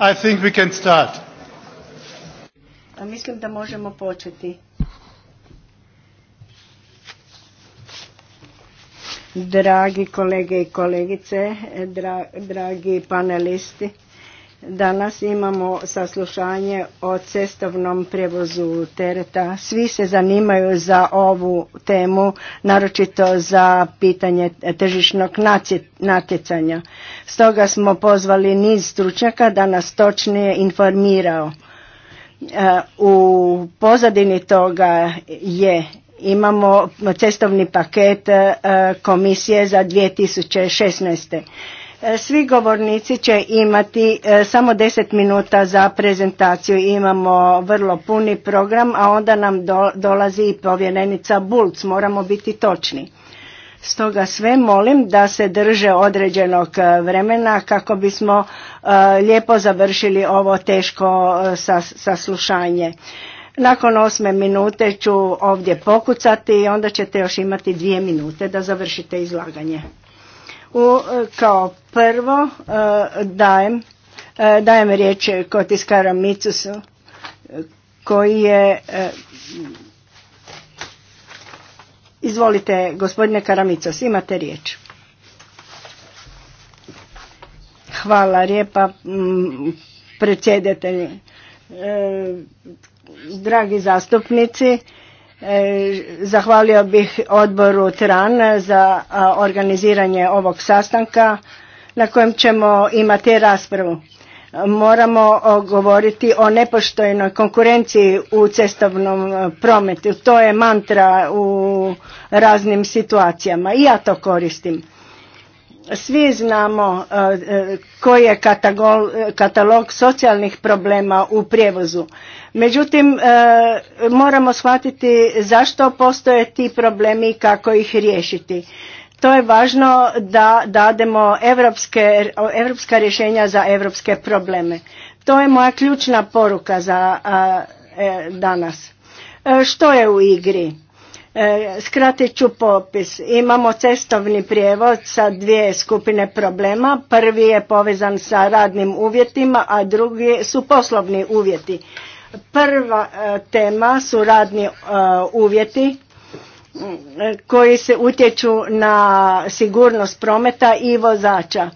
I think we can start. A mislim da možemo početi. Dragi kolege i kolegice, dra, dragi panelisti. Danas imamo saslušanje o cestovnom prijevozu tereta. Svi se zanimaju za ovu temu, naročito za pitanje tržišnog natjecanja. Stoga smo pozvali niz stručnjaka da nas točnije informirao. E, u pozadini toga je imamo cestovni paket e, komisije za 2016. E, svi govornici će imati e, samo 10 minuta za prezentaciju. Imamo vrlo puni program, a onda nam dolazi i povjerenica Bulc. Moramo biti točni. Stoga sve molim da se drže određenog e, vremena kako bismo lijepo završili ovo teško saslušanje. Nakon osme minute ću ovdje pokucati i onda ćete još imati dvije minute da završite izlaganje. U, e, kao prvo e, dajem, e, dajem riječ Kotiskara Micusu koji je Izvolite, gospodine Karamicos, imate riječ. Hvala lijepa predsjedatelji. dragi zastupnici, E, zahvalio bih odboru TRAN za organiziranje ovog sastanka na kojem ćemo imati raspravu. Moramo govoriti o nepoštojnoj konkurenciji u cestovnom e, prometu. To je mantra u raznim situacijama i ja to koristim. Svi znamo e, koji je katalog socijalnih problema u prijevozu. Međutim, e, moramo shvatiti zašto postoje ti problemi i kako ih riješiti. To je važno da dademo evropske, evropska rješenja za evropske probleme. To je moja ključna poruka za e, danas. E, što je u igri? E, skratit ću popis. Imamo cestovni prijevod sa dvije skupine problema. Prvi je povezan sa radnim uvjetima, a drugi su poslovni uvjeti. Prva e, tema su radni e, uvjeti koji se utječu na sigurnost prometa i vozača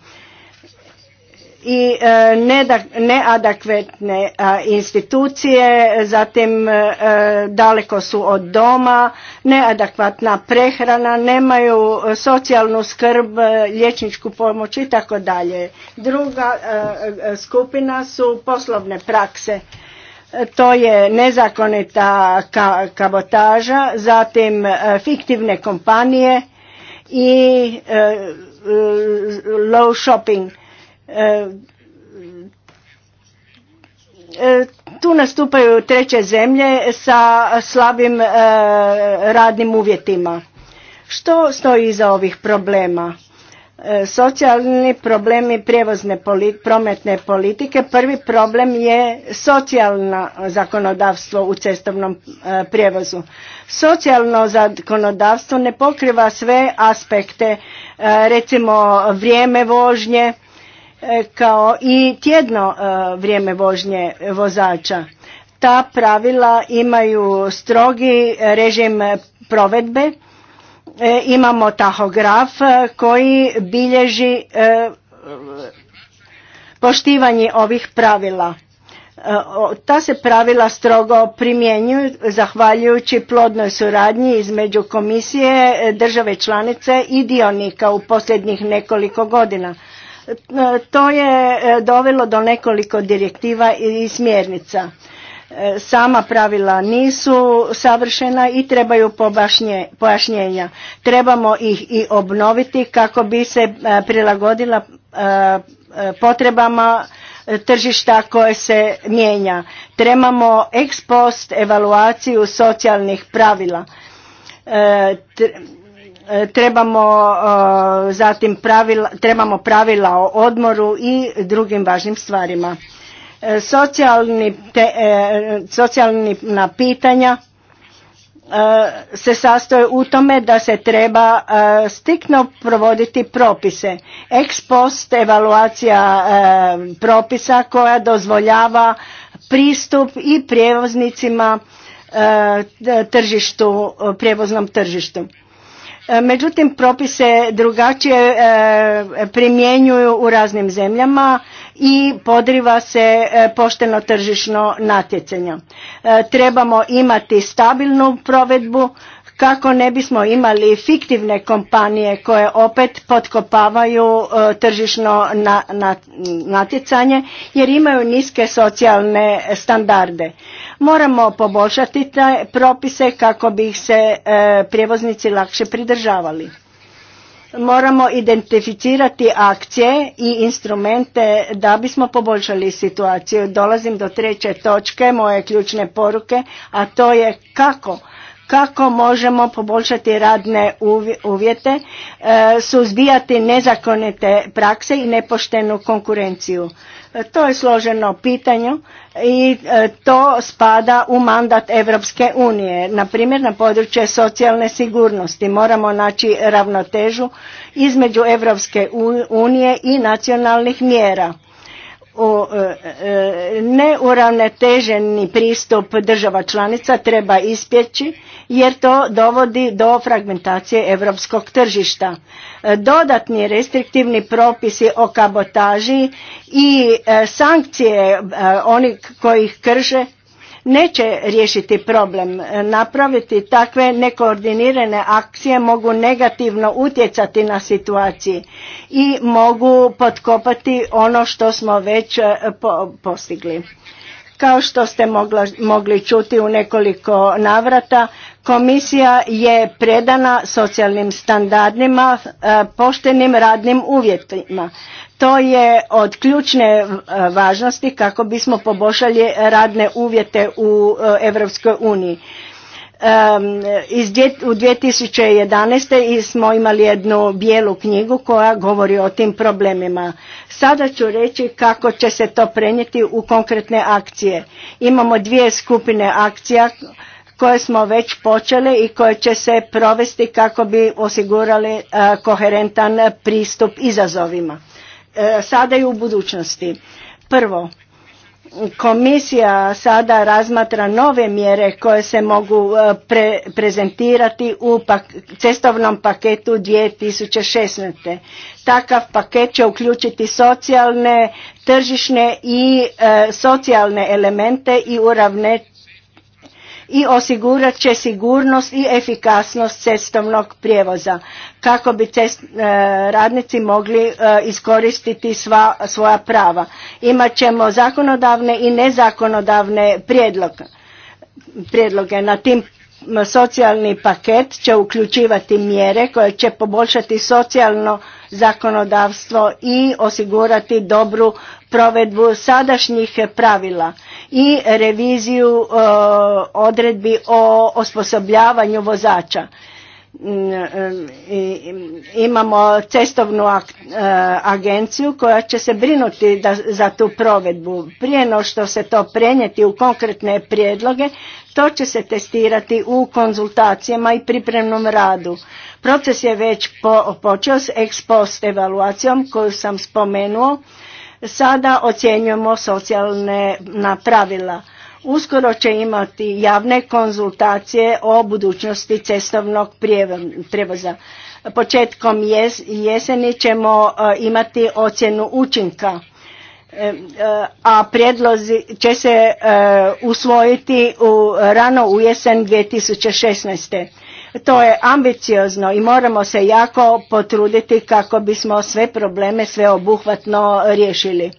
i e, neadekvatne institucije, zatim daleko su od doma, neadekvatna prehrana, nemaju socijalnu skrb, liječničku pomoć i tako dalje. Druga skupina su poslovne prakse to je nezakonita kabotaža, zatim e, fiktivne kompanije i e, e, low shopping. Tu nastupaju treće zemlje sa slabim radnim uvjetima. Što stoji iza ovih problema? E, socijalni problemi prijevozne prometne politike. Prvi problem je socijalno zakonodavstvo u cestovnom e, prijevozu. Socijalno zakonodavstvo ne pokriva sve aspekte, e, recimo vrijeme vožnje kao i tjedno vrijeme vožnje vozača. Ta pravila imaju strogi režim provedbe E, imamo tahograf e, koji bilježi e, poštivanje ovih pravila. Ta se pravila strogo primjenjuju zahvaljujući plodnoj suradnji između komisije, države članice i dionika u posljednjih nekoliko godina. To je dovelo do nekoliko direktiva i smjernica. E, sama pravila nisu savršena i trebaju pojašnjenja. Trebamo ih i obnoviti kako bi se e, prilagodila e, potrebama tržišta koje se mijenja. Trebamo ex post evaluaciju socijalnih pravila. Trebamo zatim pravila, trebamo pravila o odmoru i drugim važnim stvarima. E, socijalni te, e, socijalna pitanja e, se sastoje u tome da se treba stikno provoditi propise. Ex post evaluacija propisa koja dozvoljava pristup i prijevoznicima tržištu, prijevoznom tržištu. E, međutim, propise drugačije e, primjenjuju u raznim zemljama i podriva se e, pošteno tržišno natjecanje. Trebamo imati stabilnu provedbu kako ne bismo imali fiktivne kompanije koje opet potkopavaju tržišno natjecanje jer imaju niske socijalne standarde. Moramo poboljšati te propise kako bi ih se e, prijevoznici lakše pridržavali. Moramo identificirati akcije i instrumente da bismo poboljšali situaciju. Dolazim do treće točke moje ključne poruke, a to je kako kako možemo poboljšati radne uvjete, e, suzbijati nezakonite prakse i nepoštenu konkurenciju. To je složeno pitanje i e, to spada u mandat Evropske unije. Na na područje socijalne sigurnosti moramo naći ravnotežu između Evropske unije i nacionalnih mjera o e, e, neuravnoteženi pristup država članica treba ispjeći jer to dovodi do fragmentacije europskog tržišta. E, dodatni restriktivni propisi o kabotaži i sankcije onih koji ih krže, neće riješiti problem. Napraviti takve nekoordinirane akcije mogu negativno utjecati na situaciji i mogu potkopati ono što smo već eh, postigli. Kao što ste mogli čuti u nekoliko navrata, komisija je predana socijalnim standardima, eh, poštenim radnim uvjetima. To je od ključne eh, važnosti kako bismo poboljšali radne uvjete u Europskoj eh, uniji u 2011. smo imali jednu bijelu knjigu koja govori o tim problemima. Sada ću reći kako će se to prenijeti u konkretne akcije. Imamo dvije skupine akcija koje smo već počeli i koje će se provesti kako bi osigurali e, koherentan pristup izazovima. E, sada i u budućnosti. Prvo, Komisija sada razmatra nove mjere koje se mogu e, prezentirati u pak cestovnom paketu 2016. Takav paket će uključiti socijalne, tržišne i e, socijalne elemente i uravne i osigurat će sigurnost i efikasnost cestovnog prijevoza kako bi cest, e, radnici mogli e, iskoristiti sva svoja prava. Imat ćemo zakonodavne i nezakonodavne prijedloge na tim Socijalni paket će uključivati mjere koje će poboljšati socijalno zakonodavstvo i osigurati dobru provedbu sadašnjih pravila i reviziju e, odredbi o osposobljavanju vozača. Mm, e, imamo cestovnu e, agenciju koja će se brinuti za tu provedbu. Prije no što se to prenijeti u konkretne prijedloge, to će se testirati u konzultacijama i pripremnom radu. Proces je već počeo s ex post evaluacijom koju sam spomenuo. Sada ocjenjujemo socijalne pravila Uskoro će imati javne konzultacije o budućnosti cestovnog prijevoza. Početkom jeseni ćemo e, imati ocjenu učinka, e, e, a prijedlozi će se usvojiti u rano u jesen 2016. To je ambiciozno i moramo se jako potruditi kako bismo sve probleme sveobuhvatno riješili.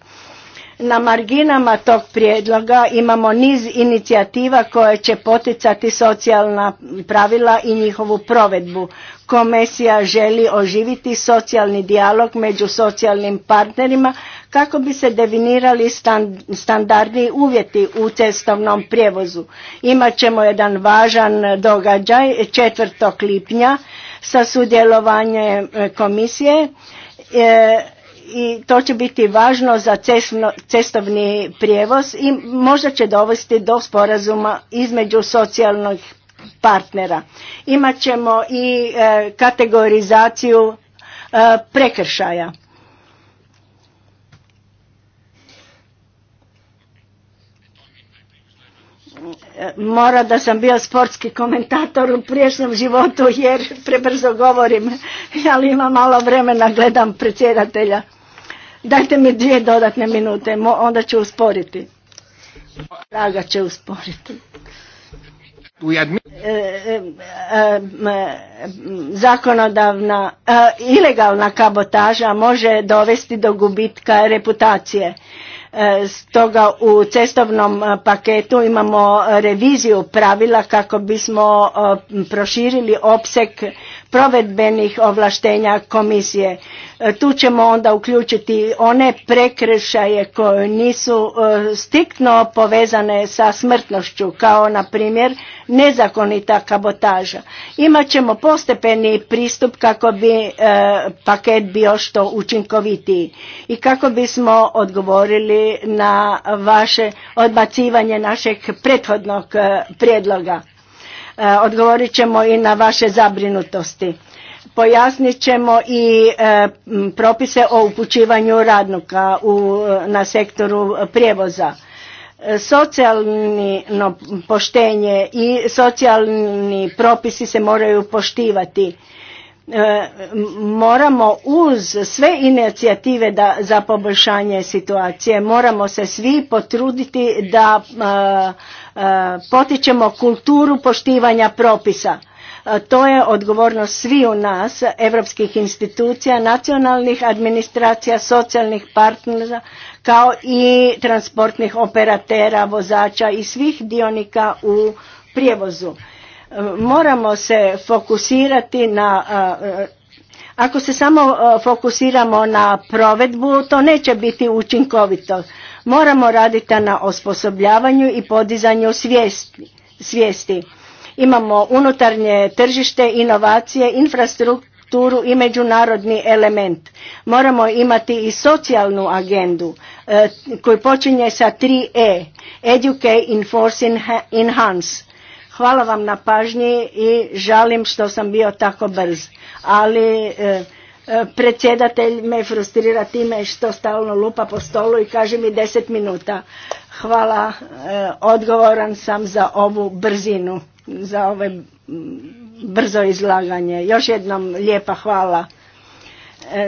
Na marginama tog prijedloga imamo niz inicijativa koje će poticati socijalna pravila i njihovu provedbu. Komisija želi oživiti socijalni dijalog među socijalnim partnerima kako bi se definirali standardni uvjeti u cestovnom prijevozu. Imaćemo jedan važan događaj 4. lipnja sa sudjelovanjem e, komisije. E, i to će biti važno za cestovni prijevoz i možda će dovesti do sporazuma između socijalnih partnera. Imaćemo i e, kategorizaciju e, prekršaja. mora da sam bio sportski komentator u priješnjem životu jer prebrzo govorim, ali imam malo vremena, gledam predsjedatelja. Dajte mi dvije dodatne minute, onda ću usporiti. Draga će usporiti. E, e, e, zakonodavna ilegalna kabotaža može dovesti do gubitka reputacije E, stoga u cestovnom e, paketu imamo reviziju pravila kako bismo e, proširili opseg provedbenih ovlaštenja komisije. E, tu ćemo onda uključiti one prekršaje koje nisu e, stiktno povezane sa smrtnošću, kao na primjer nezakonita kabotaža. Imaćemo postepeni pristup kako bi e, paket bio što učinkovitiji i kako bismo odgovorili na vaše odbacivanje našeg prethodnog prijedloga. E, odgovorit ćemo i na vaše zabrinutosti. Pojasnit ćemo i e, propise o upućivanju radnika na sektoru prijevoza e, socijalno poštenje i socijalni propisi se moraju poštivati E, moramo uz sve inicijative da, za poboljšanje situacije, moramo se svi potruditi da e, e, potičemo kulturu poštivanja propisa. To je odgovornost svi u nas, evropskih institucija, nacionalnih administracija, socijalnih partnera, kao i transportnih operatera, vozača i svih dionika u prijevozu Moramo se fokusirati na ako se samo fokusiramo na provedbu, to neće biti učinkovito. Moramo raditi na osposobljavanju i podizanju svijesti. Imamo unutarnje tržište, inovacije, infrastrukturu i međunarodni element. Moramo imati i socijalnu agendu e, koji počinje sa 3E, Educate, Enforce, Enhance Hvala vam na pažnji i žalim što sam bio tako brz. Ali e, e, predsjedatelj me frustrira time što stalno lupa po stolu i kaže mi deset minuta. Hvala, e, odgovoran sam za ovu brzinu, za ove brzo izlaganje. Još jednom lijepa hvala.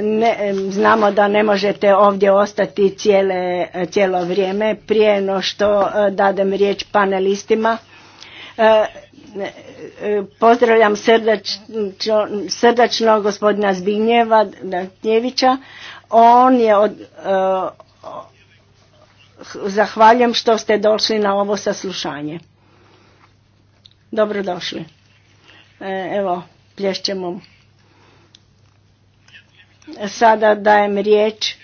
ne, znamo da ne možete ovdje ostati cijele, cijelo vrijeme prije no što dadem riječ panelistima. E, e, pozdravljam srdačno, gospodina Zbignjeva Dnjevića. On je od, e, zahvaljujem što ste došli na ovo saslušanje. Dobrodošli. Evo, plješćemo. Sada dajem riječ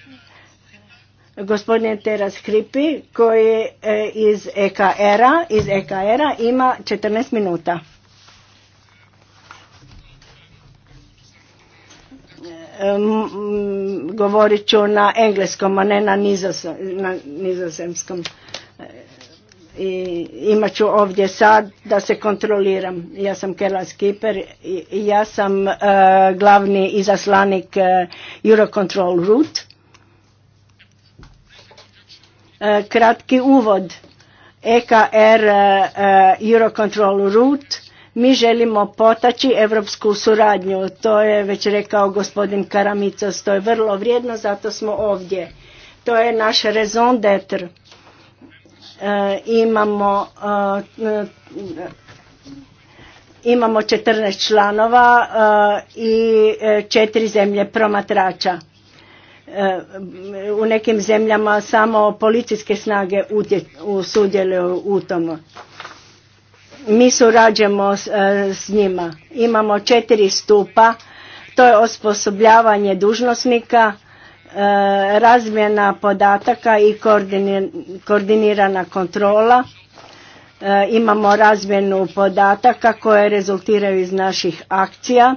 Gospodin Teras Kripi koji e, iz EKR-a EKR ima 14 minuta. E, govorit ću na engleskom, a ne na, nizozemskom. E, I imat ću ovdje sad da se kontroliram. Ja sam Kela Skipper i ja sam glavni izaslanik Eurocontrol Route. Eh, kratki uvod. EKR er, eh, eh, Eurocontrol Route. Mi želimo potaći evropsku suradnju. To je već rekao gospodin Karamicos. To je vrlo vrijedno, zato smo ovdje. To je naš raison Imamo imamo 14 članova i četiri zemlje promatrača. Eh, u nekim zemljama samo policijske snage sudjeluju u tomu. Mi surađujemo eh, s, njima. Imamo četiri stupa, to je osposobljavanje dužnosnika, eh, razmjena podataka i koordinirana kontrola. Imamo razmjenu podataka koje rezultiraju iz naših akcija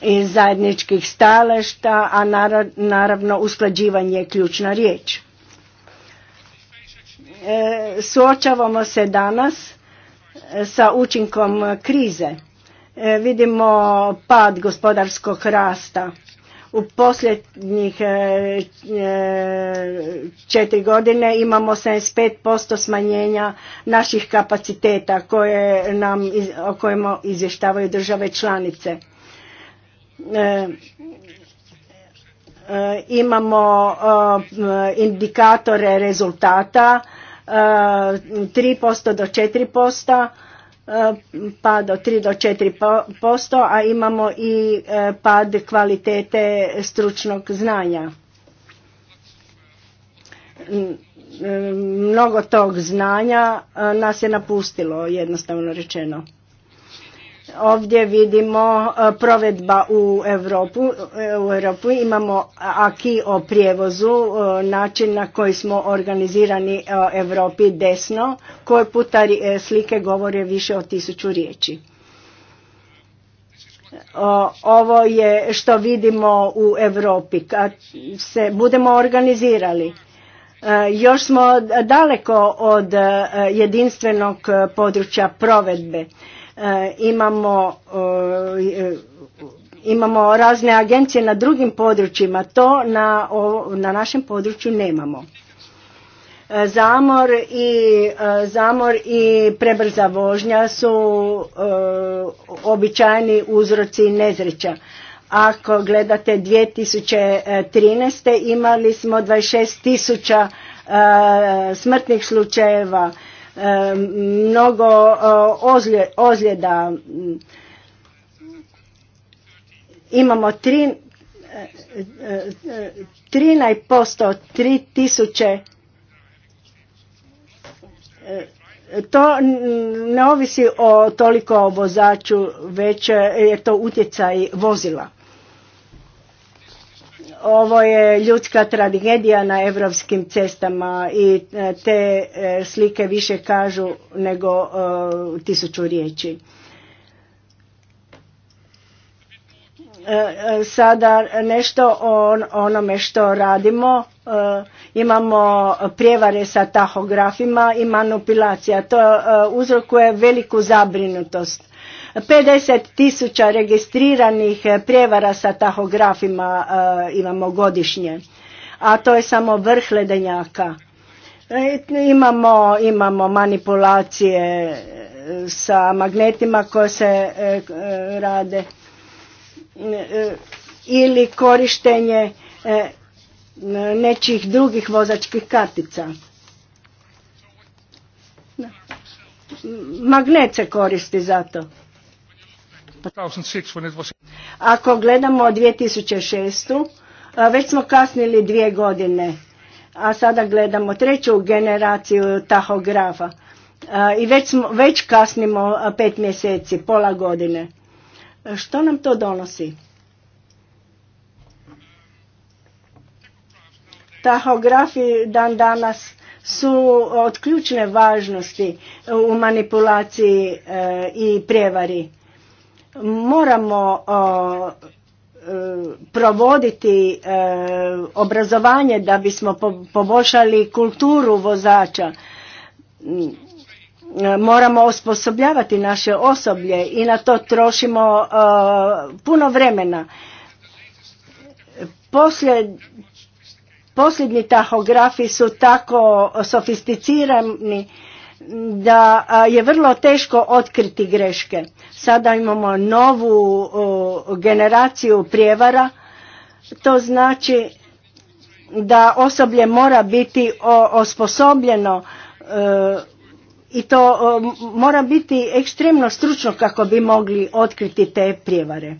i zajedničkih stajališta, a naravno usklađivanje je ključna riječ. E, suočavamo se danas e, sa učinkom krize. E, vidimo pad gospodarskog rasta. U posljednjih četiri godine imamo 75% smanjenja naših kapaciteta koje nam, o kojima izvještavaju države članice E, e, imamo e, indikatore rezultata 3% do 4% pa do 3 do 4%, a imamo i pad kvalitete stručnog znanja. Mnogo tog znanja nas je napustilo, jednostavno rečeno. Ovdje vidimo e, provedba u Europu, e, u imamo aki o prijevozu, e, način na koji smo organizirani u Europi desno, koje puta slike govore više od tisuću riječi. Ovo je što vidimo u Europi kad se budemo organizirali. Još smo daleko od jedinstvenog područja provedbe Eh, eh, imamo, razne agencije na drugim područjima, to na, našem području nemamo. Eh, zamor i, zamor i prebrza vožnja su običajni uzroci nezreća. Ako gledate 2013. imali smo 26.000 tisuća smrtnih slučajeva, mnogo e, ozljeda. Imamo 3, 13% e, e, tisuće to ne ovisi o toliko vozaču, već je to utjecaj vozila. Ovo je ljudska tragedija na evropskim cestama i e, te e, slike više kažu nego e, tisuću riječi. Sada nešto o onome što radimo. Imamo prijevare sa tahografima i manipulacija. To uzrokuje veliku zabrinutost 50 tisuća registriranih eh, prijevara sa tahografima eh, imamo godišnje, a to je samo vrh ledenjaka. Eh, imamo, imamo manipulacije sa magnetima koje se rade ili korištenje nečih drugih vozačkih kartica. Magnet se koristi za to. Ako gledamo 2006. već smo kasnili dvije godine, a sada gledamo treću generaciju tahografa i već, već kasnimo pet mjeseci, pola godine. Što nam to donosi? Tahografi dan danas su od ključne važnosti u manipulaciji e, i prijevari Moramo e, provoditi e, obrazovanje da bismo poboljšali kulturu vozača. E, moramo osposobljavati naše osoblje i na to trošimo puno vremena. posljednji tahografi su tako sofisticirani da je vrlo teško otkriti greške. Sada imamo novu generaciju prijevara, to znači da osoblje mora biti osposobljeno e, i to mora biti ekstremno stručno kako bi mogli otkriti te prijevare.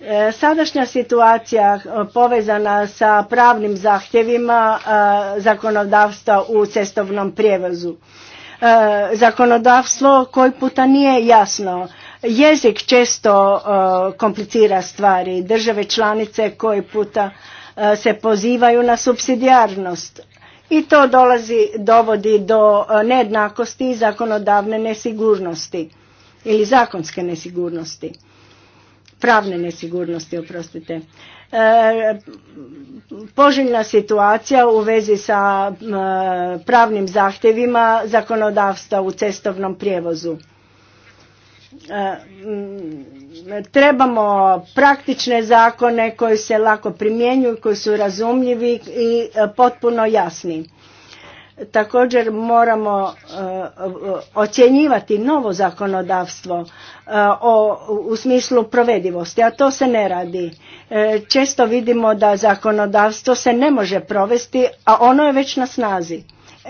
E, sadašnja situacija e, povezana sa pravnim zahtjevima e, zakonodavstva u cestovnom prijevozu. Zakonodavstvo koji puta nije jasno. Jezik često komplicira stvari. Države članice koji puta se pozivaju na subsidijarnost. I to dolazi, dovodi do nejednakosti i zakonodavne nesigurnosti ili zakonske nesigurnosti pravne nesigurnosti, oprostite. E, poželjna situacija u vezi sa e, pravnim zahtjevima zakonodavstva u cestovnom prijevozu. E, trebamo praktične zakone koji se lako primjenjuju, koji su razumljivi i potpuno jasni Također moramo e, ocjenjivati novo zakonodavstvo e, u smislu provedivosti, a to se ne radi. E, često vidimo da zakonodavstvo se ne može provesti, a ono je već na snazi.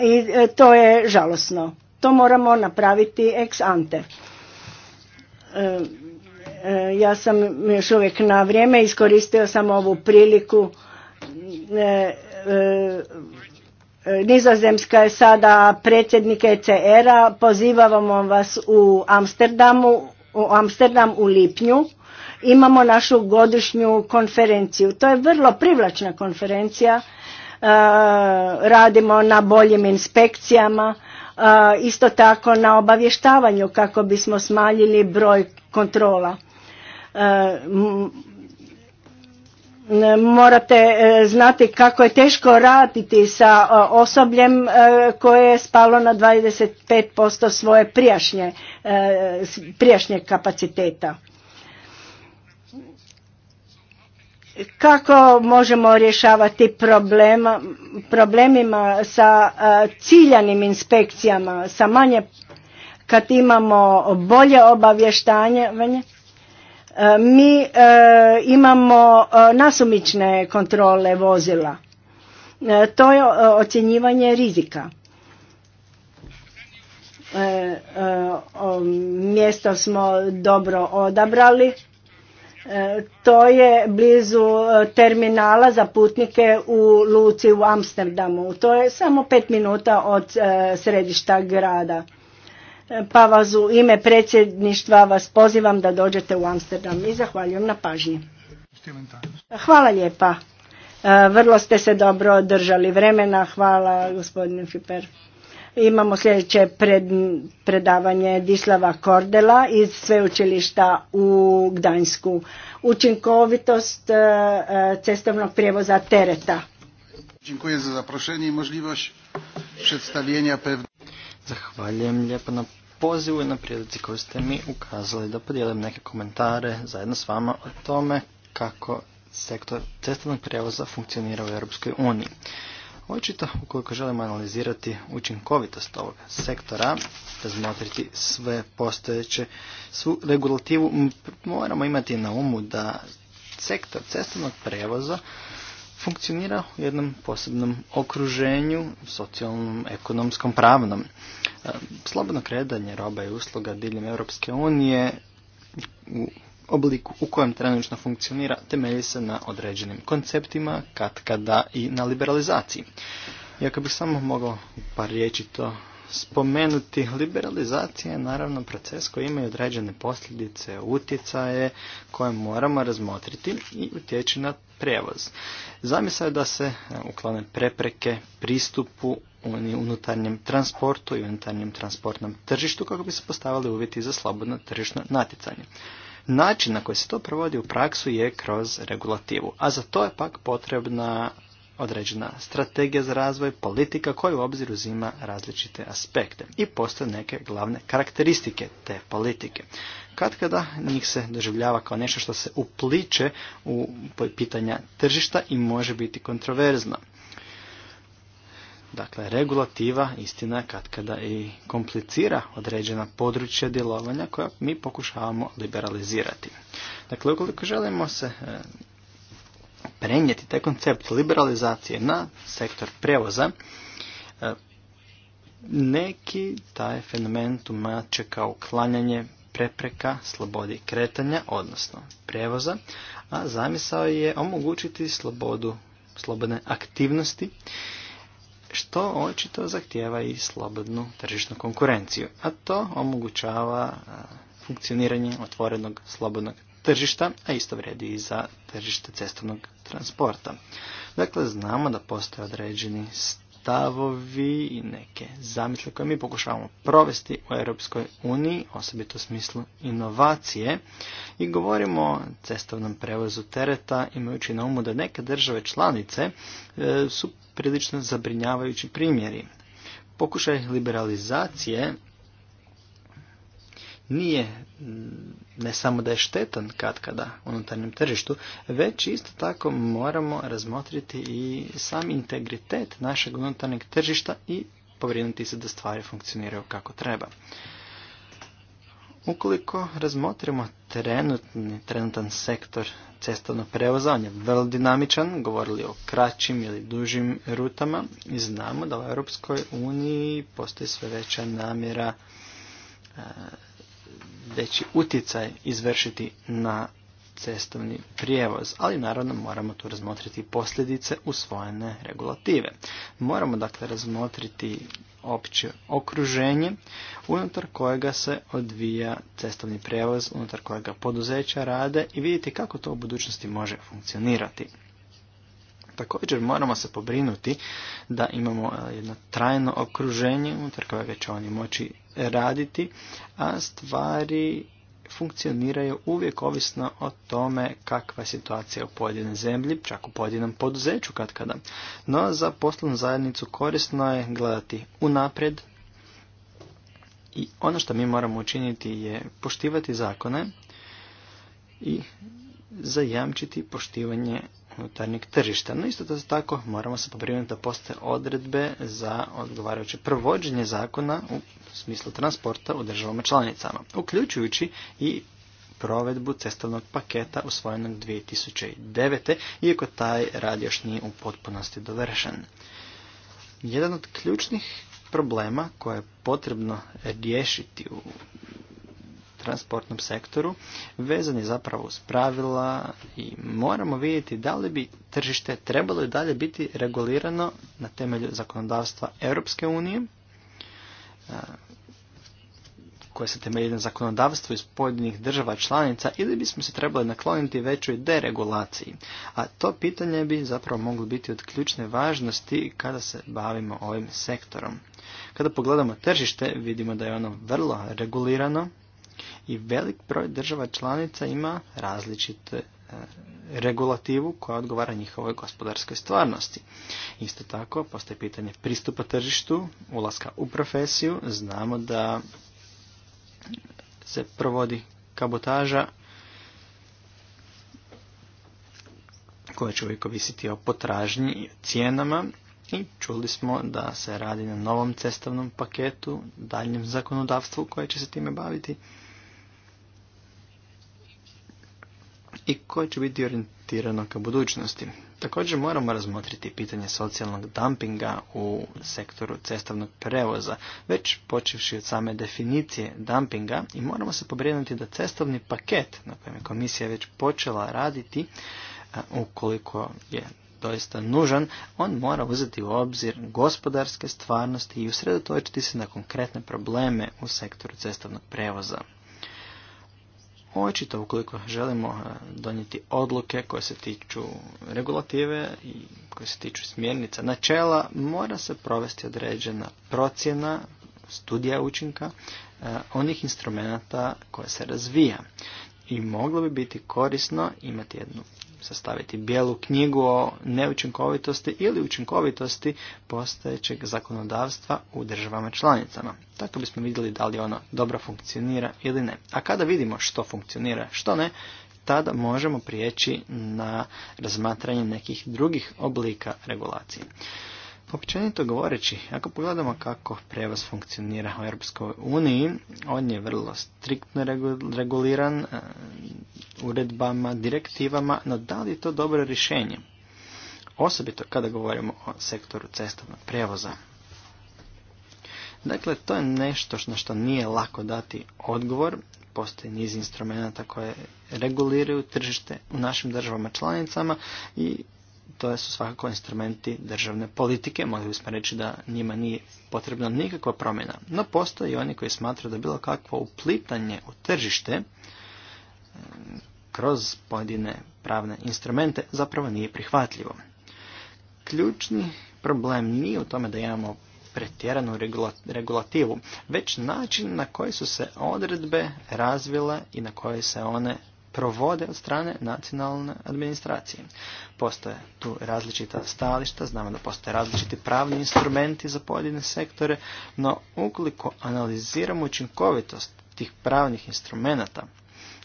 I to je žalosno. To moramo napraviti ex ante. Ja sam još uvijek na vrijeme iskoristio sam ovu priliku Nizozemska je sada predsjednik ECR-a, pozivamo vas u Amsterdamu, u Amsterdam u lipnju. Imamo našu godišnju konferenciju. To je vrlo privlačna konferencija. E, radimo na boljim inspekcijama, e, isto tako na obavještavanju kako bismo smanjili broj kontrola. E, morate e, znati kako je teško raditi sa e, osobljem e, koje je spalo na 25% svoje prijašnje, prijašnje kapaciteta. Kako možemo rješavati problema, problemima sa ciljanim inspekcijama, sa manje kad imamo bolje obavještanje, E, mi e, imamo e, nasumične kontrole vozila. To je ocjenjivanje rizika. Mjesto smo dobro odabrali. To je blizu terminala za putnike u Luci u Amsterdamu. To je samo pet minuta od središta grada pa vas u ime predsjedništva vas pozivam da dođete u Amsterdam i zahvaljujem na pažnji. Hvala lijepa. E, vrlo ste se dobro držali vremena. Hvala gospodine Fiper. Imamo sljedeće pred, predavanje Dislava Kordela iz sveučilišta u Gdańsku. Učinkovitost e, e, cestovnog prijevoza tereta. Dziękuję za zaproszenie i możliwość przedstawienia pewnych... Zahvaljujem lijepo na pozivu i na prilici koju ste mi ukazali da podijelim neke komentare zajedno s vama o tome kako sektor cestovnog prijevoza funkcionira u Europskoj uniji. Očito, ukoliko želimo analizirati učinkovitost ovog sektora, razmotriti sve postojeće, svu regulativu, moramo imati na umu da sektor cestovnog prevoza funkcionira u jednom posebnom okruženju, socijalnom, ekonomskom, pravnom. E, slobodno kredanje roba i usluga diljem Europske unije u obliku u kojem trenutno funkcionira temelji se na određenim konceptima, kad kada i na liberalizaciji. Iako bih samo mogao par riječi to spomenuti, liberalizacija je naravno proces koji ima određene posljedice, utjecaje koje moramo razmotriti i utječe na prevoz. Zamisla je da se e, uklone prepreke pristupu unutarnjem transportu i unutarnjem transportnom tržištu kako bi se postavili uvjeti za slobodno tržišno natjecanje. Način na koji se to provodi u praksu je kroz regulativu, a za to je pak potrebna određena strategija za razvoj, politika koja u obzir uzima različite aspekte i postoje neke glavne karakteristike te politike. Kad kada njih se doživljava kao nešto što se upliče u pitanja tržišta i može biti kontroverzno. Dakle, regulativa istina kad kada i komplicira određena područja djelovanja koja mi pokušavamo liberalizirati. Dakle, ukoliko želimo se e, prenijeti taj koncept liberalizacije na sektor prevoza, e, neki taj fenomen tumače kao uklanjanje prepreka slobodi kretanja, odnosno prevoza, a zamisao je omogućiti slobodu, slobodne aktivnosti, što očito zahtjeva i slobodnu tržišnu konkurenciju, a to omogućava e, funkcioniranje otvorenog slobodnog tržišta, a isto vrijedi i za tržište cestovnog transporta. Dakle, znamo da postoje određeni stavovi i neke zamisle koje mi pokušavamo provesti u Europskoj uniji, osobito u smislu inovacije, i govorimo o cestovnom prevozu tereta, imajući na umu da neke države članice e, su prilično zabrinjavajući primjeri. Pokušaj liberalizacije nije ne samo da je štetan kad kada unutarnjem tržištu, već isto tako moramo razmotriti i sam integritet našeg unutarnjeg tržišta i povrinuti se da stvari funkcioniraju kako treba. Ukoliko razmotrimo trenutni, trenutan sektor cestovnog prevoza, on je vrlo dinamičan, govorili o kraćim ili dužim rutama i znamo da u Europskoj uniji postoji sve veća namjera e, veći utjecaj izvršiti na cestovni prijevoz, ali naravno moramo tu razmotriti posljedice usvojene regulative. Moramo dakle razmotriti opće okruženje unutar kojega se odvija cestovni prijevoz, unutar kojega poduzeća rade i vidjeti kako to u budućnosti može funkcionirati. Također moramo se pobrinuti da imamo jedno trajno okruženje unutar kojega će oni moći raditi, a stvari funkcioniraju uvijek ovisno o tome kakva je situacija u pojedinoj zemlji, čak u pojedinom poduzeću kad kada. No za poslovnu zajednicu korisno je gledati unaprijed i ono što mi moramo učiniti je poštivati zakone i zajamčiti poštivanje unutarnjeg tržišta. No isto tako moramo se pobrinuti da postoje odredbe za odgovarajuće provođenje zakona u u smislu transporta u državama članicama, uključujući i provedbu cestovnog paketa usvojenog 2009. iako taj rad još nije u potpunosti dovršen. Jedan od ključnih problema koje je potrebno riješiti u transportnom sektoru vezan je zapravo uz pravila i moramo vidjeti da li bi tržište trebalo i dalje biti regulirano na temelju zakonodavstva Europske unije koje se temelji na zakonodavstvu iz pojedinih država članica ili bismo se trebali nakloniti većoj deregulaciji. A to pitanje bi zapravo moglo biti od ključne važnosti kada se bavimo ovim sektorom. Kada pogledamo tržište vidimo da je ono vrlo regulirano i velik broj država članica ima različite regulativu koja odgovara njihovoj gospodarskoj stvarnosti. Isto tako, postoje pitanje pristupa tržištu, ulaska u profesiju. Znamo da se provodi kabotaža koja će uvijek ovisiti o potražnji cijenama i čuli smo da se radi na novom cestovnom paketu, daljnjem zakonodavstvu koje će se time baviti. i koje će biti orijentirano ka budućnosti. Također moramo razmotriti pitanje socijalnog dumpinga u sektoru cestovnog prevoza, već počevši od same definicije dumpinga i moramo se pobrinuti da cestovni paket na kojem je komisija već počela raditi, ukoliko je doista nužan, on mora uzeti u obzir gospodarske stvarnosti i usredotočiti se na konkretne probleme u sektoru cestovnog prevoza. Očito ukoliko želimo e, donijeti odluke koje se tiču regulative i koje se tiču smjernica načela, mora se provesti određena procjena studija učinka e, onih instrumenata koje se razvija. I moglo bi biti korisno imati jednu sastaviti bijelu knjigu o neučinkovitosti ili učinkovitosti postojećeg zakonodavstva u državama članicama. Tako bismo vidjeli da li ono dobro funkcionira ili ne. A kada vidimo što funkcionira, što ne, tada možemo prijeći na razmatranje nekih drugih oblika regulacije. Općenito govoreći, ako pogledamo kako prevoz funkcionira u Europskoj uniji, on je vrlo striktno reguliran e, uredbama, direktivama, no da li je to dobro rješenje? Osobito kada govorimo o sektoru cestovnog prevoza. Dakle, to je nešto na što nije lako dati odgovor. Postoji niz instrumenta koje reguliraju tržište u našim državama članicama i to su svakako instrumenti državne politike. Mogli bismo reći da njima nije potrebna nikakva promjena. No postoje i oni koji smatraju da bilo kakvo uplitanje u tržište e, kroz pojedine pravne instrumente zapravo nije prihvatljivo. Ključni problem nije u tome da imamo pretjeranu regulativu, već način na koji su se odredbe razvile i na koje se one provode od strane nacionalne administracije. Postoje tu različita stališta, znamo da postoje različiti pravni instrumenti za pojedine sektore, no ukoliko analiziramo učinkovitost tih pravnih instrumenata,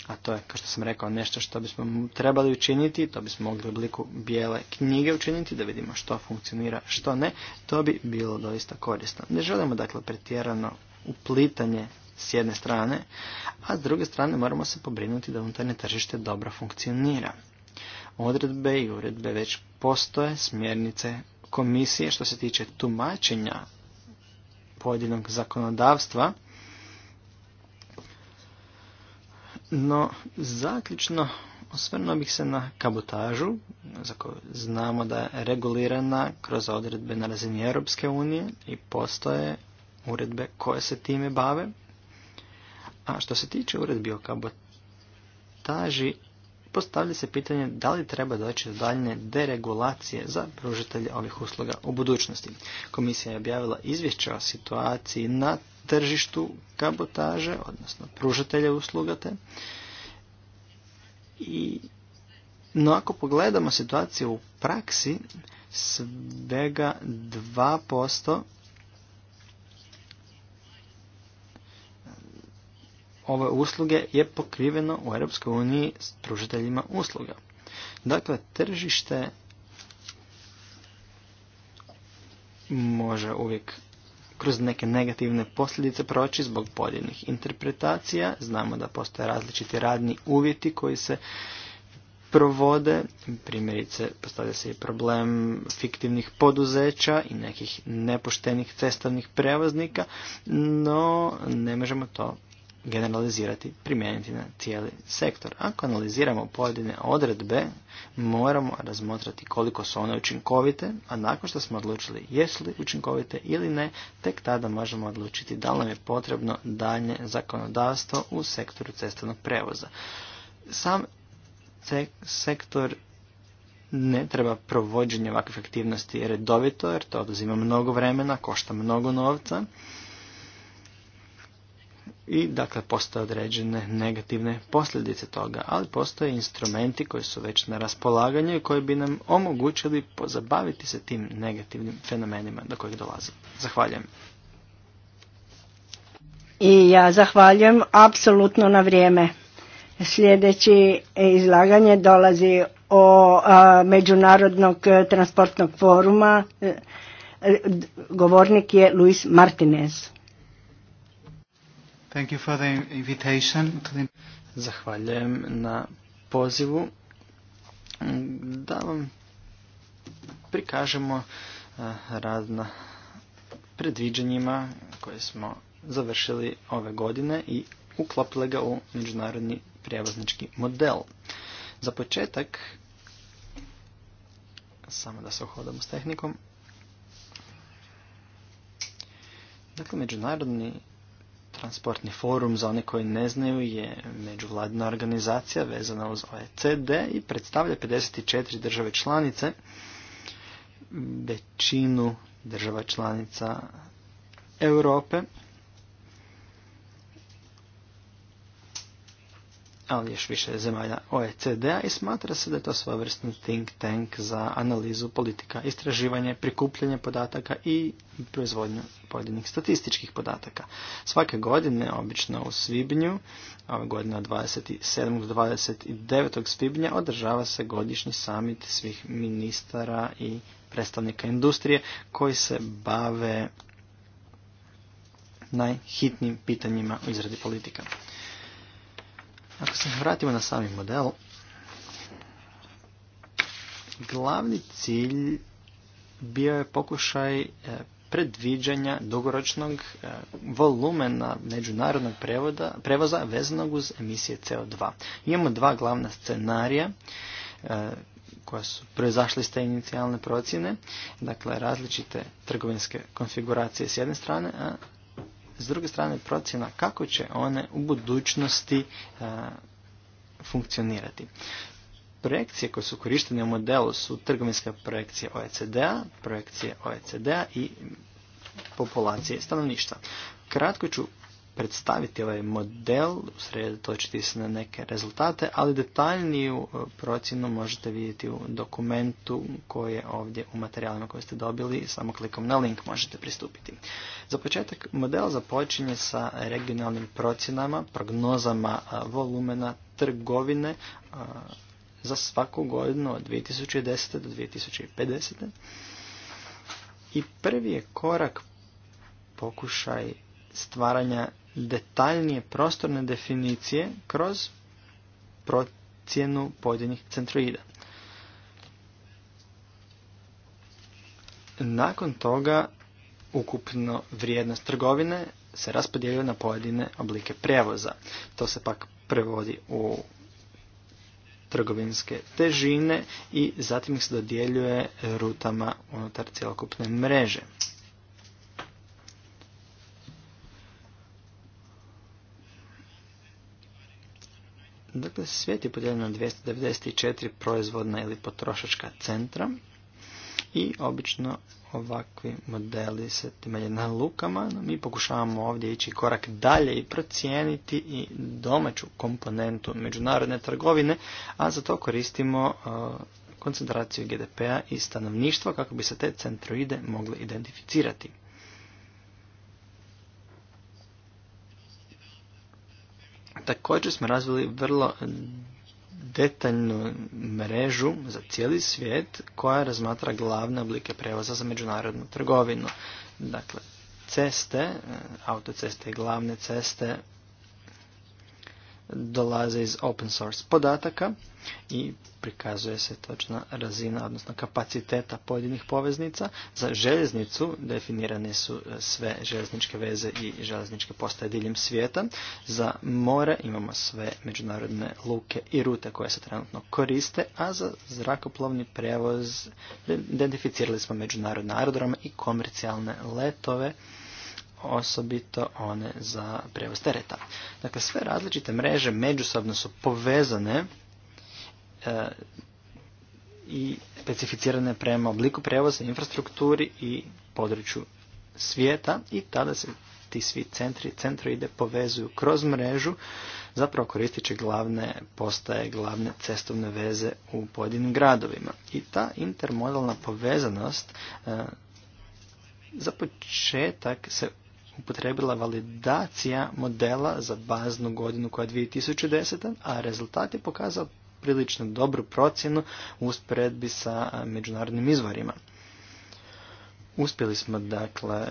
a to je, kao što sam rekao, nešto što bismo trebali učiniti, to bismo mogli u obliku bijele knjige učiniti, da vidimo što funkcionira, što ne, to bi bilo doista korisno. Ne želimo, dakle, pretjerano uplitanje s jedne strane, a s druge strane moramo se pobrinuti da unutarnje tržište dobro funkcionira. Odredbe i uredbe već postoje, smjernice komisije što se tiče tumačenja pojedinog zakonodavstva, no zaključno osvrnuo bih se na kabotažu, za koju znamo da je regulirana kroz odredbe na razini Europske unije i postoje uredbe koje se time bave. A što se tiče uredbi o kabotaži, postavlja se pitanje da li treba doći do daljne deregulacije za pružitelje ovih usluga u budućnosti. Komisija je objavila izvješće o situaciji na tržištu kabotaže, odnosno pružatelja usluga te. I, no ako pogledamo situaciju u praksi, svega 2% ove usluge je pokriveno u Europskoj uniji s pružateljima usluga. Dakle, tržište može uvijek kroz neke negativne posljedice proći zbog pojedinih interpretacija. Znamo da postoje različiti radni uvjeti koji se provode. Primjerice, postavlja se i problem fiktivnih poduzeća i nekih nepoštenih cestovnih prevoznika, no ne možemo to generalizirati, primijeniti na cijeli sektor. Ako analiziramo pojedine odredbe, moramo razmotrati koliko su one učinkovite, a nakon što smo odlučili jesu li učinkovite ili ne, tek tada možemo odlučiti da li nam je potrebno dalje zakonodavstvo u sektoru cestovnog prevoza. Sam sektor ne treba provođenje ovakve aktivnosti redovito, jer to oduzima mnogo vremena, košta mnogo novca, i dakle postoje određene negativne posljedice toga, ali postoje instrumenti koji su već na raspolaganju i koji bi nam omogućili pozabaviti se tim negativnim fenomenima do kojih dolazi. Zahvaljujem. I ja zahvaljujem apsolutno na vrijeme. Sljedeći izlaganje dolazi o Međunarodnog transportnog foruma. E, govornik je Luis Martinez. Thank you Zahvaljujem na pozivu da vam prikažemo eh, rad na predviđanjima koje smo završili ove godine i uklopile ga u međunarodni prijevoznički model. Za početak, samo da se uhodamo s tehnikom, dakle međunarodni Transportni forum, za one koji ne znaju, je međuvladina organizacija vezana uz OECD i predstavlja 54 države članice, većinu država članica Europe ali još više zemalja OECD-a i smatra se da je to svojevrsni think tank za analizu politika, istraživanje, prikupljanje podataka i proizvodnju pojedinih statističkih podataka. Svake godine, obično u svibnju, ove godine od 27. do 29. svibnja, održava se godišnji samit svih ministara i predstavnika industrije koji se bave najhitnijim pitanjima u izradi politika. Ako se vratimo na sami model, glavni cilj bio je pokušaj e, predviđanja dugoročnog e, volumena međunarodnog prevoda, prevoza vezanog uz emisije CO2. Imamo dva glavna scenarija e, koja su proizašli iz te inicijalne procjene, dakle različite trgovinske konfiguracije s jedne strane, a s druge strane, procjena kako će one u budućnosti e, funkcionirati. Projekcije koje su korištene u modelu su trgovinska projekcija OECD-a, projekcije OECD-a i populacije stanovništva. Kratko ću predstaviti ovaj model, usredotočiti se na neke rezultate, ali detaljniju e, procjenu možete vidjeti u dokumentu koji je ovdje u materijalima koje ste dobili, samo klikom na link možete pristupiti. Za početak, model započinje sa regionalnim procjenama, prognozama e, volumena trgovine e, za svaku godinu od 2010. do 2050. I prvi je korak pokušaj stvaranja detaljnije prostorne definicije kroz procjenu pojedinih centroida. Nakon toga ukupno vrijednost trgovine se raspodjeljuje na pojedine oblike prevoza. To se pak prevodi u trgovinske težine i zatim ih se dodjeljuje rutama unutar cjelokupne mreže. Dakle, svijet je podijeljen na 294 proizvodna ili potrošačka centra i obično ovakvi modeli se temelje na lukama. No, mi pokušavamo ovdje ići korak dalje i procijeniti i domaću komponentu međunarodne trgovine, a za to koristimo e, koncentraciju GDP-a i stanovništva kako bi se te centroide mogle identificirati. Također smo razvili vrlo detaljnu mrežu za cijeli svijet koja razmatra glavne oblike prevoza za međunarodnu trgovinu. Dakle, ceste, e, autoceste i glavne ceste dolaze iz open source podataka i prikazuje se točna razina, odnosno kapaciteta pojedinih poveznica. Za željeznicu definirane su e, sve željezničke veze i željezničke postaje diljem svijeta. Za more imamo sve međunarodne luke i rute koje se trenutno koriste, a za zrakoplovni prevoz identificirali smo međunarodne aerodrome i komercijalne letove osobito one za prevoz tereta. Dakle, sve različite mreže međusobno su povezane e, i specificirane prema obliku prevoza infrastrukturi i području svijeta i tada se ti svi centri, centroide povezuju kroz mrežu, zapravo koristit će glavne postaje, glavne cestovne veze u pojedinim gradovima. I ta intermodalna povezanost e, za početak se upotrebila validacija modela za baznu godinu koja je 2010. a rezultat je pokazao prilično dobru procjenu u usporedbi sa međunarodnim izvorima. Uspjeli smo dakle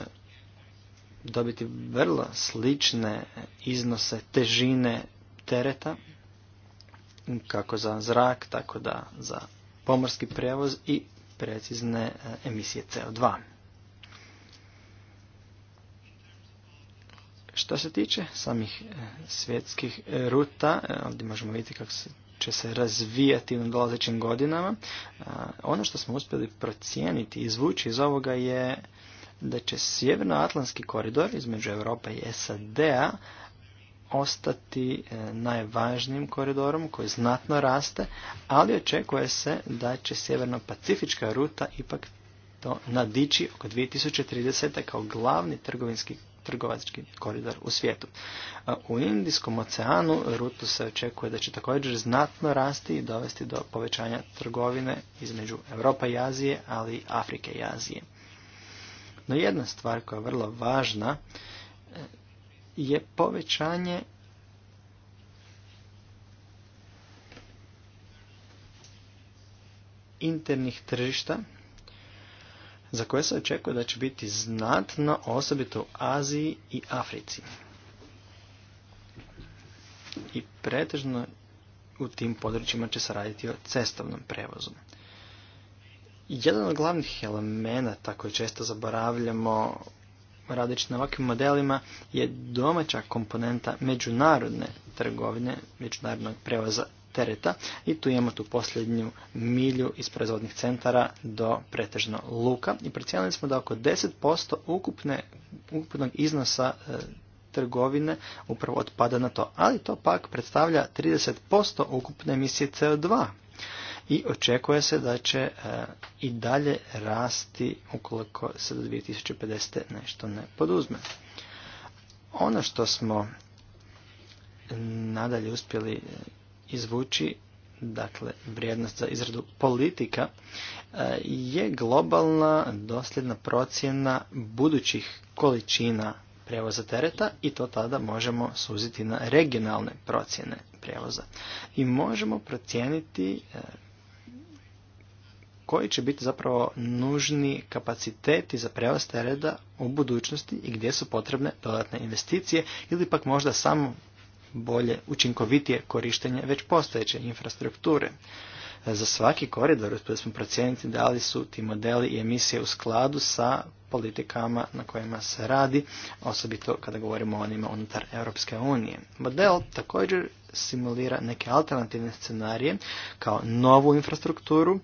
dobiti vrlo slične iznose težine tereta kako za zrak, tako da za pomorski prevoz i precizne emisije CO2. Što se tiče samih e, svjetskih e, ruta, e, ovdje možemo vidjeti kako će se razvijati u dolazećim godinama. Ono što smo uspjeli procijeniti i izvući iz ovoga je da će Sjevernoatlantski koridor između Europe i SAD-a ostati najvažnijim koridorom koji znatno raste, ali očekuje se da će Sjeverno-Pacifička ruta ipak to nadići oko 2030. kao glavni trgovinski trgovački koridor u svijetu. U Indijskom oceanu rutu se očekuje da će također znatno rasti i dovesti do povećanja trgovine između Europa i Azije, ali i Afrike i Azije. No jedna stvar koja je vrlo važna e, je povećanje internih tržišta za koje se očekuje da će biti znatno osobito u Aziji i Africi. I pretežno u tim područjima će se raditi o cestovnom prevozu. Jedan od glavnih elemenata tako često zaboravljamo radeći na ovakvim modelima je domaća komponenta međunarodne trgovine, međunarodnog prevoza tereta i tu imamo tu posljednju milju iz proizvodnih centara do pretežno luka i procijenili smo da oko 10% ukupnog iznosa e, trgovine upravo otpada na to, ali to pak predstavlja 30% ukupne emisije CO2 i očekuje se da će e, i dalje rasti ukoliko se do 2050. nešto ne poduzme. Ono što smo e, nadalje uspjeli izvući dakle vrijednost za izradu politika e, je globalna dosljedna procjena budućih količina prijevoza tereta i to tada možemo suziti na regionalne procjene prijevoza. I možemo procijeniti e, koji će biti zapravo nužni kapaciteti za prevoz tereta u budućnosti i gdje su potrebne dodatne investicije ili pak možda samo bolje, učinkovitije korištenje već postojeće infrastrukture. Za svaki koridor uspjeli smo procijeniti da li su ti modeli i emisije u skladu sa politikama na kojima se radi, osobito kada govorimo o onima unutar Europske unije. Model također simulira neke alternativne scenarije kao novu infrastrukturu,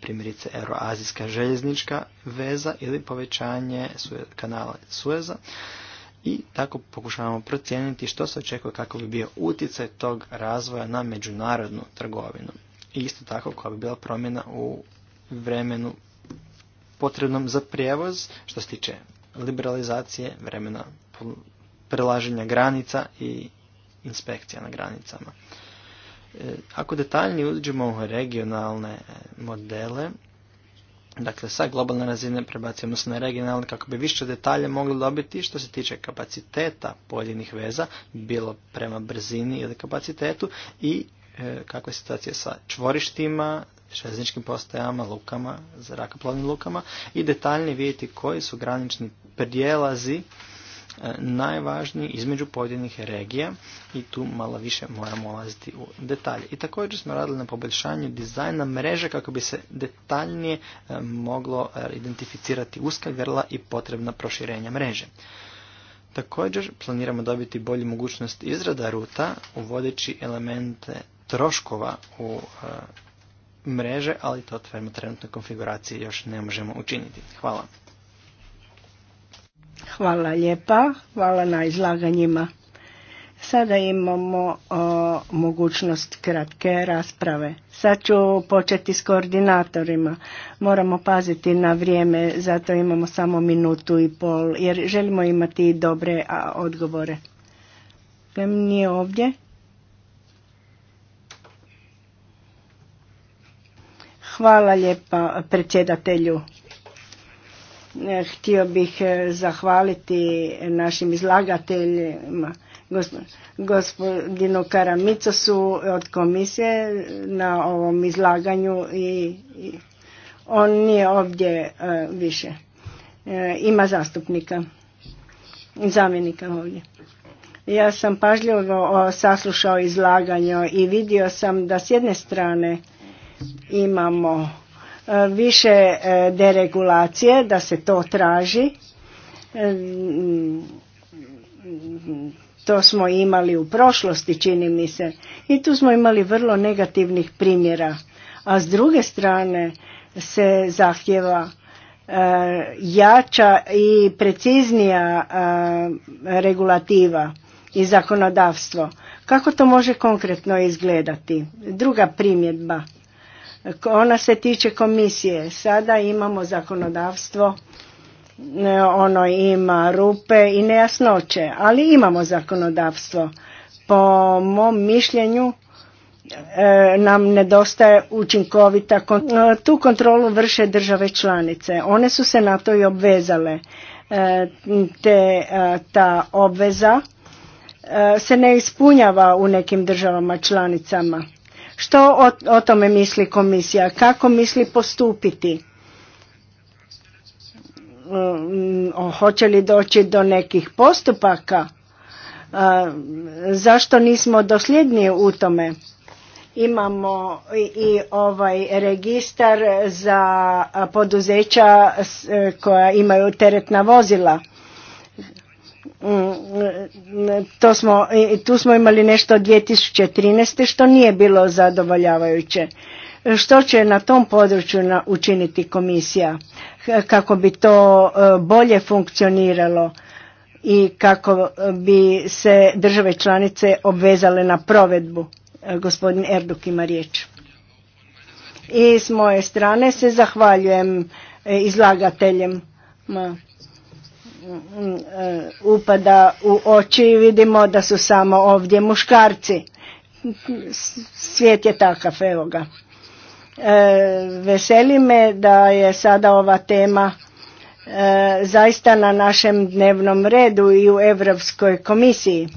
primjerice euroazijska željeznička veza ili povećanje kanala Sueza, i tako pokušavamo procijeniti što se očekuje kako bi bio utjecaj tog razvoja na međunarodnu trgovinu. I isto tako koja bi bila promjena u vremenu potrebnom za prijevoz što se tiče liberalizacije, vremena prelaženja granica i inspekcija na granicama. E, ako detaljnije uđemo u regionalne modele, dakle sa globalne razine prebaci odnosno na regionalne kako bi više detalje mogli dobiti što se tiče kapaciteta pojedinih veza, bilo prema brzini ili kapacitetu i e, kakva je situacija sa čvorištima, željezničkim postajama, lukama, zrakoplovnim lukama i detaljnije vidjeti koji su granični prijelazi E, najvažniji između pojedinih regija i tu malo više moramo ulaziti u detalje. I također smo radili na poboljšanju dizajna mreže kako bi se detaljnije e, moglo e, identificirati uska grla i potrebna proširenja mreže. Također planiramo dobiti bolju mogućnost izrada ruta uvodeći elemente troškova u mreže, ali to trenutnoj konfiguraciji još ne možemo učiniti. Hvala. Hvala lijepa, hvala na izlaganjima. Sada imamo o, mogućnost kratke rasprave. Sad ću početi s koordinatorima. Moramo paziti na vrijeme, zato imamo samo minutu i pol, jer želimo imati dobre a, odgovore. nije ovdje. Hvala lijepa predsjedatelju. Eh, htio bih eh, zahvaliti našim izlagateljima, gospodinu Karamicosu od komisije na ovom izlaganju i on nije ovdje eh, više. Ima zastupnika, zamjenika ovdje. Ja sam pažljivo saslušao izlaganje i vidio sam da s jedne strane imamo E, više e, deregulacije, da se to traži. E, to smo imali u prošlosti, čini mi se. I tu smo imali vrlo negativnih primjera. A s druge strane se zahtjeva jača i preciznija regulativa i zakonodavstvo. Kako to može konkretno izgledati? Druga primjedba ona se tiče komisije. Sada imamo zakonodavstvo, ono ima rupe i nejasnoće, ali imamo zakonodavstvo. Po mom mišljenju e, nam nedostaje učinkovita e, Tu kontrolu vrše države članice. One su se na to i obvezale. E, te ta obveza se ne ispunjava u nekim državama članicama. Što o, tome misli komisija? Kako misli postupiti? Mm, hoće li doći do nekih postupaka? Zašto nismo dosljedniji u tome? imamo i ovaj registar za poduzeća e, koja imaju teretna vozila Mm, e, to smo, tu smo imali nešto od 2013. što nije bilo zadovoljavajuće. E, što će na tom području učiniti komisija kako bi to e, bolje funkcioniralo i kako bi se države članice obvezale na provedbu? Gospodin Erduk ima riječ. I s moje strane se zahvaljujem izlagateljem Mm, mm, upada u oči i vidimo da su samo ovdje muškarci. Svijet je takav, evo ga. E, veseli me da je sada ova tema e, zaista na našem dnevnom redu i u Europskoj komisiji.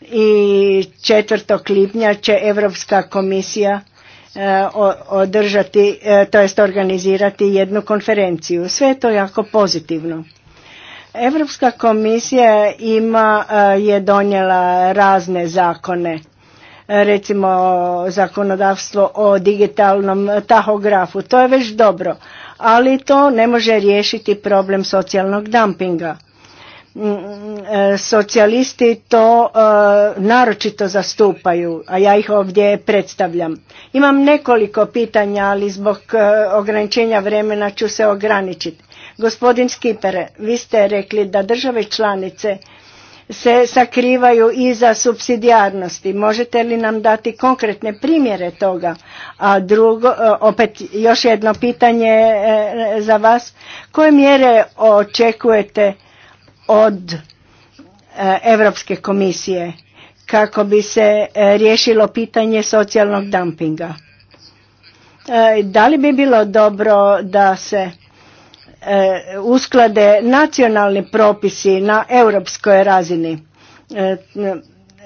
I 4. lipnja će Europska komisija e, održati, to jest organizirati jednu konferenciju. Sve je to jako pozitivno. Europska komisija ima, e, je donijela razne zakone, e, recimo zakonodavstvo o digitalnom tahografu, to je već dobro, ali to ne može riješiti problem socijalnog dumpinga. Mm, e, socijalisti to naročito zastupaju, a ja ih ovdje predstavljam. Imam nekoliko pitanja, ali zbog ograničenja vremena ću se ograničiti. Gospodin Skipere, vi ste rekli da države članice se sakrivaju iza subsidijarnosti. Možete li nam dati konkretne primjere toga? A drugo, e, opet još jedno pitanje e, za vas. Koje mjere očekujete od e, Europske komisije kako bi se riješilo pitanje socijalnog dumpinga? Da li bi bilo dobro da se E, usklade nacionalni propisi na europskoj razini. E,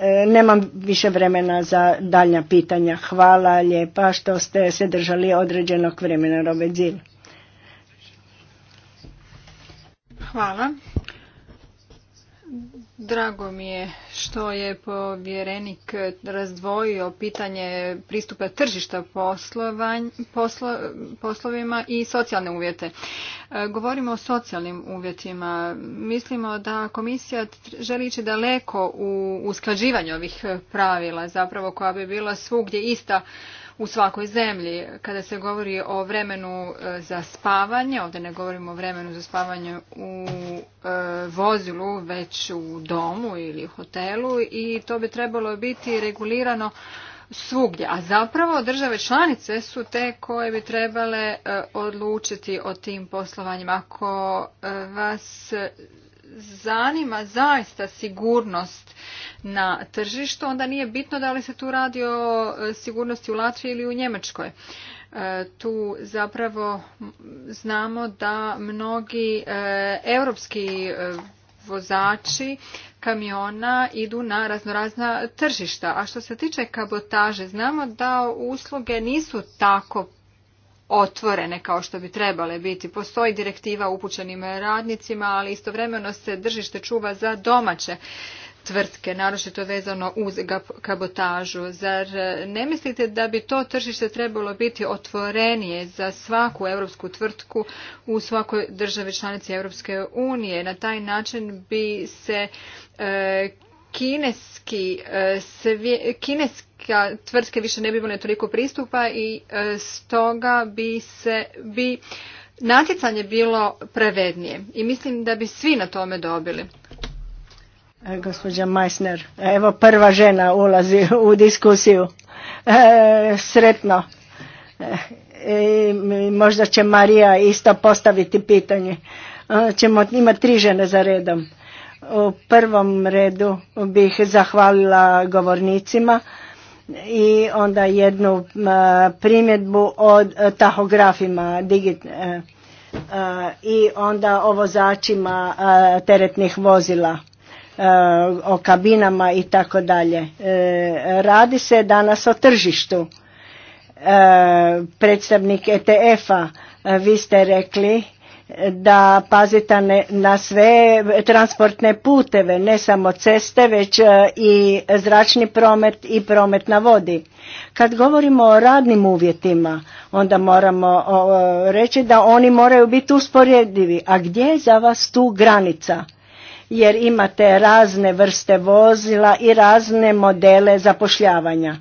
e, nemam više vremena za daljnja pitanja. Hvala lijepa što ste se držali određenog vremena, Robert Zil. Hvala. Drago mi je što je povjerenik razdvojio pitanje pristupa tržišta poslovima i socijalne uvjete. E, govorimo o socijalnim uvjetima. Mislimo da komisija želi ići daleko u usklađivanju ovih pravila, zapravo koja bi bila svugdje ista u svakoj zemlji. Kada se govori o vremenu e, za spavanje, ovdje ne govorimo o vremenu za spavanje u e, vozilu, već u domu ili hotelu i to bi trebalo biti regulirano svugdje. A zapravo države članice su te koje bi trebale e, odlučiti o tim poslovanjima. Ako vas zanima zaista sigurnost na tržištu, onda nije bitno da li se tu radi o e, sigurnosti u Latviji ili u Njemačkoj. E, tu zapravo znamo da mnogi e, europski vozači kamiona idu na raznorazna tržišta. A što se tiče kabotaže, znamo da usluge nisu tako otvorene kao što bi trebale biti. Postoji direktiva upućenim radnicima, ali istovremeno se držište čuva za domaće tvrtke, naročito vezano uz kabotažu. Zar e, ne mislite da bi to tržište trebalo biti otvorenije za svaku europsku tvrtku u svakoj državi članici Europske unije? Na taj način bi se e, kineski, e, kineska tvrtke više ne bi imale toliko pristupa i stoga bi se bi natjecanje bilo prevednije. i mislim da bi svi na tome dobili. E, gospođa Meissner, evo prva žena ulazi u diskusiju. E, sretno. E, možda će Marija isto postaviti pitanje. ćemo imati tri žene za redom. U prvom redu bih zahvalila govornicima i onda jednu primjedbu o tahografima i onda o vozačima teretnih vozila E, o kabinama i tako dalje. E, radi se danas o tržištu. E, predstavnik ETF-a, vi ste rekli da pazite na sve transportne puteve, ne samo ceste, već i zračni promet i promet na vodi. Kad govorimo o radnim uvjetima, onda moramo reći da oni moraju biti usporedivi. A gdje je za vas tu granica? jer imate razne vrste vozila i razne modele zapošljavanja.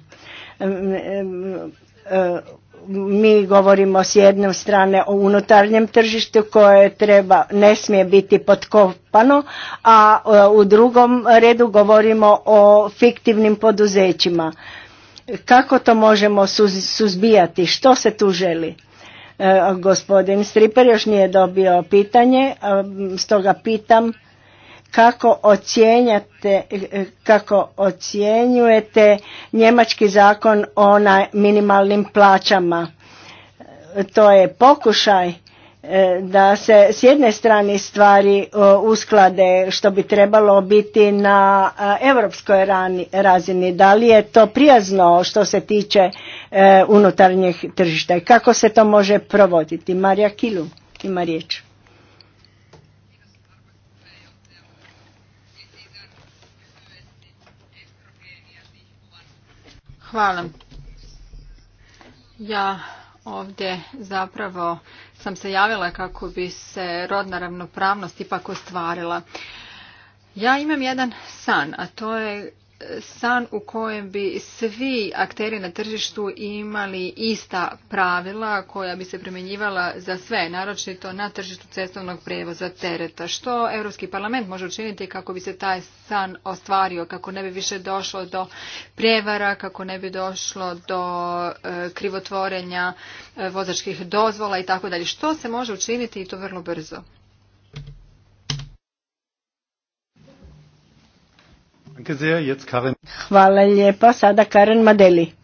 Mi govorimo s jedne strane o unutarnjem tržištu koje treba, ne smije biti potkopano, a e, u drugom redu govorimo o fiktivnim poduzećima. Kako to možemo suzbijati? Što se tu želi? E, gospodin Striper još nije dobio pitanje, stoga pitam kako ocjenjate, kako ocjenjujete njemački zakon o minimalnim plaćama. To je pokušaj e, da se s jedne strane stvari e, usklade što bi trebalo biti na europskoj razini. Da li je to prijazno što se tiče e, unutarnjih tržišta i kako se to može provoditi? Marija Kilu ima riječ. Hvala. Ja ovdje zapravo sam se javila kako bi se rodna ravnopravnost ipak ostvarila. Ja imam jedan san, a to je san u kojem bi svi akteri na tržištu imali ista pravila koja bi se primjenjivala za sve, naročito na tržištu cestovnog prijevoza tereta. Što Europski parlament može učiniti kako bi se taj san ostvario, kako ne bi više došlo do prijevara, kako ne bi došlo do e, krivotvorenja e, vozačkih dozvola i tako dalje. Što se može učiniti i to vrlo brzo? Hvala lijepa. Sada Karen Madeli.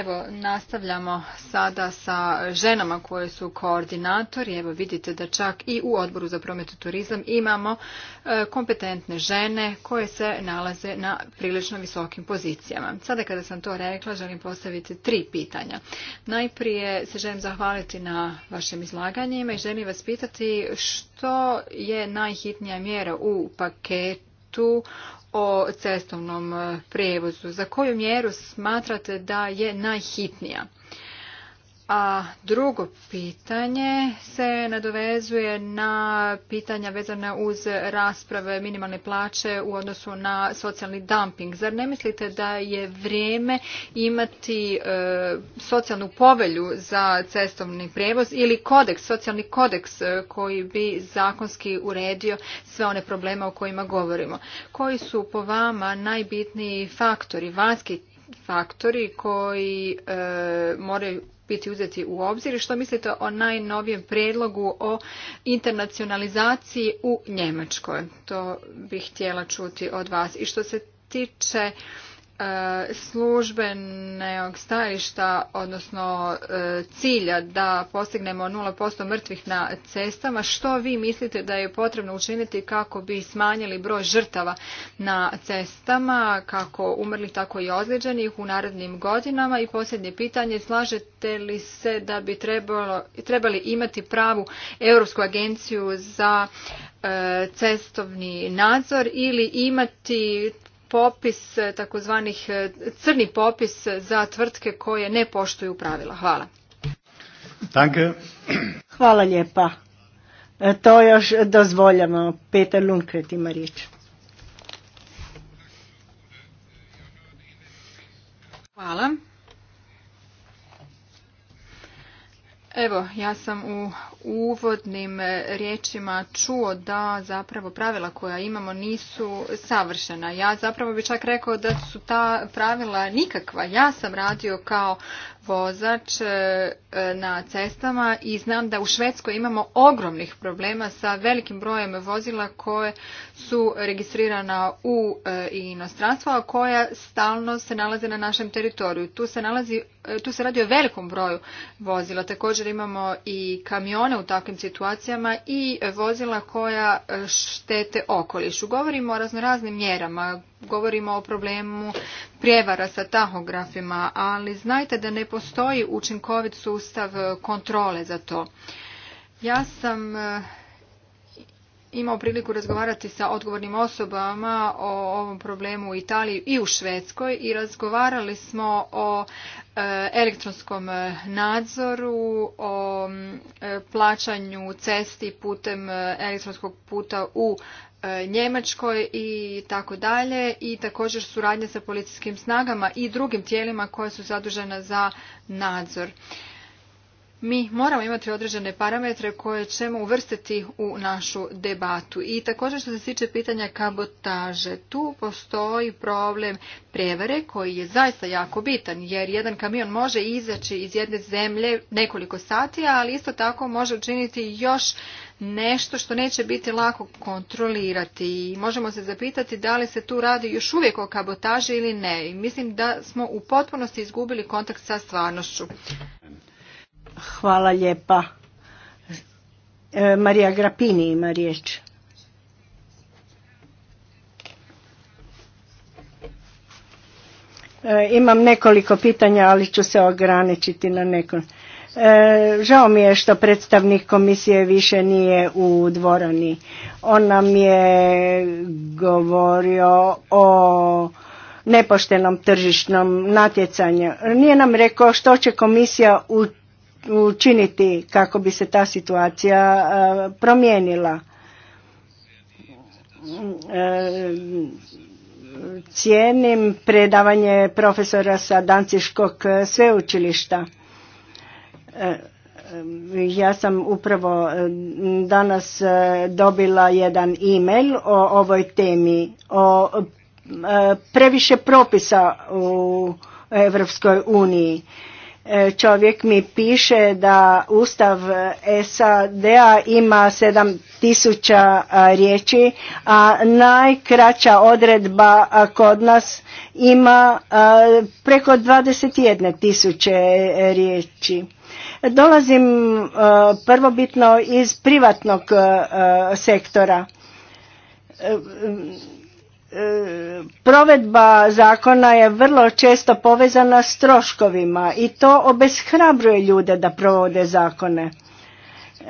Evo, nastavljamo sada sa ženama koje su koordinatori. Evo, vidite da čak i u odboru za promet i turizam imamo e, kompetentne žene koje se nalaze na prilično visokim pozicijama. Sada kada sam to rekla, želim postaviti tri pitanja. Najprije se želim zahvaliti na vašim izlaganjima i želim vas pitati što je najhitnija mjera u paketu o cestovnom e, prijevozu. Za koju mjeru smatrate da je najhitnija? A drugo pitanje se nadovezuje na pitanja vezana uz rasprave minimalne plaće u odnosu na socijalni dumping. Zar ne mislite da je vrijeme imati e, socijalnu povelju za cestovni prevoz ili kodeks, socijalni kodeks e, koji bi zakonski uredio sve one probleme o kojima govorimo? Koji su po vama najbitniji faktori, vanjski faktori koji e, moraju biti uzeti u obzir i što mislite o najnovijem predlogu o internacionalizaciji u Njemačkoj. To bih htjela čuti od vas. I što se tiče E, službenog stajališta, odnosno e, cilja da postignemo 0% mrtvih na cestama, što vi mislite da je potrebno učiniti kako bi smanjili broj žrtava na cestama, kako umrlih, tako i ozlijeđenih u narednim godinama? I posljednje pitanje, slažete li se da bi trebali imati pravu Europsku agenciju za e, cestovni nadzor ili imati popis e, takozvanih e, crni popis za tvrtke koje ne poštuju pravila. Hvala. Danke. Hvala lijepa. E, to još dozvoljamo. Peter Lundkret ima riječ. Hvala. Evo, ja sam u uvodnim e, riječima čuo da zapravo pravila koja imamo nisu savršena. Ja zapravo bi čak rekao da su ta pravila nikakva. Ja sam radio kao vozač e, na cestama i znam da u Švedskoj imamo ogromnih problema sa velikim brojem vozila koje su registrirana u e, inostranstvu, a koja stalno se nalaze na našem teritoriju. Tu se, nalazi, e, tu se radi o velikom broju vozila. Također imamo i kamione u takvim situacijama i vozila koja štete okolišu. Govorimo o raznoraznim mjerama govorimo o problemu prijevara sa tahografima, ali znajte da ne postoji učinkovit sustav kontrole za to. Ja sam eh, imao priliku razgovarati sa odgovornim osobama o ovom problemu u Italiji i u Švedskoj i razgovarali smo o eh, elektronskom eh, nadzoru, o mm, plaćanju cesti putem elektronskog puta u E, Njemačkoj i tako dalje i također suradnja sa policijskim snagama i drugim tijelima koja su zadužena za nadzor. Mi moramo imati određene parametre koje ćemo uvrstiti u našu debatu. I također što se tiče pitanja kabotaže, tu postoji problem prevare koji je zaista jako bitan jer jedan kamion može izaći iz jedne zemlje nekoliko sati, ali isto tako može učiniti još nešto što neće biti lako kontrolirati i možemo se zapitati da li se tu radi još uvijek o kabotaži ili ne. I mislim da smo u potpunosti izgubili kontakt sa stvarnošću. Hvala lijepa. E, Marija Grapini ima riječ. E, imam nekoliko pitanja, ali ću se ograničiti na neko. E, žao mi je što predstavnik komisije više nije u dvorani. On nam je govorio o nepoštenom tržišnom natjecanju. Nije nam rekao što će komisija učiniti kako bi se ta situacija e, promijenila. E, cijenim predavanje profesora sa Danciškog sveučilišta E, e, ja sam upravo e, danas dobila jedan e-mail o ovoj temi, o previše propisa u Europskoj uniji. Čovjek mi piše da Ustav SAD-a ima 7000 riječi, a najkraća odredba kod nas ima preko 21.000 riječi Dolazim e, prvobitno iz privatnog e, sektora. E, provedba zakona je vrlo često povezana s troškovima i to obeshrabruje ljude da provode zakone.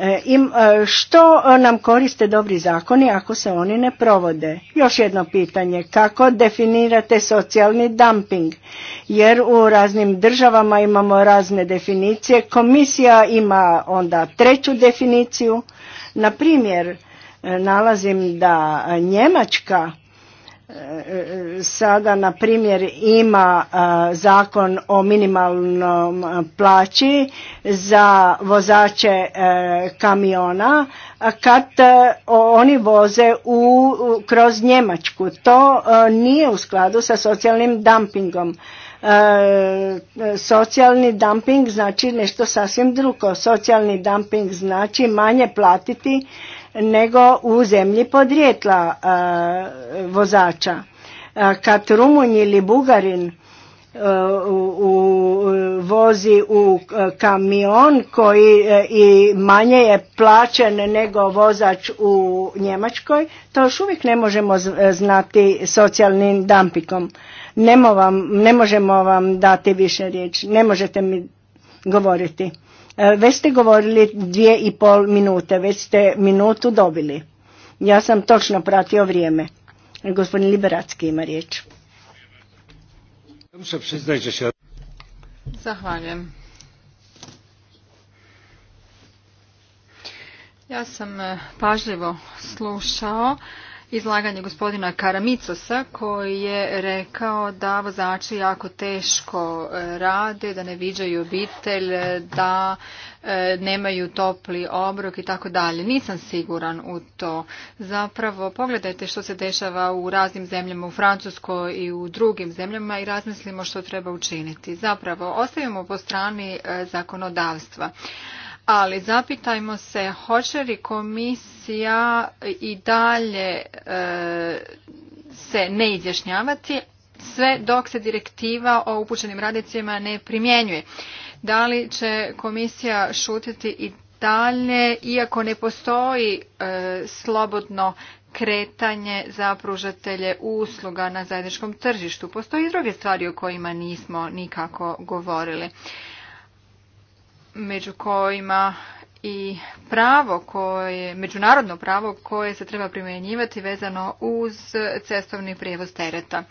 E, e, što nam koriste dobri zakoni ako se oni ne provode? Još jedno pitanje, kako definirate socijalni dumping? Jer u raznim državama imamo razne definicije, komisija ima onda treću definiciju. Na primjer, e, nalazim da Njemačka sada na primjer ima zakon o minimalnom plaći za vozače e, kamiona kad e, oni voze u, kroz Njemačku. To e, nije u skladu sa socijalnim dumpingom. Socijalni dumping znači nešto sasvim drugo. Socijalni dumping znači manje platiti nego u zemlji podrijetla e, vozača. E, kad Rumunj ili Bugarin e, u, vozi u kamion koji i manje je plaćen nego vozač u Njemačkoj, to još uvijek ne možemo znati socijalnim dampikom. ne možemo vam dati više riječi. ne možete mi govoriti. E, već ste govorili dvije i pol minute, već ste minutu dobili. Ja sam točno pratio vrijeme. Gospodin Liberacki ima riječ. Zahvaljujem. Ja sam e, pažljivo slušao izlaganje gospodina Karamicosa koji je rekao da vozači jako teško e, rade, da ne viđaju obitelj, da e, nemaju topli obrok i tako dalje. Nisam siguran u to. Zapravo pogledajte što se dešava u raznim zemljama u Francuskoj i u drugim zemljama i razmislimo što treba učiniti. Zapravo ostavimo po strani e, zakonodavstva ali zapitajmo se hoće li komisija ja i dalje e, se ne izjašnjavati sve dok se direktiva o upućenim radnicima ne primjenjuje. Da li će komisija šutiti i dalje iako ne postoji e, slobodno kretanje za pružatelje usluga na zajedničkom tržištu. Postoji i druge stvari o kojima nismo nikako govorili, među kojima i pravo koje, međunarodno pravo koje se treba primjenjivati vezano uz cestovni prijevoz tereta.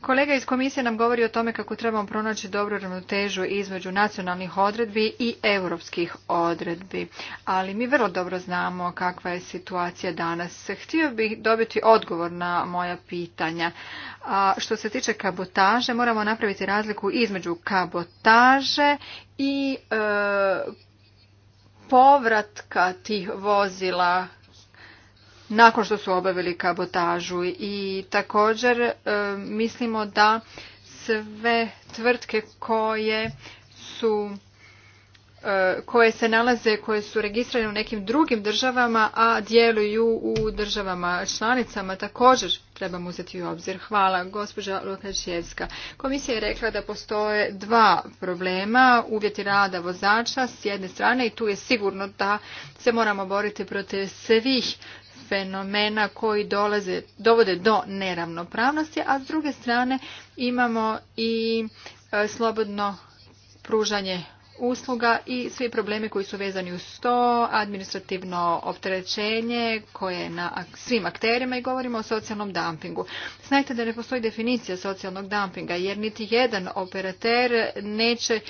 Kolega iz komisije nam govori o tome kako trebamo pronaći dobru ravnotežu između nacionalnih odredbi i europskih odredbi, ali mi vrlo dobro znamo kakva je situacija danas. Htio bih dobiti odgovor na moja pitanja. A što se tiče kabotaže, moramo napraviti razliku između kabotaže i e, povratka tih vozila nakon što su obavili kabotažu i također e, mislimo da sve tvrtke koje su E, koje se nalaze, koje su registrane u nekim drugim državama, a djeluju u državama članicama također trebamo uzeti u obzir. Hvala, gospođa Lukaševska. Komisija je rekla da postoje dva problema, uvjeti rada vozača s jedne strane i tu je sigurno da se moramo boriti protiv svih fenomena koji dolaze, dovode do neravnopravnosti, a s druge strane imamo i e, slobodno pružanje usluga i svi problemi koji su vezani uz to, administrativno opterećenje koje je na svim akterima i govorimo o socijalnom dumpingu. Znajte da ne postoji definicija socijalnog dumpinga jer niti jedan operater neće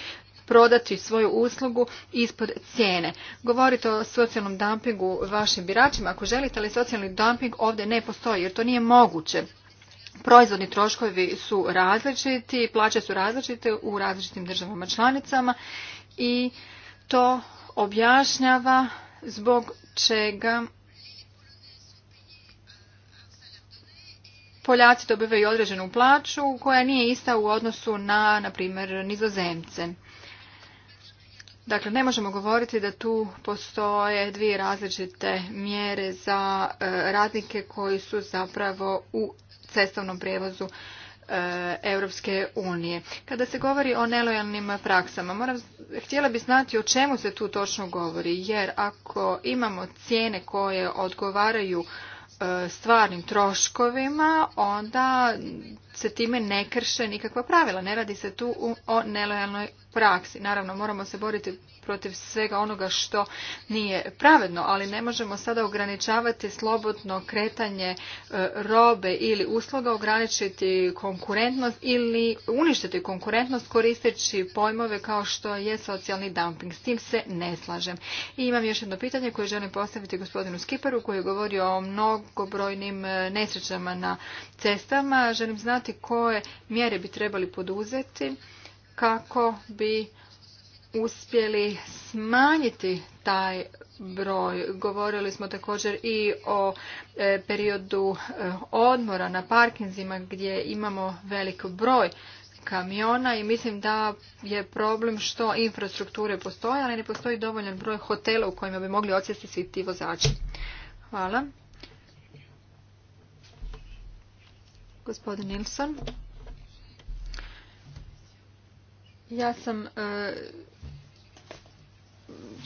prodati svoju uslugu ispod cijene. Govorite o socijalnom dumpingu vašim biračima ako želite, ali socijalni dumping ovdje ne postoji jer to nije moguće. Proizvodni troškovi su različiti, plaće su različite u različitim državama članicama i to objašnjava zbog čega Poljaci dobivaju određenu plaću koja nije ista u odnosu na, na primjer, nizozemce. Dakle, ne možemo govoriti da tu postoje dvije različite mjere za e, radnike koji su zapravo u cestovnom prijevozu Eh, Europske unije. Kada se govori o nelojalnim praksama, moram, htjela bih znati o čemu se tu točno govori, jer ako imamo cijene koje odgovaraju eh, stvarnim troškovima, onda se time ne krše nikakva pravila. Ne radi se tu o nelojalnoj praksi. Naravno, moramo se boriti protiv svega onoga što nije pravedno, ali ne možemo sada ograničavati slobodno kretanje e, robe ili usluga, ograničiti konkurentnost ili uništiti konkurentnost koristeći pojmove kao što je socijalni dumping. S tim se ne slažem. I imam još jedno pitanje koje želim postaviti gospodinu Skiparu koji je govorio o mnogobrojnim e, nesrećama na cestama. Želim znati koje mjere bi trebali poduzeti kako bi uspjeli smanjiti taj broj. Govorili smo također i o e, periodu e, odmora na parkinzima gdje imamo velik broj kamiona i mislim da je problem što infrastrukture postoje, ali ne postoji dovoljan broj hotela u kojima bi mogli odsjesti svi ti vozači. Hvala. Gospodin Nilsson. Ja sam e,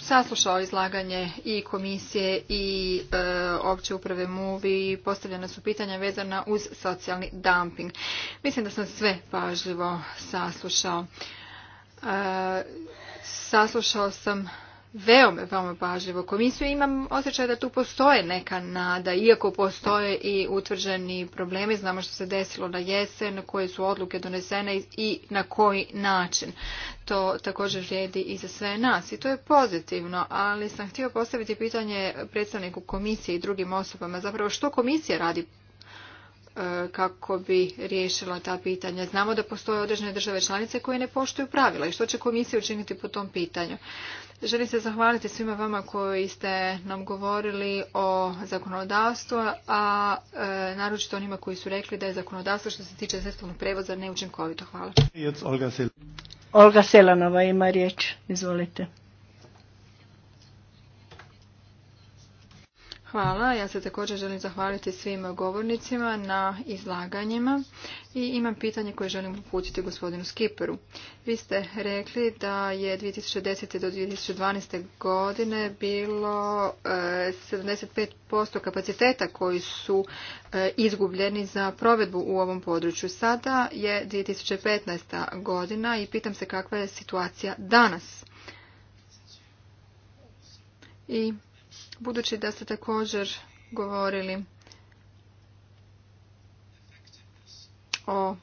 saslušao izlaganje i komisije i e, opće uprave MUVI i postavljena su pitanja vezana uz socijalni dumping. Mislim da sam sve pažljivo saslušao. E, saslušao sam veoma, veoma pažljivo komisiju. Imam osjećaj da tu postoje neka nada, iako postoje i utvrđeni problemi. Znamo što se desilo na jesen, koje su odluke donesene i na koji način. To također vrijedi i za sve nas i to je pozitivno, ali sam htio postaviti pitanje predstavniku komisije i drugim osobama. Zapravo što komisija radi E, kako bi riješila ta pitanja. Znamo da postoje određene države članice koje ne poštuju pravila i što će komisija učiniti po tom pitanju. Želim se zahvaliti svima vama koji ste nam govorili o zakonodavstvu, a e, naročito onima koji su rekli da je zakonodavstvo što se tiče cestovnog prevoza neučinkovito. Hvala. Olga Selanova ima riječ. Izvolite. Hvala. Ja se također želim zahvaliti svim govornicima na izlaganjima i imam pitanje koje želim uputiti gospodinu Skiperu. Vi ste rekli da je 2010. do 2012. godine bilo 75% eh, kapaciteta koji su eh, izgubljeni za provedbu u ovom području. Sada je 2015. godina i pitam se kakva je situacija danas. I Budući da ste također govorili o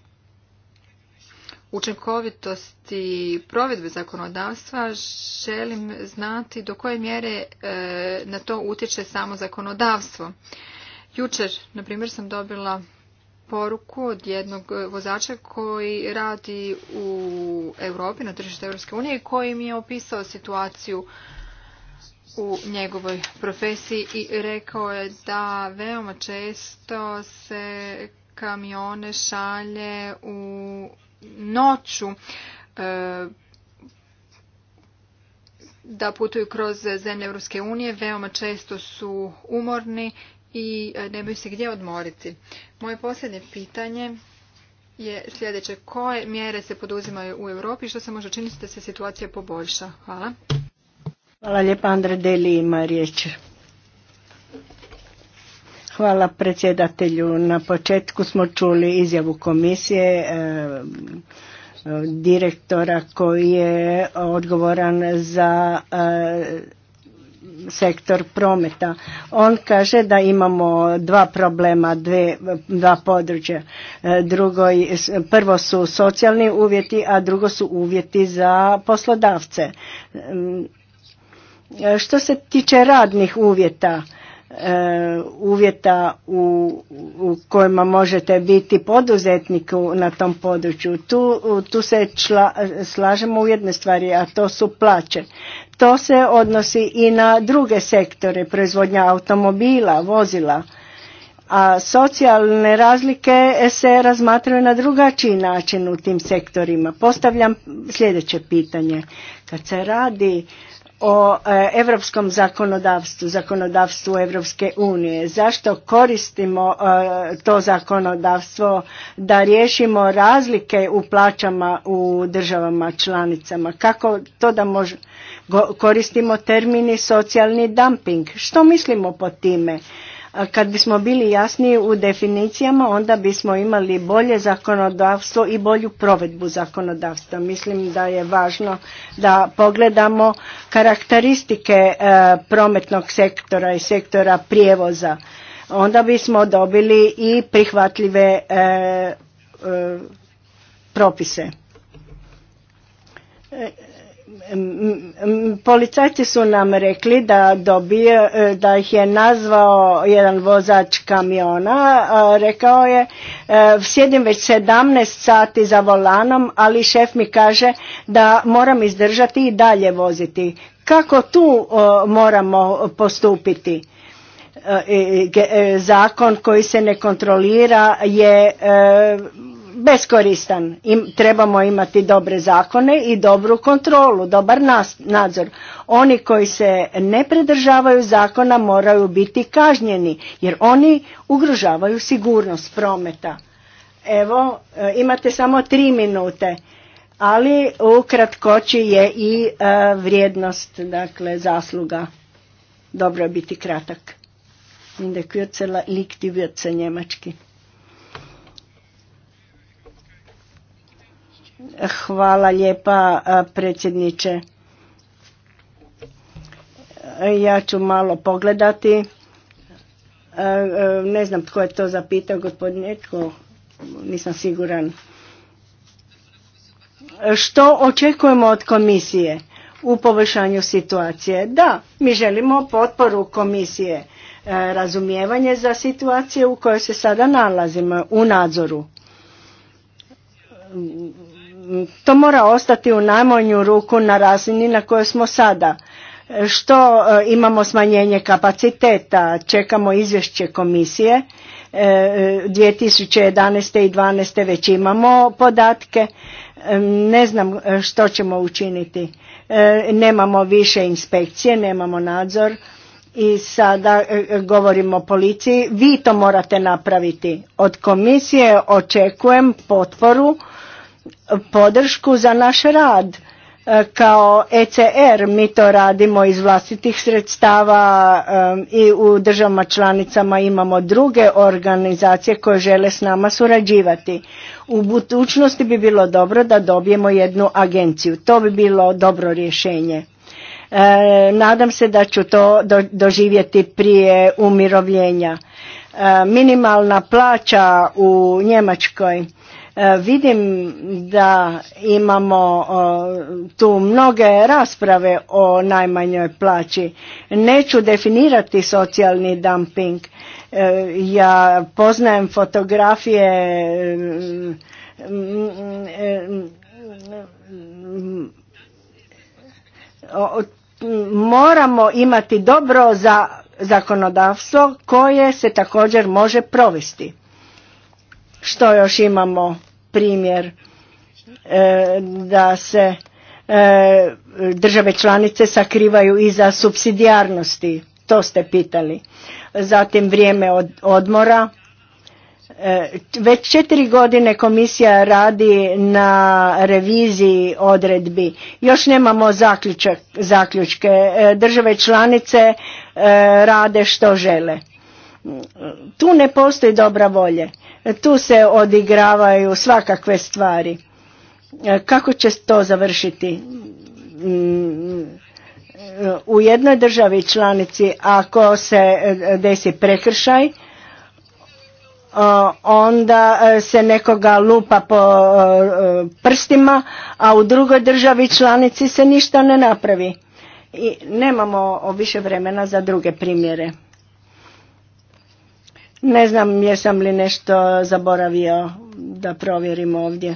učinkovitosti provedbe zakonodavstva želim znati do koje mjere e, na to utječe samo zakonodavstvo. Jučer, na primjer, sam dobila poruku od jednog vozača koji radi u Europi, na tržištu Europske unije, koji mi je opisao situaciju u njegovoj profesiji i rekao je da veoma često se kamione šalje u noću e, da putuju kroz zemlje Europske unije, veoma često su umorni i e, nemaju se gdje odmoriti. Moje posljednje pitanje je sljedeće. Koje mjere se poduzimaju u Europi i što se može činiti da se situacija poboljša? Hvala. Hvala lijepa, Andre Deli ima Hvala predsjedatelju. Na početku smo čuli izjavu komisije e, e, direktora koji je odgovoran za e, sektor prometa. On kaže da imamo dva problema, dva područja. prvo su socijalni uvjeti, a drugo su uvjeti za poslodavce. E, što se tiče radnih uvjeta, e, uvjeta u, kojima možete biti poduzetnik na tom području. Tu, tu se slažemo u jednoj stvari, a to su plaće. To se odnosi i na druge sektore, proizvodnja automobila, vozila, a socijalne razlike se razmatraju na drugačiji način u tim sektorima. Postavljam sljedeće pitanje. Kad se radi o europskom zakonodavstvu, zakonodavstvu Europske unije. Zašto koristimo e, to zakonodavstvo da riješimo razlike u plaćama u državama članicama? Kako to da mož... koristimo termini socijalni dumping? Što mislimo po time? Kad bismo bili jasniji u definicijama, onda bismo imali bolje zakonodavstvo i bolju provedbu zakonodavstva. Mislim da je važno da pogledamo karakteristike e, prometnog sektora i sektora prijevoza. Onda bismo dobili i prihvatljive e, e, propise Policajci su nam rekli da dobije, e, da ih je nazvao jedan vozač kamiona, rekao je e, sjedim već 17 sati za volanom, ali šef mi kaže da moram izdržati i dalje voziti. Kako tu e, moramo postupiti? Zakon koji se ne kontrolira je beskoristan. Im, trebamo imati dobre zakone i dobru kontrolu, dobar nadzor. Oni koji se ne pridržavaju zakona moraju biti kažnjeni jer oni ugrožavaju sigurnost prometa. Evo, e, imate samo tri minute, ali u kratkoći je i e, vrijednost, dakle, zasluga. Dobro je biti kratak. Inde likti njemački. Hvala lijepa predsjedniče. Ja ću malo pogledati. Ne znam tko je to zapitao, gospodin Ečko, nisam siguran. Što očekujemo od komisije u poboljšanju situacije? Da, mi želimo potporu komisije, razumijevanje za situacije u kojoj se sada nalazimo u nadzoru to mora ostati u najmanju ruku na razini na kojoj smo sada. Što e, imamo smanjenje kapaciteta, čekamo izvješće komisije, 2011. E, i 2012. već imamo podatke, e, ne znam što ćemo učiniti. Nemamo više inspekcije, nemamo nadzor i sada govorimo policiji, vi to morate napraviti. Od komisije očekujem potporu podršku za naš rad. E, kao ECR mi to radimo iz vlastitih sredstava i u državama članicama imamo druge organizacije koje žele s nama surađivati. U budućnosti bi bilo dobro da dobijemo jednu agenciju. To bi bilo dobro rješenje. E, nadam se da ću to doživjeti prije umirovljenja. E, minimalna plaća u Njemačkoj E, vidim da imamo e, tu mnoge rasprave o najmanjoj plaći. Neću definirati socijalni dumping. E, ja poznajem fotografije moramo imati dobro za zakonodavstvo koje se također može provesti. Što još imamo? primjer e, da se e, države članice sakrivaju iza subsidijarnosti, to ste pitali. Zatim vrijeme od odmora. E, već četiri godine komisija radi na reviziji odredbi. Još nemamo zaključak, zaključke. Države članice rade što žele. Tu ne postoji dobra volje tu se odigravaju svakakve stvari. E, kako će to završiti? Mm, u jednoj državi članici ako se e, desi prekršaj, e, onda se nekoga lupa po prstima, a u drugoj državi članici se ništa ne napravi. I nemamo više vremena za druge primjere. Ne znam jesam li nešto zaboravio da provjerim ovdje.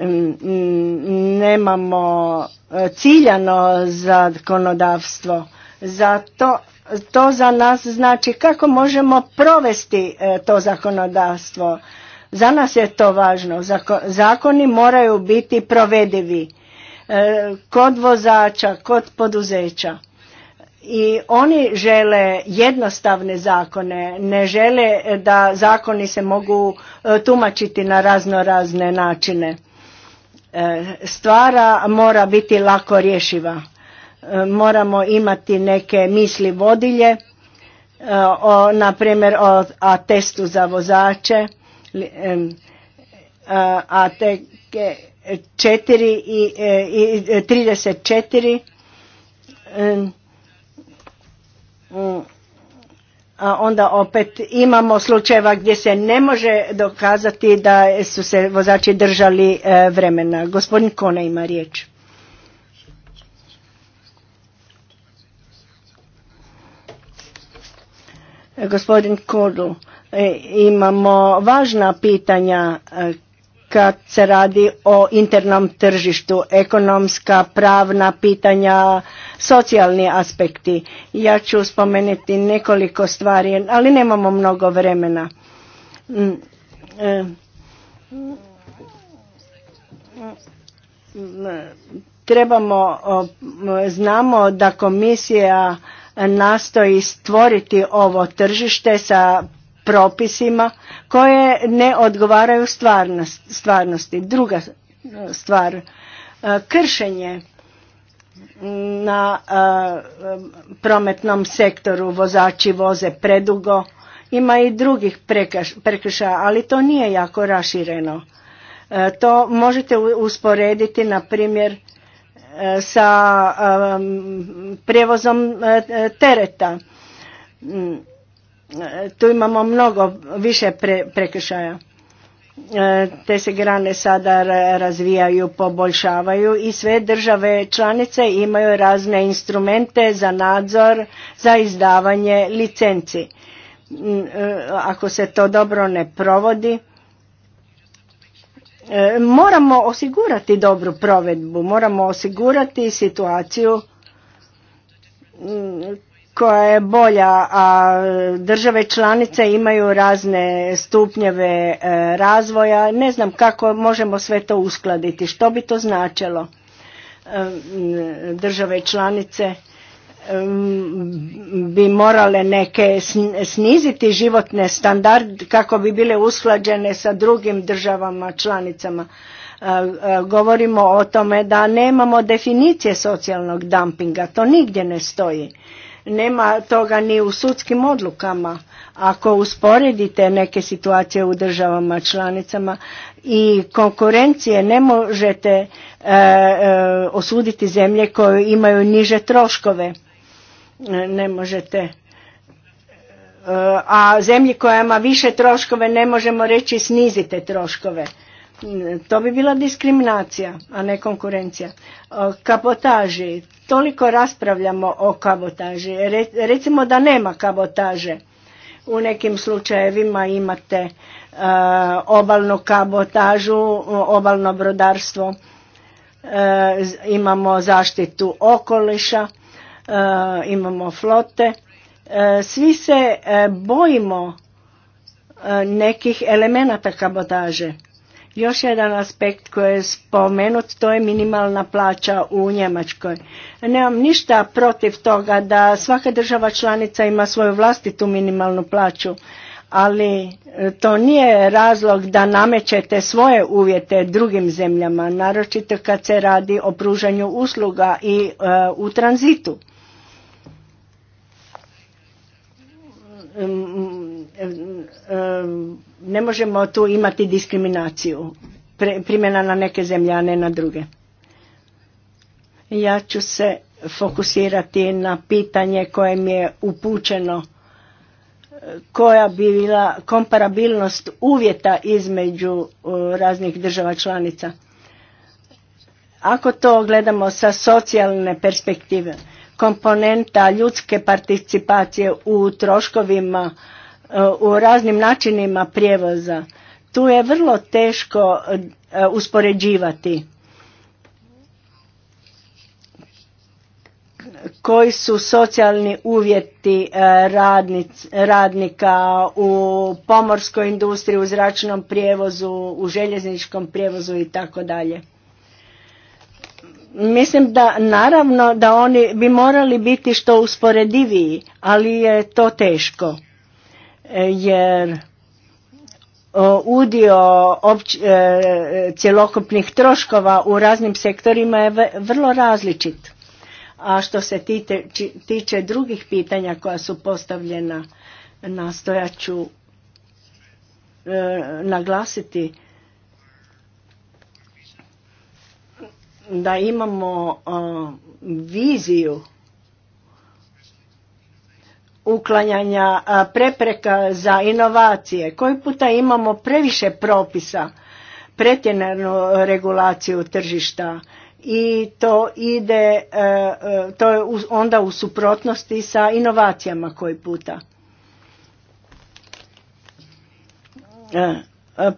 Mm, mm, nemamo e, ciljano zakonodavstvo. Zato to za nas znači kako možemo provesti e, to zakonodavstvo. Za nas je to važno. Zakoni moraju biti provedivi e, kod vozača, kod poduzeća i oni žele jednostavne zakone, ne žele e, da zakoni se mogu e, tumačiti na razno razne načine. E, stvara mora biti lako rješiva. Moramo imati neke misli vodilje, o, na primjer o testu za vozače, a te četiri i, i 34 Mm. a onda opet imamo slučajeva gdje se ne može dokazati da su se vozači držali e, vremena. Gospodin Kona ima riječ. E, gospodin Kodl, e, imamo važna pitanja kad se radi o internom tržištu, ekonomska, pravna pitanja, socijalni aspekti. Ja ću spomenuti nekoliko stvari, ali nemamo mnogo vremena. Mm, e, trebamo, znamo da komisija nastoji stvoriti ovo tržište sa propisima koje ne odgovaraju stvarnosti. Druga e, stvar, e, kršenje na e, prometnom sektoru vozači voze predugo. Ima i drugih prekršaja, ali to nije jako rašireno. To možete usporediti, na primjer, sa prijevozom tereta mm, tu imamo mnogo više pre, prekršaja. E, te se grane sada razvijaju, poboljšavaju i sve države članice imaju razne instrumente za nadzor, za izdavanje licenci. Mm, e, ako se to dobro ne provodi, e, moramo osigurati dobru provedbu, moramo osigurati situaciju mm, koja je bolja, a države članice imaju razne stupnjeve e, razvoja. Ne znam kako možemo sve to uskladiti, što bi to značilo e, države članice e, bi morale neke sniziti životne standard kako bi bile usklađene sa drugim državama članicama. Govorimo o tome da nemamo definicije socijalnog dumpinga, to nigdje ne stoji nema toga ni u sudskim odlukama. Ako usporedite neke situacije u državama članicama i konkurencije ne možete e, e, osuditi zemlje koje imaju niže troškove. E, ne možete a zemlji koja ima više troškove ne možemo reći snizite troškove. To bi bila diskriminacija, a ne konkurencija. E, kabotaži, toliko raspravljamo o kabotaži. Recimo da nema kabotaže. U nekim slučajevima imate e, obalnu kabotažu, obalno brodarstvo, e, imamo zaštitu okoliša, imamo flote. Svi se bojimo nekih elemenata kabotaže još jedan aspekt koji je spomenut, to je minimalna plaća u Njemačkoj. Nemam ništa protiv toga da svaka država članica ima svoju vlastitu minimalnu plaću, ali e, to nije razlog da namećete svoje uvjete drugim zemljama, naročito kad se radi o pružanju usluga i e, u tranzitu. E, ne možemo tu imati diskriminaciju primjena na neke zemlje, a ne na druge. Ja ću se fokusirati na pitanje koje mi je upućeno e, koja bi bila komparabilnost uvjeta između e, raznih država članica. Ako to gledamo sa socijalne perspektive, komponenta ljudske participacije u troškovima E, u raznim načinima prijevoza. Tu je vrlo teško e, uspoređivati koji su socijalni uvjeti e, radnika u pomorskoj industriji, u zračnom prijevozu, u željezničkom prijevozu i tako dalje. Mislim da naravno da oni bi morali biti što usporediviji, ali je to teško jer e, udio e, cjelokupnih troškova u raznim sektorima je vrlo različit. A što se tiče, drugih pitanja koja su postavljena, nastojat ću e, naglasiti da imamo viziju uklanjanja prepreka za inovacije. Koji puta imamo previše propisa, pretjeranu regulaciju tržišta i to ide, to je onda u suprotnosti sa inovacijama koji puta.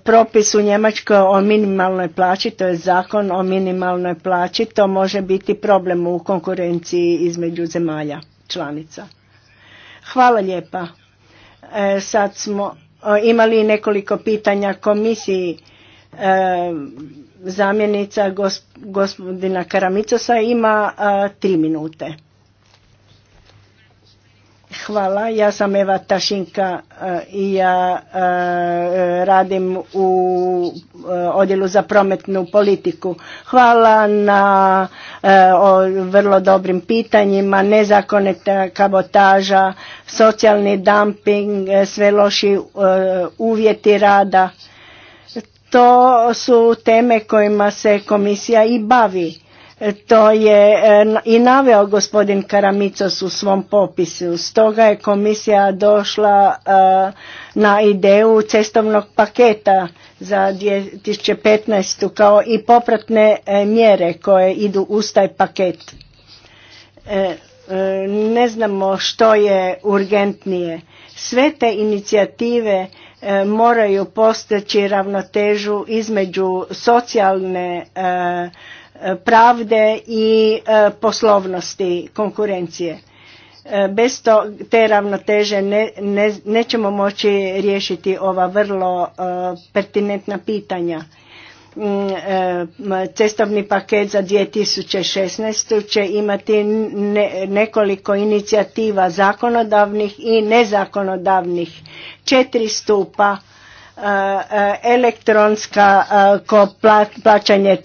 Propis u Njemačkoj o minimalnoj plaći, to je zakon o minimalnoj plaći, to može biti problem u konkurenciji između zemalja članica. Hvala lijepa. E, sad smo e, imali nekoliko pitanja komisiji. E, zamjenica gospodina Karamicosa ima e, tri minute. Hvala, ja sam Eva Tašinka e, i ja e, radim u e, odjelu za prometnu politiku. Hvala na vrlo dobrim pitanjima, nezakonita kabotaža, socijalni dumping, sve loši uvjeti rada. To su teme kojima se komisija i bavi to je e, i naveo gospodin Karamicos u svom popisu. Stoga je komisija došla e, na ideju cestovnog paketa za 2015. kao i popratne e, mjere koje idu uz taj paket. Ne znamo što je urgentnije. Sve te inicijative moraju postići ravnotežu između socijalne pravde i e, poslovnosti konkurencije. E, bez to, te ravnoteže ne, ne, nećemo moći riješiti ova vrlo e, pertinentna pitanja mm, cestovni paket za 2016. će imati nekoliko inicijativa zakonodavnih i nezakonodavnih. Četiri stupa Eh, elektronska eh, plaćanje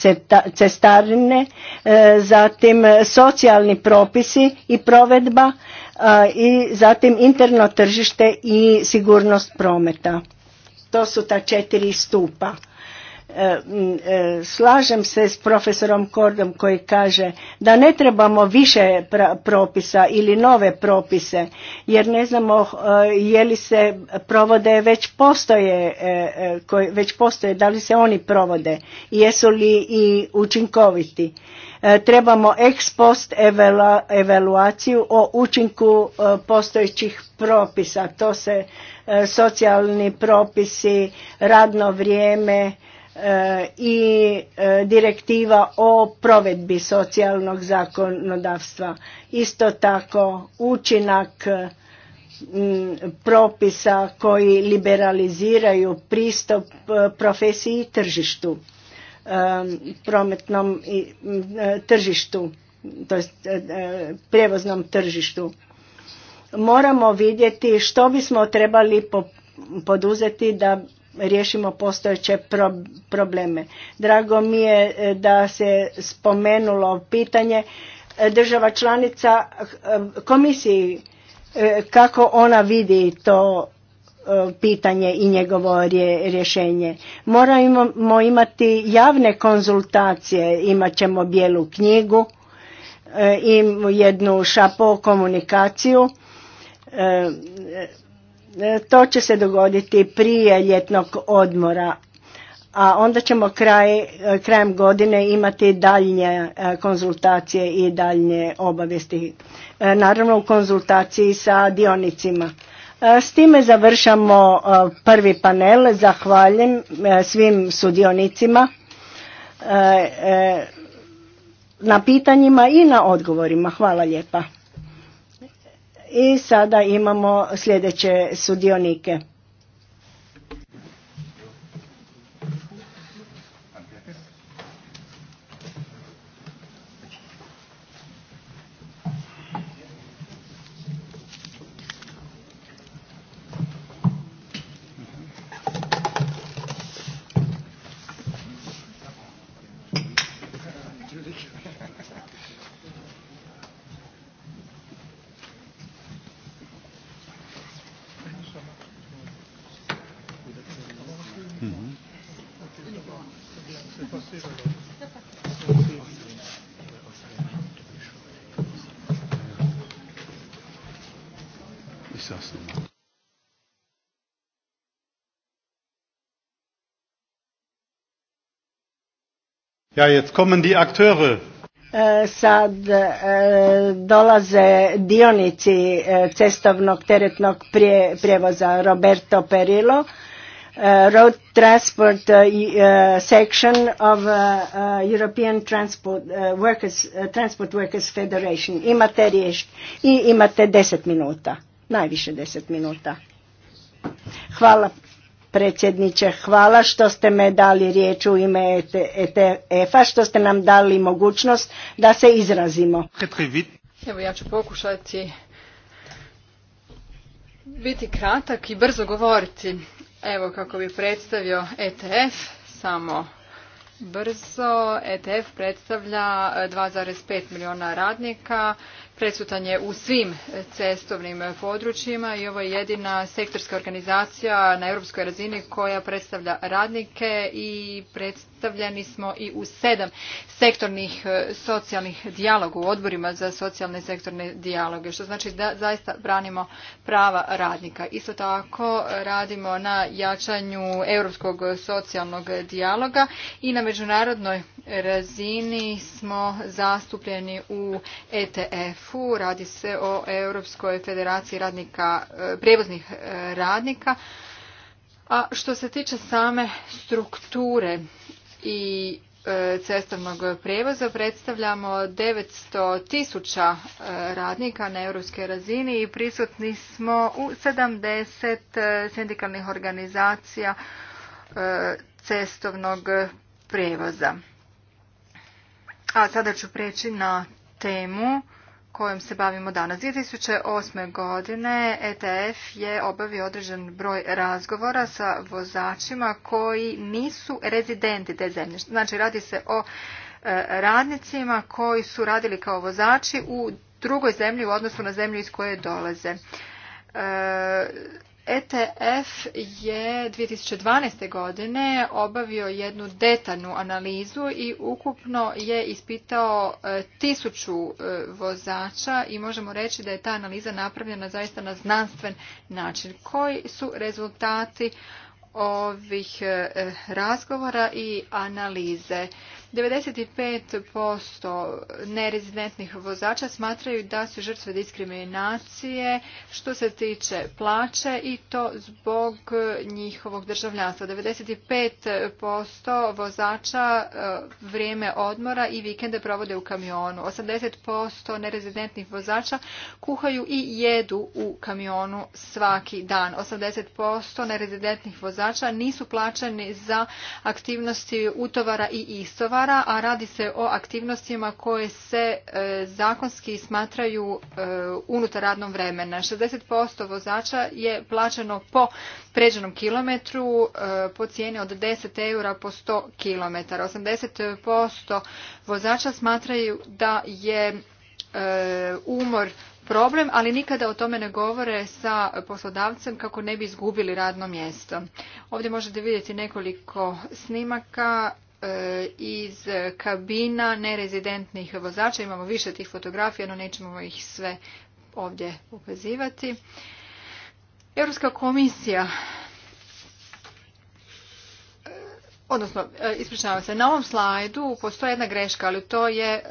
cestarine, eh, zatim socijalni propisi i provedba i zatim interno tržište i sigurnost prometa. To su ta četiri stupa E, e, slažem se s profesorom Kordom koji kaže da ne trebamo više propisa ili nove propise jer ne znamo e, je li se provode već postoje koji već postoje da li se oni provode jesu li i učinkoviti trebamo ex post evaluaciju o učinku postojećih propisa to se socijalni propisi radno vrijeme E, i e, direktiva o provedbi socijalnog zakonodavstva. Isto tako učinak propisa koji liberaliziraju pristup e, profesiji tržištu, prometnom tržištu, to prijevoznom tržištu. Moramo vidjeti što bismo trebali poduzeti da riješimo postojeće probleme. Drago mi je e, da se spomenulo pitanje e, država članica e, komisiji kako ona vidi to pitanje i njegovo rješenje. Moramo imati javne konzultacije, imat ćemo bijelu knjigu i jednu šapo komunikaciju E, to će se dogoditi prije ljetnog odmora, a onda ćemo e, krajem godine imati daljnje e, konzultacije i daljnje obavijesti. Naravno u konzultaciji sa dionicima. S time završamo prvi panel. Zahvaljujem svim sudionicima na pitanjima i na odgovorima. Hvala lijepa. I sada imamo sljedeće sudionike. Ja, jetzt kommen die Akteure. E, sad e, dolaze dionici e, cestovnog teretnog prijevoza Roberto Perillo, Road Transport Section of European Transport Workers, Transport Workers Federation. Imate riješ i imate deset minuta, najviše deset minuta. Hvala predsjedniče. Hvala što ste me dali riječ u ime ETF-a, e što ste nam dali mogućnost da se izrazimo. Evo ja ću pokušati biti kratak i brzo govoriti. Evo kako bi predstavio ETF, samo brzo. ETF predstavlja 2,5 e, milijuna radnika Prisutan je u svim e, cestovnim e, područjima i ovo je jedina sektorska organizacija na europskoj razini koja predstavlja radnike i predstavljeni smo i u sedam sektornih e, socijalnih dijaloga u odborima za socijalne sektorne dijaloge, što znači da zaista branimo prava radnika. Isto tako radimo na jačanju europskog socijalnog dijaloga i na međunarodnoj razini smo zastupljeni u ETF Radi se o Europskoj federaciji radnika, e, prijevoznih e, radnika. A što se tiče same strukture i e, cestovnog prijevoza predstavljamo 900 tisuća radnika na europskoj razini i prisutni smo u 70 sindikalnih organizacija cestovnog prijevoza. A sada ću preći na temu kojom se bavimo danas. 2008. godine ETF je obavio određen broj razgovora sa vozačima koji nisu rezidenti te zemlje. Znači radi se o e, radnicima koji su radili kao vozači u drugoj zemlji u odnosu na zemlju iz koje dolaze. E, ETF je 2012. godine obavio jednu detaljnu analizu i ukupno je ispitao e, tisuću e, vozača i možemo reći da je ta analiza napravljena zaista na znanstven način. Koji su rezultati ovih e, razgovora i analize? 95% nerezidentnih vozača smatraju da su žrtve diskriminacije što se tiče plaće i to zbog njihovog državljanstva. 95% vozača e, vrijeme odmora i vikende provode u kamionu. 80% nerezidentnih vozača kuhaju i jedu u kamionu svaki dan. 80% nerezidentnih vozača nisu plaćeni za aktivnosti utovara i istova a radi se o aktivnostima koje se e, zakonski smatraju e, unutar radnog vremena. 60% vozača je plaćeno po pređenom kilometru e, po cijeni od 10 eura po 100 km. 80% vozača smatraju da je umor problem, ali nikada o tome ne govore sa poslodavcem kako ne bi izgubili radno mjesto. Ovdje možete vidjeti nekoliko snimaka E, iz kabina nerezidentnih vozača. Imamo više tih fotografija, no nećemo ih sve ovdje upezivati. Europska komisija e, odnosno e, ispričavam se na ovom slajdu postoji jedna greška ali to je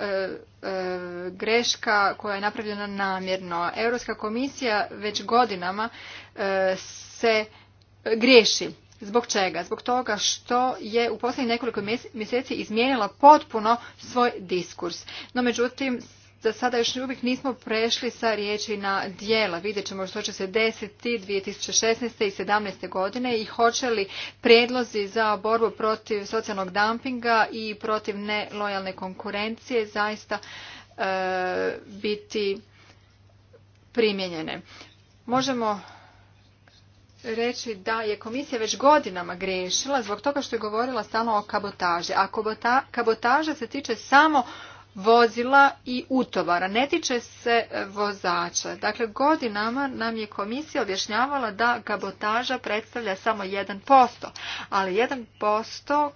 greška koja je napravljena namjerno europska komisija već godinama se griješi Zbog čega? Zbog toga što je u posljednjih nekoliko mjeseci izmijenila potpuno svoj diskurs. No međutim, za sada još uvijek nismo prešli sa riječi na dijela. Vidjet ćemo što će se desiti 2016. i 2017. godine i hoće li prijedlozi za borbu protiv socijalnog dumpinga i protiv nelojalne konkurencije zaista e, biti primijenjene. Možemo reći da je komisija već godinama griješila zbog toga što je govorila samo o kabotaži. A kabotaža se tiče samo vozila i utovara, ne tiče se e, vozača. Dakle, godinama nam je komisija objašnjavala da kabotaža predstavlja samo 1%, ali 1% posto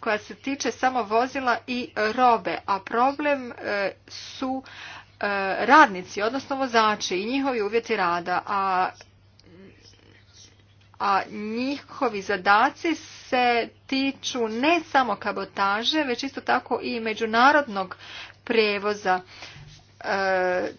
koja se tiče samo vozila i robe, a problem e, su e, radnici, odnosno vozači i njihovi uvjeti rada, a a njihovi zadaci se tiču ne samo kabotaže, već isto tako i međunarodnog prijevoza e,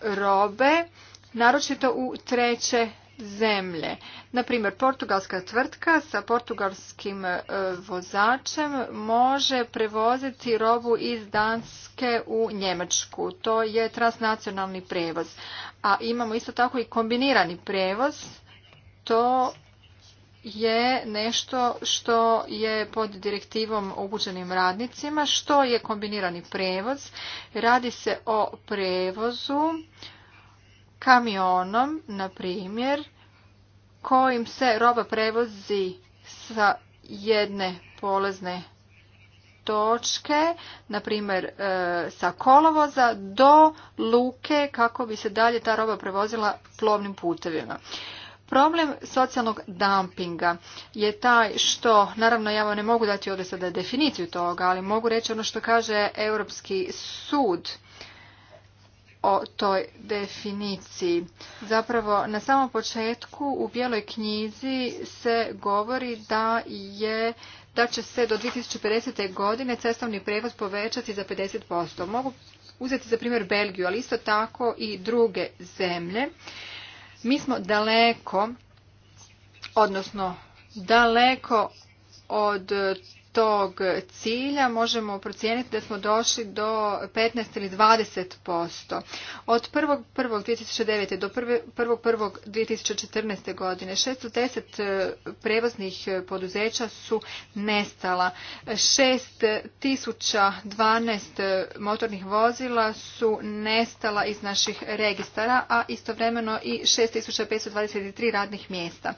robe, naročito u treće zemlje. Naprimjer, portugalska tvrtka sa portugalskim e, vozačem može prevoziti robu iz Danske u Njemačku. To je transnacionalni prevoz. A imamo isto tako i kombinirani prevoz to je nešto što je pod direktivom o radnicima, što je kombinirani prevoz. Radi se o prevozu kamionom, na primjer, kojim se roba prevozi sa jedne polezne točke, na primjer e, sa kolovoza do luke kako bi se dalje ta roba prevozila plovnim putevima. Problem socijalnog dumpinga je taj što, naravno ja vam ne mogu dati ovdje sada definiciju toga, ali mogu reći ono što kaže Europski sud o toj definiciji. Zapravo na samom početku u bijeloj knjizi se govori da je da će se do 2050. godine cestovni prevoz povećati za 50%. Mogu uzeti za primjer Belgiju, ali isto tako i druge zemlje mi smo daleko, odnosno daleko od tog cilja možemo procijeniti da smo došli do 15 ili 20%. Od 1.1.2009. do 1.1.2014. godine 610 e, prevoznih e, poduzeća su nestala. 6012 e, motornih vozila su nestala iz naših registara, a istovremeno i 6523 radnih mjesta.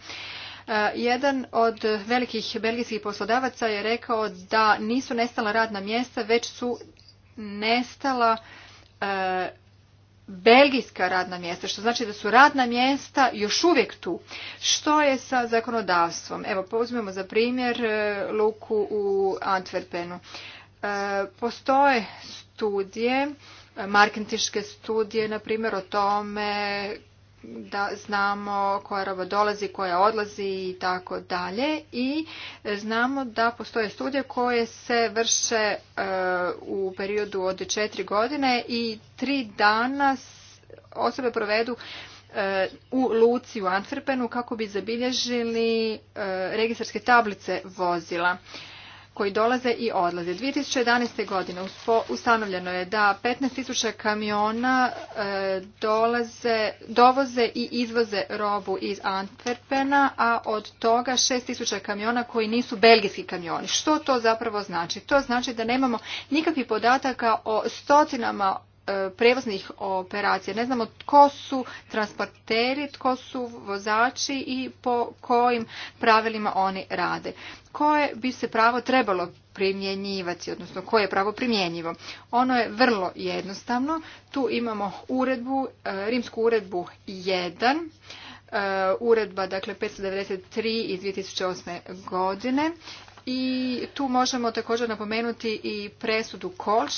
Eh, jedan od velikih belgijskih poslodavaca je rekao da nisu nestala radna mjesta, već su nestala eh, belgijska radna mjesta, što znači da su radna mjesta još uvijek tu. Što je sa zakonodavstvom? Evo, pozmemo za primjer eh, luku u Antwerpenu. postoje studije, marketinške studije, na primjer, o tome da znamo koja roba dolazi, koja odlazi i tako dalje i znamo da postoje studije koje se vrše e, u periodu od četiri godine i tri dana osobe provedu e, u Luci, u Antwerpenu kako bi zabilježili e, registarske tablice vozila koji dolaze i odlaze. 2011. godine ustanovljeno je da 15.000 kamiona e, dolaze, dovoze i izvoze robu iz Antwerpena, a od toga 6.000 kamiona koji nisu belgijski kamioni. Što to zapravo znači? To znači da nemamo nikakvih podataka o stotinama E, prevoznih operacija. Ne znamo tko su transporteri, tko su vozači i po kojim pravilima oni rade. Koje bi se pravo trebalo primjenjivati, odnosno koje je pravo primjenjivo? Ono je vrlo jednostavno. Tu imamo uredbu, e, rimsku uredbu 1, e, uredba dakle 593 iz 2008. godine i tu možemo također napomenuti i presudu Kolš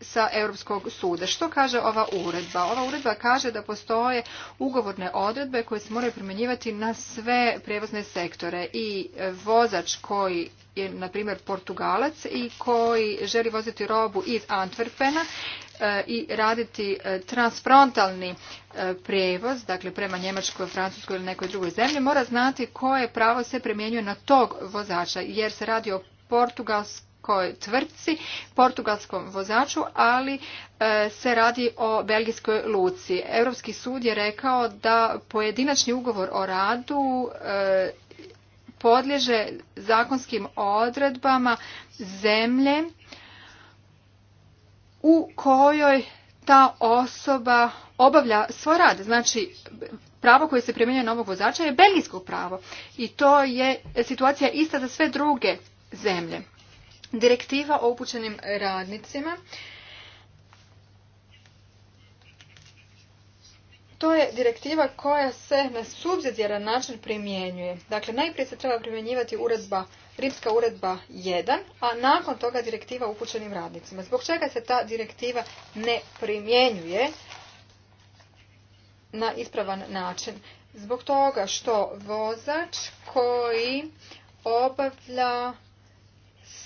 sa Europskog suda. Što kaže ova uredba? Ova uredba kaže da postoje ugovorne odredbe koje se moraju primjenjivati na sve prijevozne sektore i vozač koji je, na primjer, Portugalac i koji želi voziti robu iz Antwerpena e, i raditi e, transfrontalni e, prijevoz, dakle prema Njemačkoj, Francuskoj ili nekoj drugoj zemlji, mora znati koje pravo se primjenjuje na tog vozača, jer se radi o portugalskom kojoj tvrtci, portugalskom vozaču, ali e, se radi o belgijskoj luci. Europski sud je rekao da pojedinačni ugovor o radu e, podliježe zakonskim odredbama zemlje u kojoj ta osoba obavlja svoj rad. Znači, pravo koje se primjenjuje na ovog vozača je belgijsko pravo. I to je situacija ista za sve druge zemlje. Direktiva o upućenim radnicima. To je direktiva koja se na subzidijaran način primjenjuje. Dakle, najprije se treba primjenjivati uredba, Rimska uredba 1, a nakon toga direktiva o upućenim radnicima. Zbog čega se ta direktiva ne primjenjuje na ispravan način? Zbog toga što vozač koji obavlja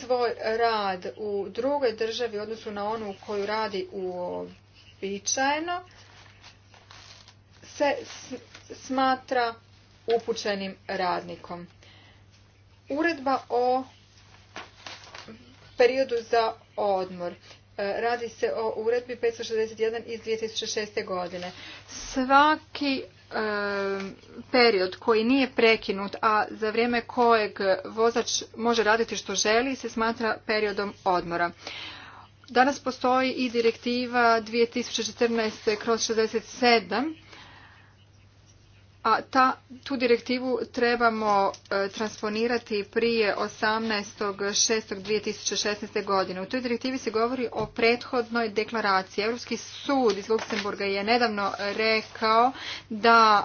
svoj rad u drugoj državi odnosu na onu koju radi uobičajeno se smatra upućenim radnikom. Uredba o periodu za odmor. E, radi se o uredbi 561 iz 2006. godine. Svaki period koji nije prekinut, a za vrijeme kojeg vozač može raditi što želi, se smatra periodom odmora. Danas postoji i direktiva 2014. kroz 67 a ta, tu direktivu trebamo e, transponirati prije 18.6.2016. godine. U toj direktivi se govori o prethodnoj deklaraciji. Europski sud iz Luksemburga je nedavno rekao da e,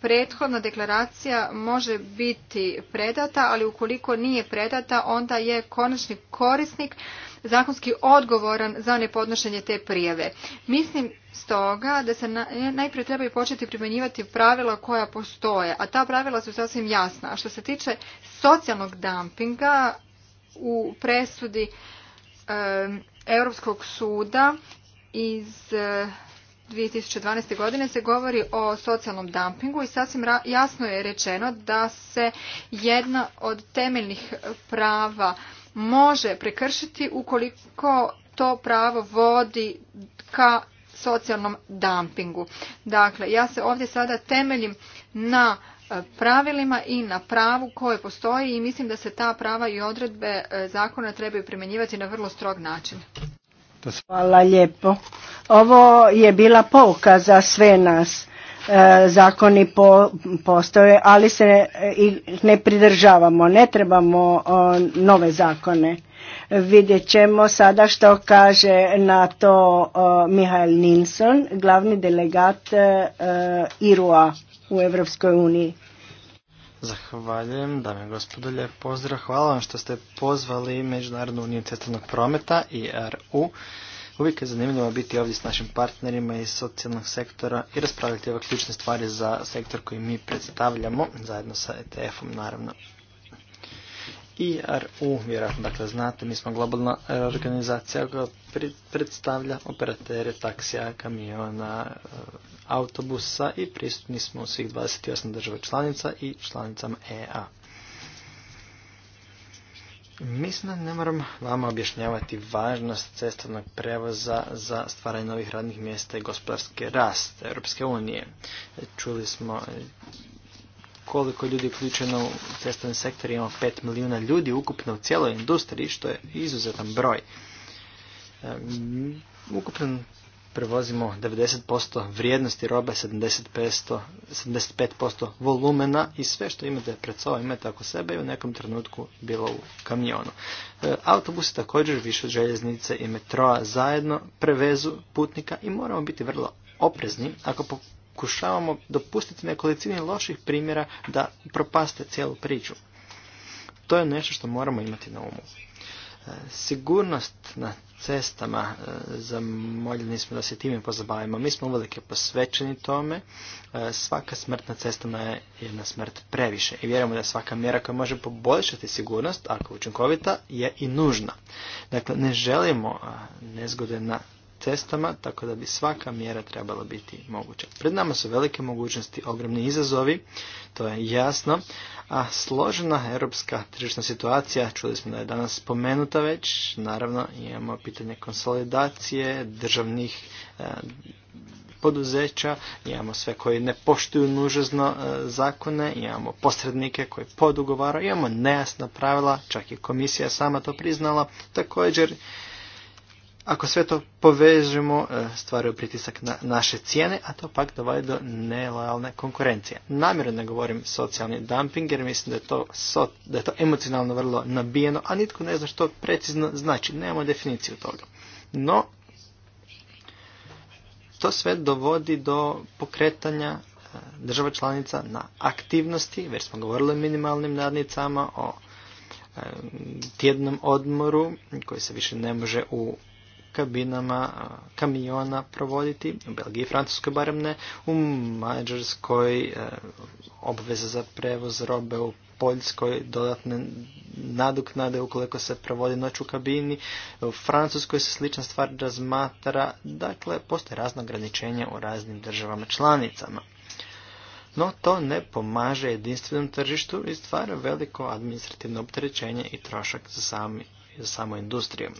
prethodna deklaracija može biti predata, ali ukoliko nije predata, onda je konačni korisnik zakonski odgovoran za nepodnošenje te prijave. Mislim stoga da se najprije trebaju početi primjenjivati pravila koja postoje, a ta pravila su sasvim jasna. A što se tiče socijalnog dumpinga u presudi Europskog suda iz 2012. E, godine se govori o socijalnom dumpingu i sasvim jasno je rečeno da se jedna od temeljnih prava može prekršiti ukoliko to pravo vodi ka socijalnom dumpingu. Dakle, ja se ovdje sada temeljim na e, pravilima i na pravu koje postoji i mislim da se ta prava i odredbe e, zakona trebaju primjenjivati na vrlo strog način. Hvala lijepo. Ovo je bila pouka za sve nas E, zakoni po, postoje, ali se ih ne pridržavamo, ne trebamo nove zakone. Vidjet ćemo sada što kaže na to Mihael Nilsson, glavni delegat e, IRUA u Europskoj uniji. Zahvaljujem, dame i gospodo, lijep pozdrav. Hvala vam što ste pozvali Međunarodnu uniju cestovnog prometa, IRU. Uvijek je zanimljivo biti ovdje s našim partnerima iz socijalnog sektora i raspravljati ove ključne stvari za sektor koji mi predstavljamo, zajedno sa ETF-om naravno. IRU, vjerojatno dakle znate, mi smo globalna e, organizacija koja predstavlja operatere taksija, kamiona, e, autobusa i prisutni smo u svih 28 država članica i članicama EA. Mislim da ne moram vama objašnjavati važnost cestovnog prevoza za stvaranje novih radnih mjesta i gospodarski rast Europske unije. Čuli smo koliko ljudi je uključeno u cestovni sektor, imamo 5 milijuna ljudi ukupno u cijeloj industriji, što je izuzetan broj. Ukupno prevozimo 90% vrijednosti robe, 75%, 75% volumena i sve što imate pred sobom imate oko sebe i u nekom trenutku bilo u kamionu. E, autobusi također više od željeznice i metroa zajedno prevezu putnika i moramo biti vrlo oprezni ako pokušavamo dopustiti nekolicini loših primjera da propaste cijelu priču. To je nešto što moramo imati na umu. E, sigurnost na cestama. E, zamoljeni smo da se time pozabavimo. Mi smo uvelike posvećeni tome. E, svaka smrt na cestama je jedna smrt previše. I vjerujemo da svaka mjera koja može poboljšati sigurnost, ako učinkovita, je i nužna. Dakle, ne želimo e, nezgode na cestama, tako da bi svaka mjera trebala biti moguća. Pred nama su velike mogućnosti, ogromni izazovi, to je jasno, a složena europska tržišna situacija, čuli smo da je danas spomenuta već, naravno imamo pitanje konsolidacije državnih e, poduzeća, imamo sve koji ne poštuju nužezno e, zakone, imamo posrednike koji podugovaraju, imamo nejasna pravila, čak i komisija sama to priznala, također ako sve to povežemo, e, stvaraju pritisak na naše cijene, a to pak dovodi do nelojalne konkurencije. Namjerno ne govorim socijalni dumping, jer mislim da je to, da je to emocionalno vrlo nabijeno, a nitko ne zna što precizno znači. Nemamo definiciju toga. No, to sve dovodi do pokretanja e, država članica na aktivnosti, već smo govorili o minimalnim nadnicama, o e, tjednom odmoru koji se više ne može u kabinama kamiona provoditi, u Belgiji i Francuskoj barem ne, u Mađarskoj e, obveze za prevoz robe u Poljskoj dodatne naduknade ukoliko se provodi noć u kabini, u Francuskoj se slična stvar razmatra, dakle postoje razna ograničenja u raznim državama članicama. No to ne pomaže jedinstvenom tržištu i stvara veliko administrativno opterećenje i trošak za, sami, za samu industriju.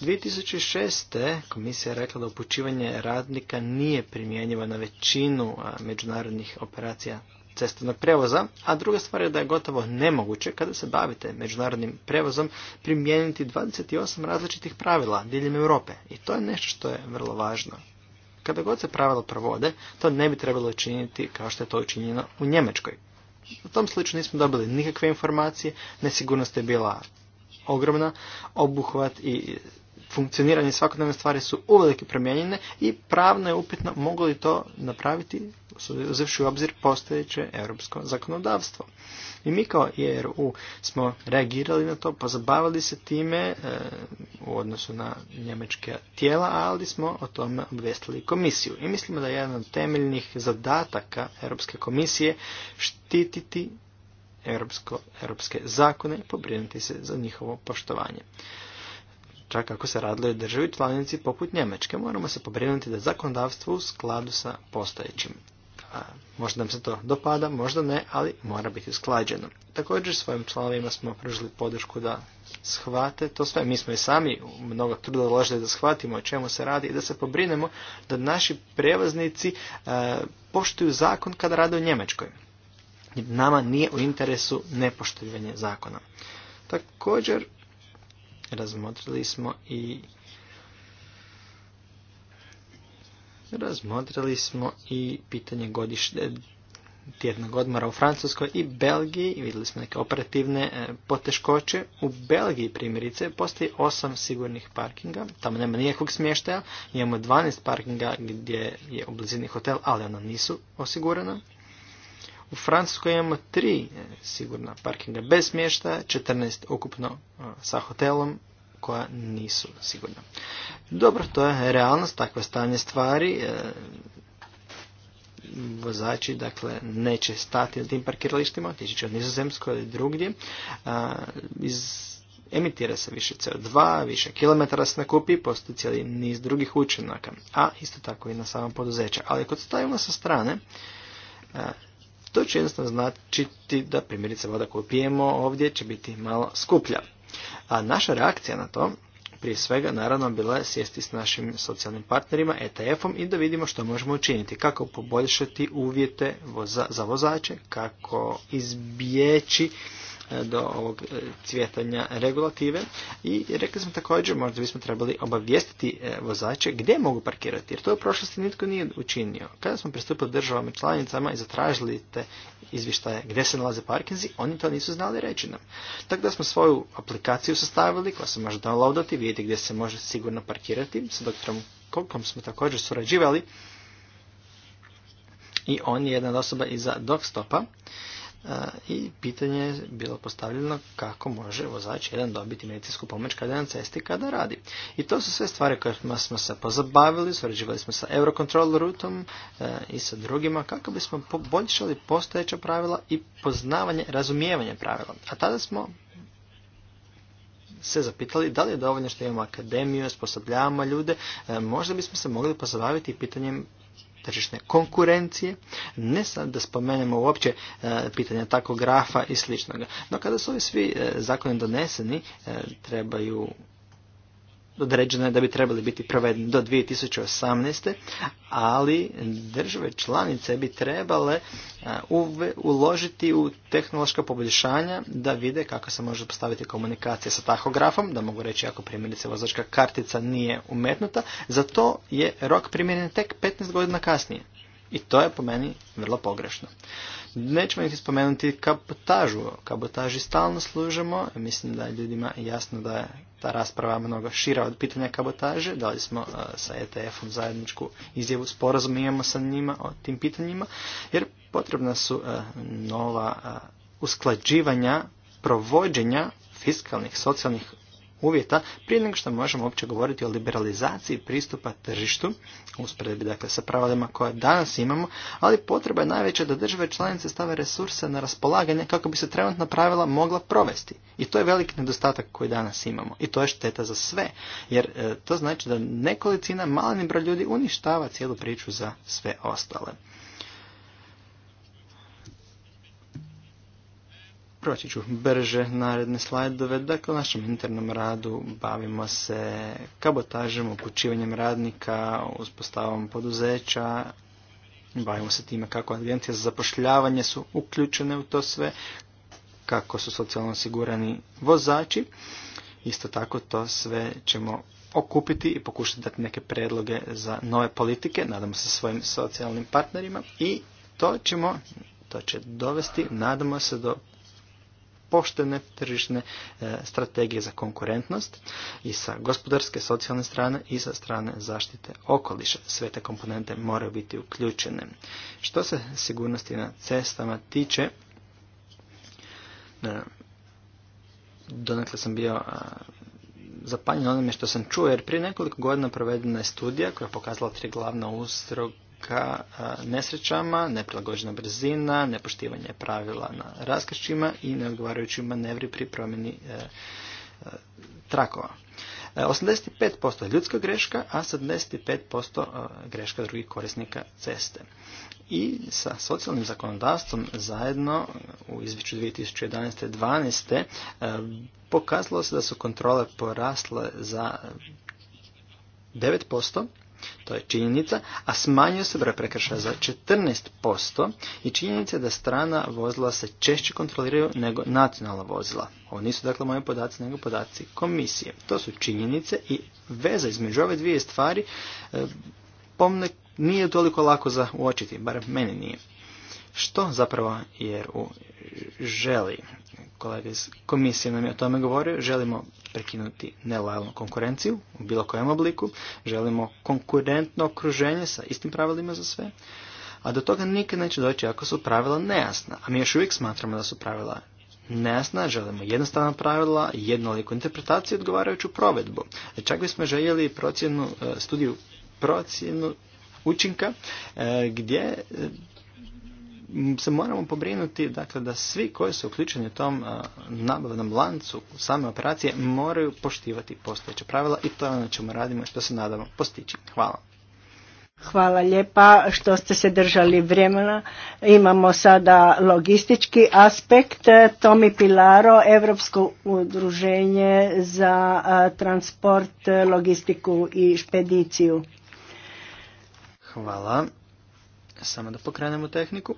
2006. komisija je rekla da upućivanje radnika nije primjenjivo na većinu međunarodnih operacija cestovnog prevoza, a druga stvar je da je gotovo nemoguće kada se bavite međunarodnim prevozom primijeniti 28 različitih pravila diljem Europe i to je nešto što je vrlo važno. Kada god se pravila provode, to ne bi trebalo učiniti kao što je to učinjeno u Njemačkoj. U tom slučaju nismo dobili nikakve informacije, nesigurnost je bila ogromna, obuhvat i funkcioniranje svakodnevne stvari su uvelike promijenjene i pravno je upitno mogu li to napraviti uzevši u obzir postojeće europsko zakonodavstvo. I mi kao IRU e smo reagirali na to, pozabavili se time e, u odnosu na njemečke tijela, ali smo o tome obvestili komisiju. I mislimo da je jedan od temeljnih zadataka Europske komisije štititi europsko, europske zakone i pobrinuti se za njihovo poštovanje čak ako se radilo o državi članici poput Njemačke. Moramo se pobrinuti da zakonodavstvo u skladu sa postojećim. možda nam se to dopada, možda ne, ali mora biti usklađeno. Također svojim članovima smo pružili podršku da shvate to sve. Mi smo i sami mnogo truda da shvatimo o čemu se radi i da se pobrinemo da naši prevoznici e, poštuju zakon kada rade u Njemačkoj. Nama nije u interesu nepoštivanje zakona. Također razmotrili smo i razmotrili smo i pitanje godišnje tjednog odmora u Francuskoj i Belgiji i vidjeli smo neke operativne e, poteškoće. U Belgiji primjerice postoji 8 sigurnih parkinga, tamo nema nikakvog smještaja, imamo 12 parkinga gdje je u blizini hotel, ali ona nisu osigurana. U Francuskoj imamo tri e, sigurna parkinga bez smještaja, 14 ukupno e, sa hotelom koja nisu sigurna. Dobro, to je realnost, takve stanje stvari. E, vozači, dakle, neće stati na tim parkiralištima, otići će od nizozemsko ili drugdje. Iz emitira se više CO2, više kilometara se nakupi, postoji cijeli niz drugih učinaka, a isto tako i na samom poduzeća. Ali kod stavimo sa strane to će jednostavno značiti da primjerice voda koju pijemo ovdje će biti malo skuplja. A naša reakcija na to prije svega naravno bila je sjesti s našim socijalnim partnerima ETF-om i da vidimo što možemo učiniti, kako poboljšati uvjete za vozače, kako izbjeći do ovog e, cvjetanja regulative i rekli smo također možda bismo trebali obavijestiti e, vozače gdje mogu parkirati jer to u prošlosti nitko nije učinio. Kada smo pristupili državama članicama i zatražili te izvještaje gdje se nalaze parkinzi, oni to nisu znali reći nam. Tako da smo svoju aplikaciju sastavili koja se može downloadati, vidjeti gdje se može sigurno parkirati sa doktorom Kokom smo također surađivali i on je jedna osoba iza Dokstopa. stopa i pitanje je bilo postavljeno kako može vozač jedan dobiti medicinsku pomoć kada je na cesti kada radi. I to su sve stvari koje smo se pozabavili, surađivali smo sa Eurocontrol rutom e, i sa drugima kako bismo poboljšali postojeća pravila i poznavanje, razumijevanje pravila. A tada smo se zapitali da li je dovoljno što imamo akademiju, osposobljavamo ljude, e, možda bismo se mogli pozabaviti pitanjem tržišne konkurencije, ne sad da spomenemo uopće e, pitanja tako grafa i sličnoga. No kada su ovi svi e, zakoni doneseni, e, trebaju određeno je da bi trebali biti provedeni do 2018. ali države članice bi trebale e, uložiti u tehnološka poboljšanja da vide kako se može postaviti komunikacija sa tahografom, da mogu reći ako primjerice vozačka kartica nije umetnuta, za to je rok primjeren tek 15 godina kasnije. I to je po meni vrlo pogrešno. Nećemo ih spomenuti kabotažu. Kabotaži stalno služimo. Mislim da je ljudima jasno da je ta rasprava mnogo šira od pitanja kabotaže. da li smo e, sa ETF-om zajedničku izjavu sporazum sa njima o tim pitanjima. Jer potrebna su e, nova e, usklađivanja provođenja fiskalnih, socijalnih uvjeta prije nego što možemo uopće govoriti o liberalizaciji pristupa tržištu, usporedbi dakle sa pravilima koje danas imamo, ali potreba je najveća da države članice stave resurse na raspolaganje kako bi se trenutna pravila mogla provesti. I to je veliki nedostatak koji danas imamo. I to je šteta za sve, jer e, to znači da nekolicina maleni broj ljudi uništava cijelu priču za sve ostale. proći ću brže naredne slajdove. Dakle, u našem internom radu bavimo se kabotažem, upućivanjem radnika, uspostavom poduzeća, bavimo se time kako agencije za zapošljavanje su uključene u to sve, kako su socijalno osigurani vozači. Isto tako to sve ćemo okupiti i pokušati dati neke predloge za nove politike, nadamo se svojim socijalnim partnerima i to ćemo, to će dovesti, nadamo se do poštene tržišne e, strategije za konkurentnost i sa gospodarske, socijalne strane i sa strane zaštite okoliša. Sve te komponente moraju biti uključene. Što se sigurnosti na cestama tiče, e, donekle sam bio e, zapanjen onome što sam čuo, jer prije nekoliko godina provedena je studija koja je pokazala tri glavna uzroka ka nesrećama, neprilagođena brzina, nepoštivanje pravila na raskršćima i neodgovarajući manevri pri promjeni e, e, trakova. 85% e, ljudska greška, a 75% greška drugih korisnika ceste. I sa socijalnim zakonodavstvom zajedno u izvješću 2011. 12. pokazalo se da su kontrole porasle za 9%, to je činjenica, a smanjio se broj prekršaja za 14% i činjenica je da strana vozila se češće kontroliraju nego nacionalna vozila. Ovo nisu dakle moji podaci, nego podaci komisije. To su činjenice i veza između ove dvije stvari e, pomne nije toliko lako za uočiti, barem meni nije. Što zapravo jer u želi? Kolega iz komisije nam je o tome govorio. Želimo prekinuti nelojalnu konkurenciju u bilo kojem obliku, želimo konkurentno okruženje sa istim pravilima za sve, a do toga nikad neće doći ako su pravila nejasna, a mi još uvijek smatramo da su pravila nejasna, želimo jednostavna pravila, jednoliku interpretaciju i odgovarajuću provedbu. E, čak bismo željeli procjenu, e, studiju procjenu učinka e, gdje se moramo pobrinuti dakle, da svi koji su uključeni u tom nabavnom lancu u same operacije moraju poštivati postojeće pravila i to je ono na čemu radimo što se nadamo postići. Hvala. Hvala lijepa što ste se držali vremena. Imamo sada logistički aspekt. Tomi Pilaro, Europsko udruženje za transport, logistiku i špediciju. Hvala. Samo da pokrenemo tehniku.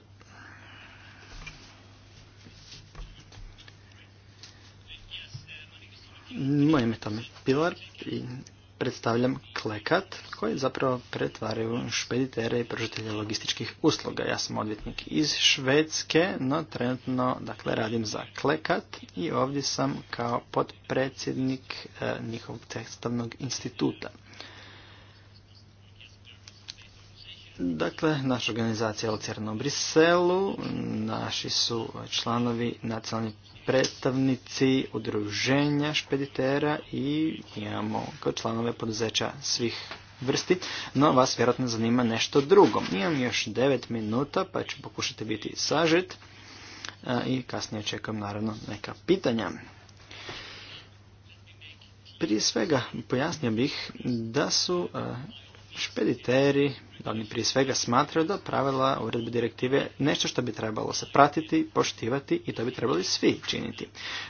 Moje ime je Pilar i predstavljam Klekat, koji zapravo pretvaraju špeditere i pružatelje logističkih usluga. Ja sam odvjetnik iz Švedske, no trenutno dakle, radim za Klekat i ovdje sam kao potpredsjednik e, njihovog tekstavnog instituta. Dakle, naša organizacija je u Briselu, naši su članovi nacionalni predstavnici udruženja špeditera i imamo kao članove poduzeća svih vrsti, no vas vjerojatno zanima nešto drugo. Imam još 9 minuta pa ću pokušati biti sažet e, i kasnije čekam naravno neka pitanja. Prije svega pojasnio bih da su e, špediteri, oni prije svega smatraju da pravila uredbe direktive nešto što bi trebalo se pratiti, poštivati i to bi trebali svi činiti.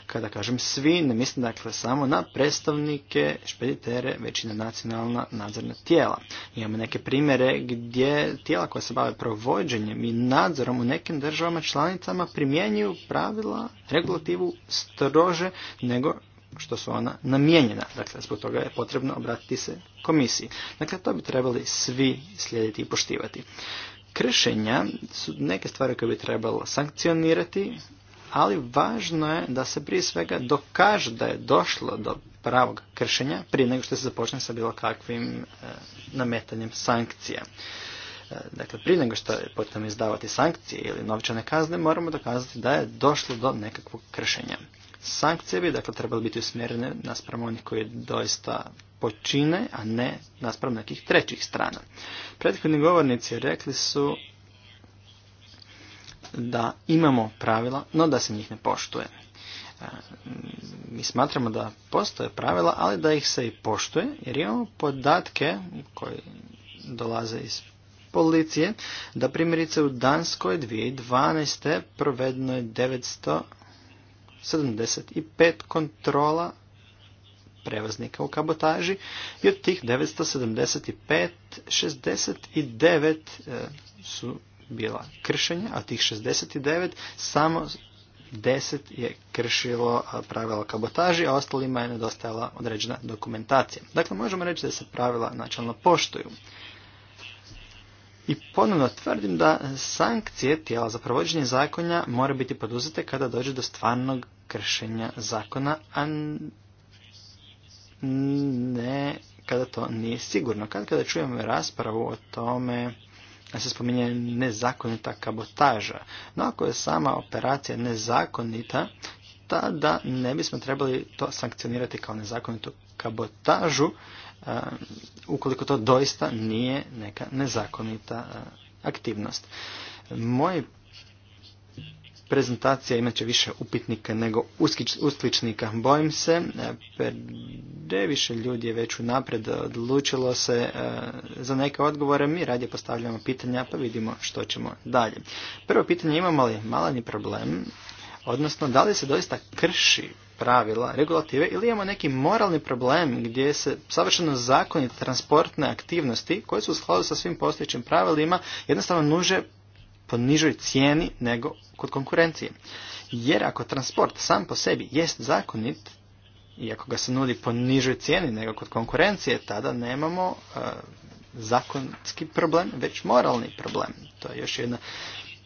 Kada kažem svi, ne mislim dakle samo na predstavnike špeditere, već i na nacionalna nadzorna tijela. Imamo neke primjere gdje tijela koja se bave provođenjem i nadzorom u nekim državama članicama primjenjuju pravila, regulativu strože nego što su ona namijenjena. Dakle, zbog toga je potrebno obratiti se komisiji. Dakle, to bi trebali svi slijediti i poštivati. Kršenja su neke stvari koje bi trebalo sankcionirati, ali važno je da se prije svega dokaže da je došlo do pravog kršenja prije nego što se započne sa bilo kakvim e, nametanjem sankcija. E, dakle, prije nego što je potrebno izdavati sankcije ili novčane kazne, moramo dokazati da je došlo do nekakvog kršenja. Sankcije bi dakle trebali biti usmjerene naspram onih koji doista počine, a ne naspram nekih trećih strana. Prethodni govornici rekli su da imamo pravila, no da se njih ne poštuje. E, mi smatramo da postoje pravila, ali da ih se i poštuje, jer imamo podatke koji dolaze iz policije, da primjerice u Danskoj 2012. provedeno je 900 975 kontrola prevoznika u kabotaži i od tih 975, 69 e, su bila kršenja, a tih 69 samo 10 je kršilo pravila kabotaži, a ostalima je nedostajala određena dokumentacija. Dakle, možemo reći da se pravila načalno poštuju. I ponovno tvrdim da sankcije tijela za provođenje zakonja mora biti poduzete kada dođe do stvarnog kršenja zakona, a ne kada to nije sigurno. Kad kada čujemo raspravu o tome da se spominje nezakonita kabotaža. No ako je sama operacija nezakonita, tada ne bismo trebali to sankcionirati kao nezakonitu kabotažu, ukoliko to doista nije neka nezakonita aktivnost. Moj prezentacija imat će više upitnika nego uskličnika. Bojim se, previše ljudi je već unaprijed odlučilo se za neke odgovore. Mi radije postavljamo pitanja pa vidimo što ćemo dalje. Prvo pitanje imamo li malani problem, odnosno da li se doista krši pravila, regulative ili imamo neki moralni problem gdje se savršeno zakonite transportne aktivnosti koje su u skladu sa svim postojećim pravilima jednostavno nuže po nižoj cijeni nego kod konkurencije. Jer ako transport sam po sebi jest zakonit, i ako ga se nudi po nižoj cijeni nego kod konkurencije, tada nemamo e, zakonski problem, već moralni problem. To je još jedna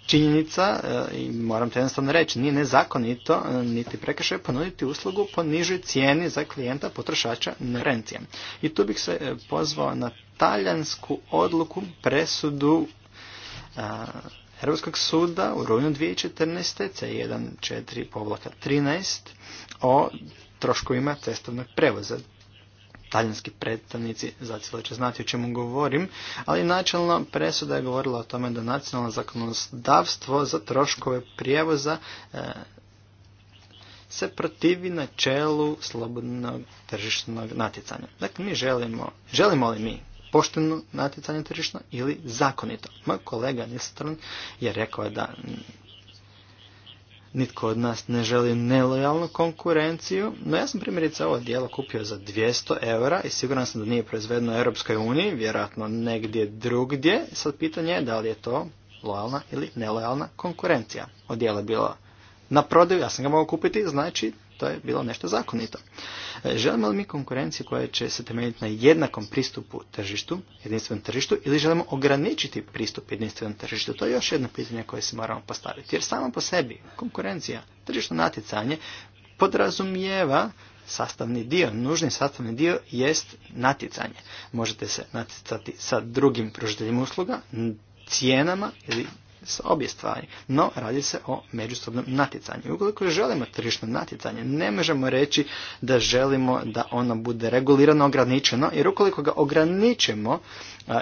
činjenica i moram to jednostavno reći, nije nezakonito niti prekršaj ponuditi uslugu po nižoj cijeni za klijenta potrošača na I tu bih se pozvao na talijansku odluku presudu Europskog Hrvatskog suda u rujnu 2014. C1.4 povlaka 13 o troškovima cestovnog prevoza talijanski predstavnici zacijelo će znati o čemu govorim, ali načelno presuda je govorila o tome da nacionalno zakonodavstvo za troškove prijevoza e, se protivi načelu slobodnog tržišnog natjecanja. Dakle, mi želimo, želimo li mi pošteno natjecanje tržišno ili zakonito? Moj kolega Nistron je rekao da Nitko od nas ne želi nelojalnu konkurenciju, no ja sam primjerice ovo dijelo kupio za 200 eura i siguran sam da nije proizvedeno u Europskoj uniji, vjerojatno negdje drugdje. Sad pitanje je da li je to lojalna ili nelojalna konkurencija. Odjela je bilo na prodaju, ja sam ga mogao kupiti, znači to je bilo nešto zakonito. E, želimo li mi konkurenciju koja će se temeljiti na jednakom pristupu tržištu, jedinstvenom tržištu, ili želimo ograničiti pristup jedinstvenom tržištu? To je još jedno pitanje koje se moramo postaviti. Jer samo po sebi konkurencija, tržišno natjecanje, podrazumijeva sastavni dio, nužni sastavni dio jest natjecanje. Možete se natjecati sa drugim pružiteljima usluga, cijenama ili s obje stvari, no radi se o međusobnom natjecanju. Ukoliko želimo tržišno natjecanje, ne možemo reći da želimo da ono bude regulirano, ograničeno, jer ukoliko ga ograničimo,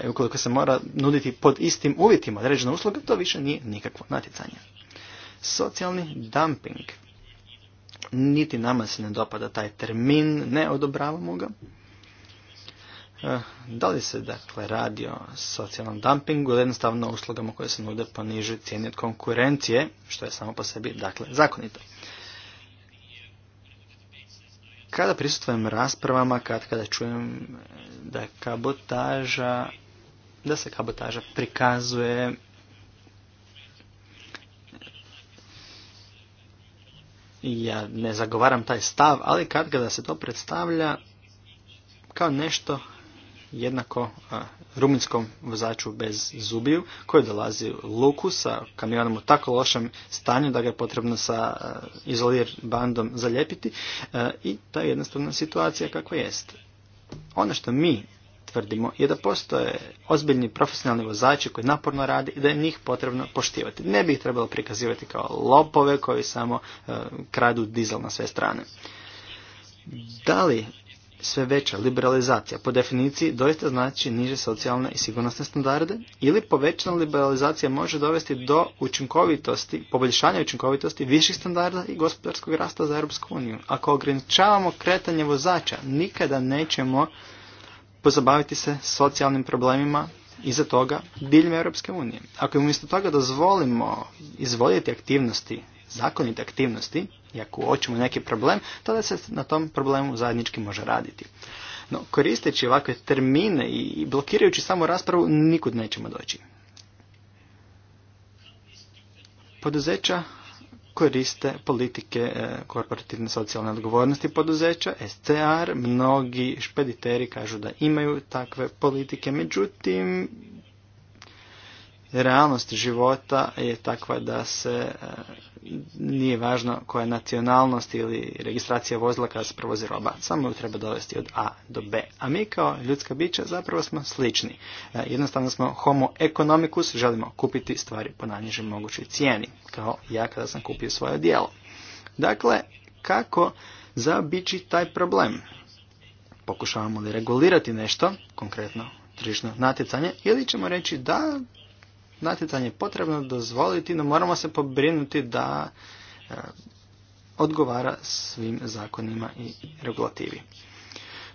i ukoliko se mora nuditi pod istim uvjetima određena usluga, to više nije nikakvo natjecanje. Socijalni dumping. Niti nama se ne dopada taj termin, ne odobravamo ga. Eh, da li se dakle radi o socijalnom dumpingu ili jednostavno uslugama koje se nude po nižoj cijeni od konkurencije, što je samo po sebi dakle zakonito. Kada prisutujem raspravama, kad kada čujem eh, da je kabotaža, da se kabotaža prikazuje ja ne zagovaram taj stav, ali kad kada se to predstavlja kao nešto jednako ruminskom vozaču bez zubiju koji dolazi u luku sa kamionom u tako lošem stanju da ga je potrebno sa izolir bandom zaljepiti i ta je jednostavna situacija kakva jest. Ono što mi tvrdimo je da postoje ozbiljni profesionalni vozači koji naporno radi i da je njih potrebno poštivati. Ne bi ih trebalo prikazivati kao lopove koji samo kradu dizel na sve strane. Da li sve veća liberalizacija po definiciji doista znači niže socijalne i sigurnosne standarde ili povećana liberalizacija može dovesti do učinkovitosti, poboljšanja učinkovitosti viših standarda i gospodarskog rasta za Europsku uniju. Ako ograničavamo kretanje vozača, nikada nećemo pozabaviti se socijalnim problemima iza toga diljem Europske unije. Ako im umjesto toga dozvolimo izvoditi aktivnosti zakonite aktivnosti i ako uočimo neki problem, tada se na tom problemu zajednički može raditi. No, koristeći ovakve termine i blokirajući samo raspravu, nikud nećemo doći. Poduzeća koriste politike e, korporativne socijalne odgovornosti poduzeća, SCR, mnogi špediteri kažu da imaju takve politike, međutim realnost života je takva da se e, nije važno koja je nacionalnost ili registracija vozila kada se provozi roba, samo ju treba dovesti od A do B. A mi kao ljudska bića zapravo smo slični. E, jednostavno smo homo economicus, želimo kupiti stvari po najnižoj mogućoj cijeni, kao ja kada sam kupio svoje dijelo. Dakle, kako zabići taj problem? Pokušavamo li regulirati nešto, konkretno tržišno natjecanje, ili ćemo reći da natjecanje potrebno dozvoliti, no moramo se pobrinuti da e, odgovara svim zakonima i regulativi.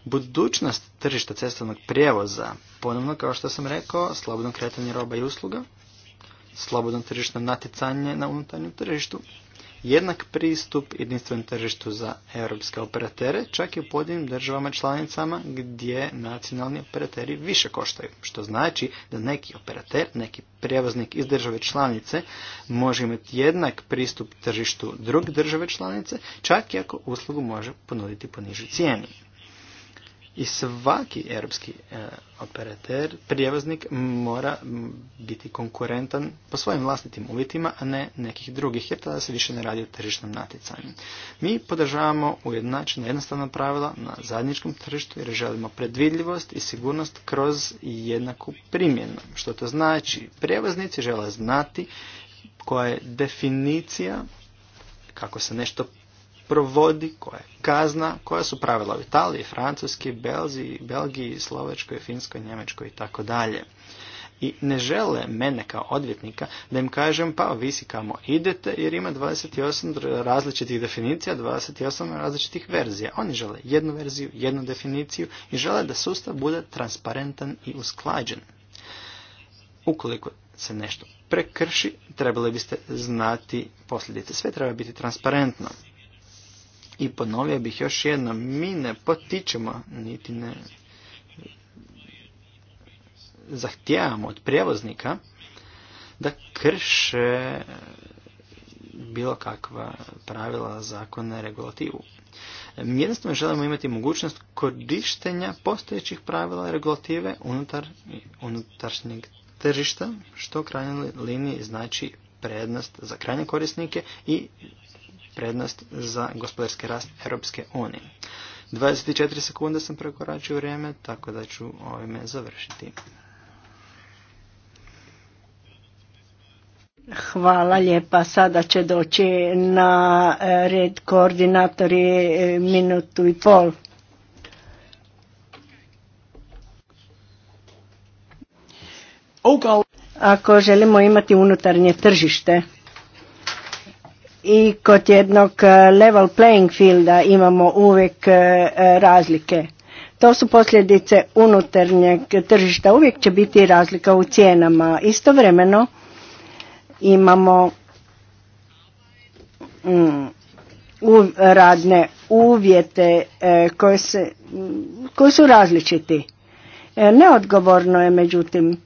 Budućnost tržišta cestovnog prijevoza, ponovno kao što sam rekao, slobodno kretanje roba i usluga, slobodno tržišno natjecanje na unutarnjem tržištu, jednak pristup jedinstvenom tržištu za europske operatere, čak i u pojedinim državama članicama gdje nacionalni operateri više koštaju, što znači da neki operater, neki prijevoznik iz države članice može imati jednak pristup tržištu druge države članice, čak i ako uslugu može ponuditi po nižoj cijeni. I svaki europski e, operater, prijevoznik mora biti konkurentan po svojim vlastitim uvjetima, a ne nekih drugih, jer tada se više ne radi o tržišnom natjecanju. Mi podržavamo ujednačena jednostavna pravila na zajedničkom tržištu jer želimo predvidljivost i sigurnost kroz jednaku primjenu. Što to znači? Prijevoznici žele znati koja je definicija kako se nešto provodi, koja je kazna, koja su pravila u Italiji, Francuski, Belziji, Belgiji, Slovačkoj, Finskoj, Njemačkoj i tako dalje. I ne žele mene kao odvjetnika da im kažem pa si kamo idete jer ima 28 različitih definicija, 28 različitih verzija. Oni žele jednu verziju, jednu definiciju i žele da sustav bude transparentan i usklađen. Ukoliko se nešto prekrši, trebali biste znati posljedice. Sve treba biti transparentno. I ponovio bih još jedno, mi ne potičemo, niti ne zahtijevamo od prijevoznika da krše bilo kakva pravila, zakone, regulativu. Mi jednostavno želimo imati mogućnost korištenja postojećih pravila regulative unutar, unutaršnjeg tržišta, što u krajnjoj liniji znači prednost za krajnje korisnike i prednost za gospodarski rast Europske unije. 24 sekunde sam prekoračio vrijeme, tako da ću ovime završiti. Hvala lijepa. Sada će doći na e, red koordinatori e, minutu i pol. Ako želimo imati unutarnje tržište, i kod jednog e, level playing fielda imamo uvijek e, e, razlike. To su posljedice unutarnjeg tržišta. Uvijek će biti razlika u cijenama. Istovremeno imamo mm, radne uvjete koje, su različiti. Neodgovorno je međutim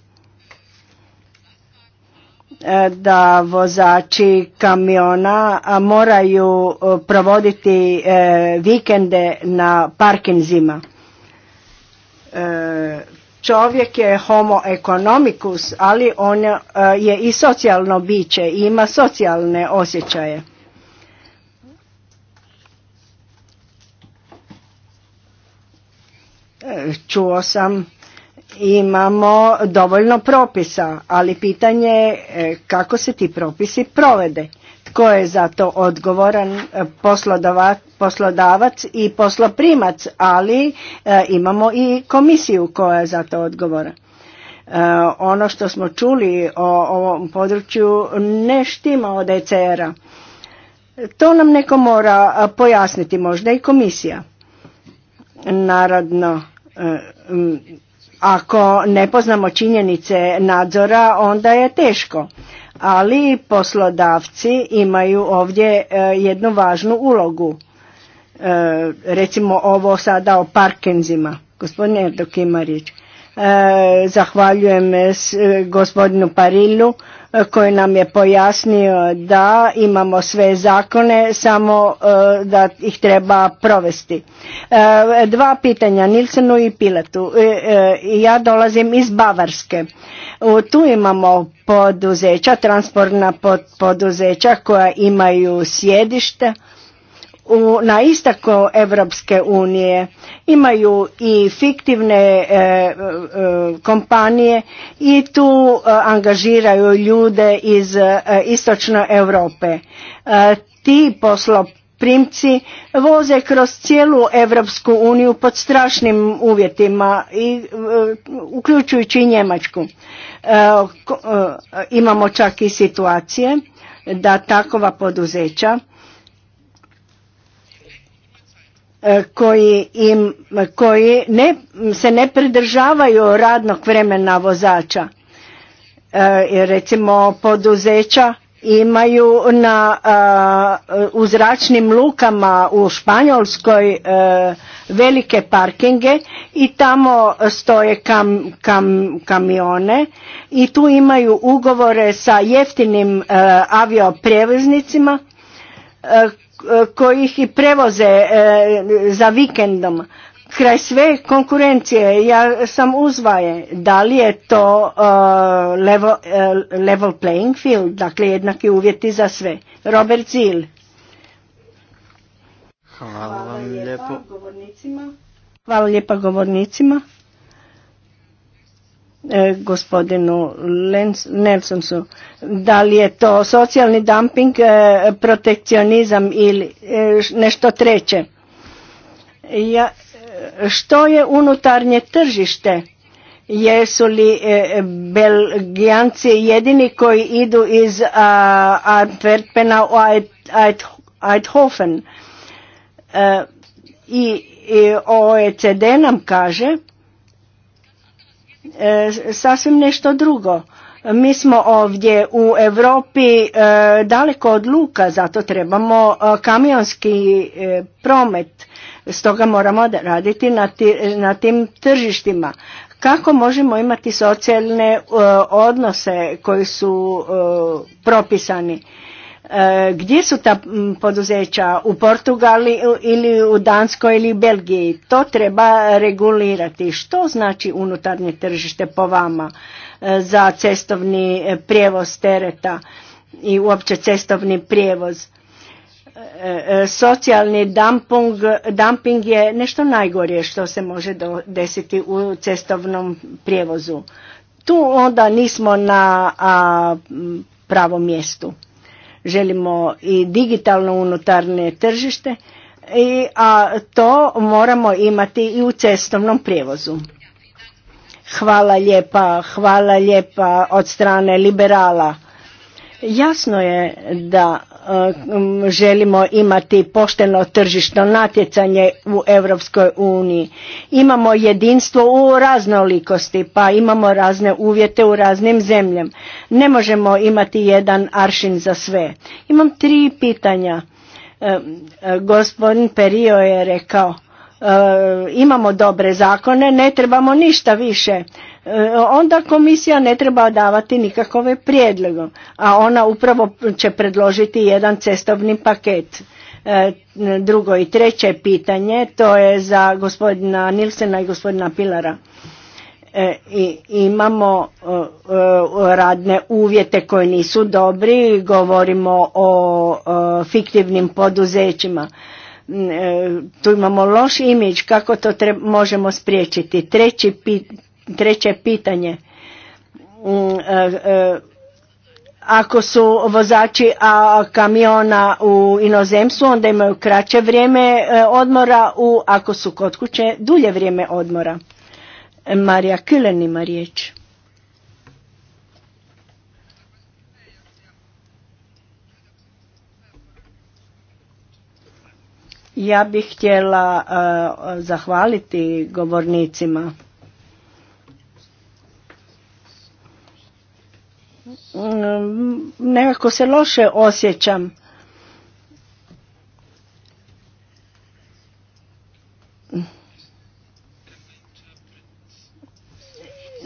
E, da vozači kamiona moraju e, provoditi e, vikende na parkinzima. Čovjek je homo economicus, ali on je i socijalno biće i ima socijalne osjećaje. Čuo sam imamo dovoljno propisa, ali pitanje je e, kako se ti propisi provede. Tko je za to odgovoran e, poslodavac i posloprimac, ali e, imamo i komisiju koja je za to odgovora. Ono što smo čuli o ovom području ne štima od ECR-a. To nam neko mora pojasniti, možda i komisija. Naravno, ako ne poznamo činjenice nadzora, onda je teško. Ali poslodavci imaju ovdje e, jednu važnu ulogu. E, recimo ovo sada o parkenzima. Gospodin Erdok ima e, Zahvaljujem gospodinu Parilu koji nam je pojasnio da imamo sve zakone, samo e, da ih treba provesti. E, dva pitanja, Nilsenu i Pilatu. E, ja dolazim iz Bavarske. Tu imamo poduzeća, transportna poduzeća koja imaju sjedište na istako Evropske unije imaju i fiktivne e, e, kompanije i tu e, angažiraju ljude iz istočne Europe. Ti posloprimci voze kroz cijelu Evropsku uniju pod strašnim uvjetima i uključujući i Njemačku. imamo čak i situacije da takova poduzeća E, koji, im, koji ne, se ne pridržavaju radnog vremena vozača. E, recimo poduzeća imaju na, a, e, u zračnim lukama u Španjolskoj e, velike parkinge i tamo stoje kam, kamione i tu imaju ugovore sa jeftinim avioprijevoznicima koji ih i prevoze e, za vikendom kraj sve konkurencije ja sam uzvaje da li je to e, e, level, playing field dakle jednaki uvjeti za sve Robert Zil Hvala, Govornicima. Hvala lijepa govornicima. E, gospodinu Nelsonsu. Da li je to socijalni dumping, e, protekcionizam ili e, nešto treće? što je unutarnje tržište? Jesu li Belgijanci jedini koji idu iz Antwerpena u Eidhofen? I OECD nam kaže E, sasvim nešto drugo. Mi smo ovdje u Europi e, daleko od luka, zato trebamo e, kamionski promet, stoga moramo raditi na, na tim tržištima. Kako možemo imati socijalne odnose koji su propisani? E, gdje su ta poduzeća? U Portugali ili u Danskoj ili Belgiji? To treba regulirati. Što znači unutarnje tržište po vama e, za cestovni e, prijevoz tereta i uopće cestovni prijevoz? Socijalni dumping, dumping je nešto najgorije što se može desiti u cestovnom prijevozu. Tu onda nismo na pravom mjestu. Želimo i digitalno unutarnje tržište, i, a to moramo imati i u cestovnom prijevozu. Hvala lijepa, hvala lijepa od strane liberala. Jasno je da Eh, želimo imati pošteno tržišno natjecanje u Europskoj uniji. Imamo jedinstvo u raznolikosti, pa imamo razne uvjete u raznim zemljama. Ne možemo imati jedan aršin za sve. Imam tri pitanja. Eh, eh, gospodin Perio je rekao, imamo dobre zakone, ne trebamo ništa više. E, onda komisija ne treba davati nikakove prijedloge, a ona upravo će predložiti jedan cestovni paket. E, drugo i treće pitanje, to je za gospodina Nilsena i gospodina Pilara. E, I imamo radne uvjete koji nisu dobri, govorimo o fiktivnim poduzećima. Tu imamo loš imidž, kako to možemo spriječiti. Treći Treće pitanje. Mm, e, e, ako su vozači a kamiona u inozemstvu, onda imaju kraće vrijeme e, odmora, u, ako su kod kuće, dulje vrijeme odmora. Marija Kylen ima riječ. Ja bih htjela zahvaliti govornicima. Mm, nekako se loše osjećam.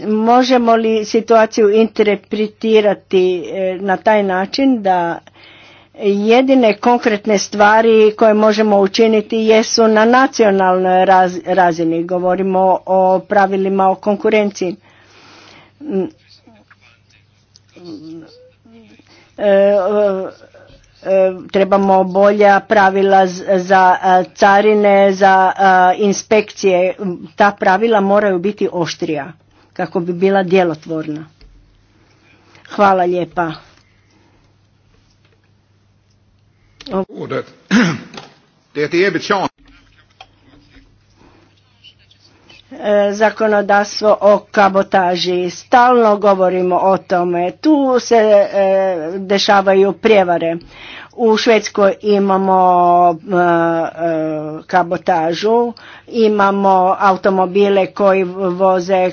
Možemo li situaciju interpretirati e, na taj način da jedine konkretne stvari koje možemo učiniti jesu na nacionalnoj razini. Govorimo o pravilima o konkurenciji mm, E, e, trebamo bolja pravila za e, carine, za inspekcije. Ta pravila moraju biti oštrija kako bi bila djelotvorna. Hvala lijepa. E, zakonodavstvo o kabotaži. Stalno govorimo o tome. Tu se e, dešavaju prijevare. U Švedskoj imamo e, kabotažu, imamo automobile koji voze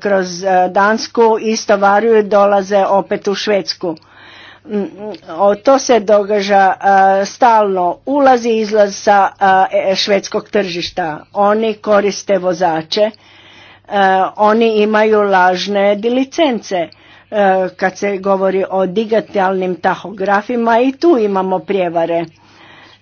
kroz Dansku, istovaruju i dolaze opet u Švedsku to se događa stalno ulazi i izlaz sa e, švedskog tržišta. Oni koriste vozače, oni imaju lažne licence. Kad se govori o digitalnim tahografima i tu imamo prijevare.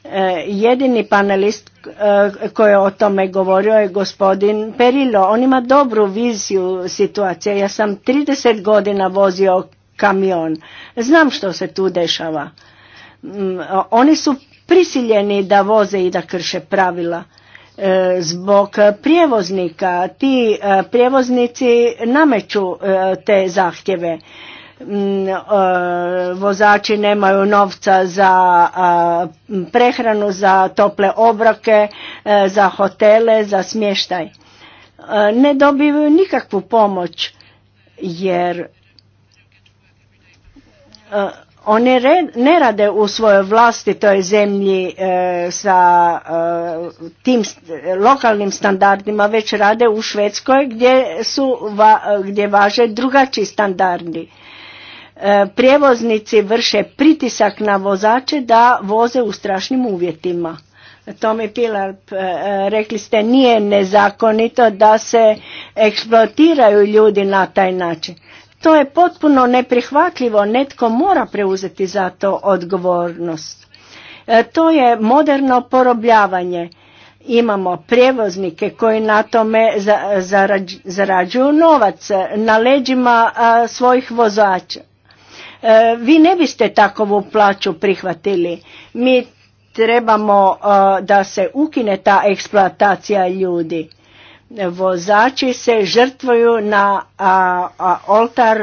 E, jedini panelist e, koji je o tome govorio je gospodin Perilo. On ima dobru viziju situacije. Ja sam 30 godina vozio kamion. Znam što se tu dešava. Mm, oni su prisiljeni da voze i da krše pravila. E, zbog prijevoznika ti e, prijevoznici nameću e, te zahtjeve. Mm, vozači nemaju novca za prehranu, za tople obroke, za hotele, za smještaj. Ne dobivaju nikakvu pomoć jer Eh, Oni ne rade u svojoj vlastitoj zemlji eh, sa eh, tim lokalnim standardima, već rade u Švedskoj gdje, su, gdje važe drugačiji standardi. Prijevoznici vrše pritisak na vozače da voze u strašnim uvjetima. mi Pilar, rekli ste, nije nezakonito da se eksploatiraju ljudi na taj način. To je potpuno neprihvatljivo, netko mora preuzeti za to odgovornost. E, to je moderno porobljavanje. Imamo prijevoznike koji na tome zarađuju novac na leđima svojih vozača. E, vi ne biste takovu plaću prihvatili. Mi trebamo e, da se ukine ta eksploatacija ljudi Vozači se žrtvuju na oltar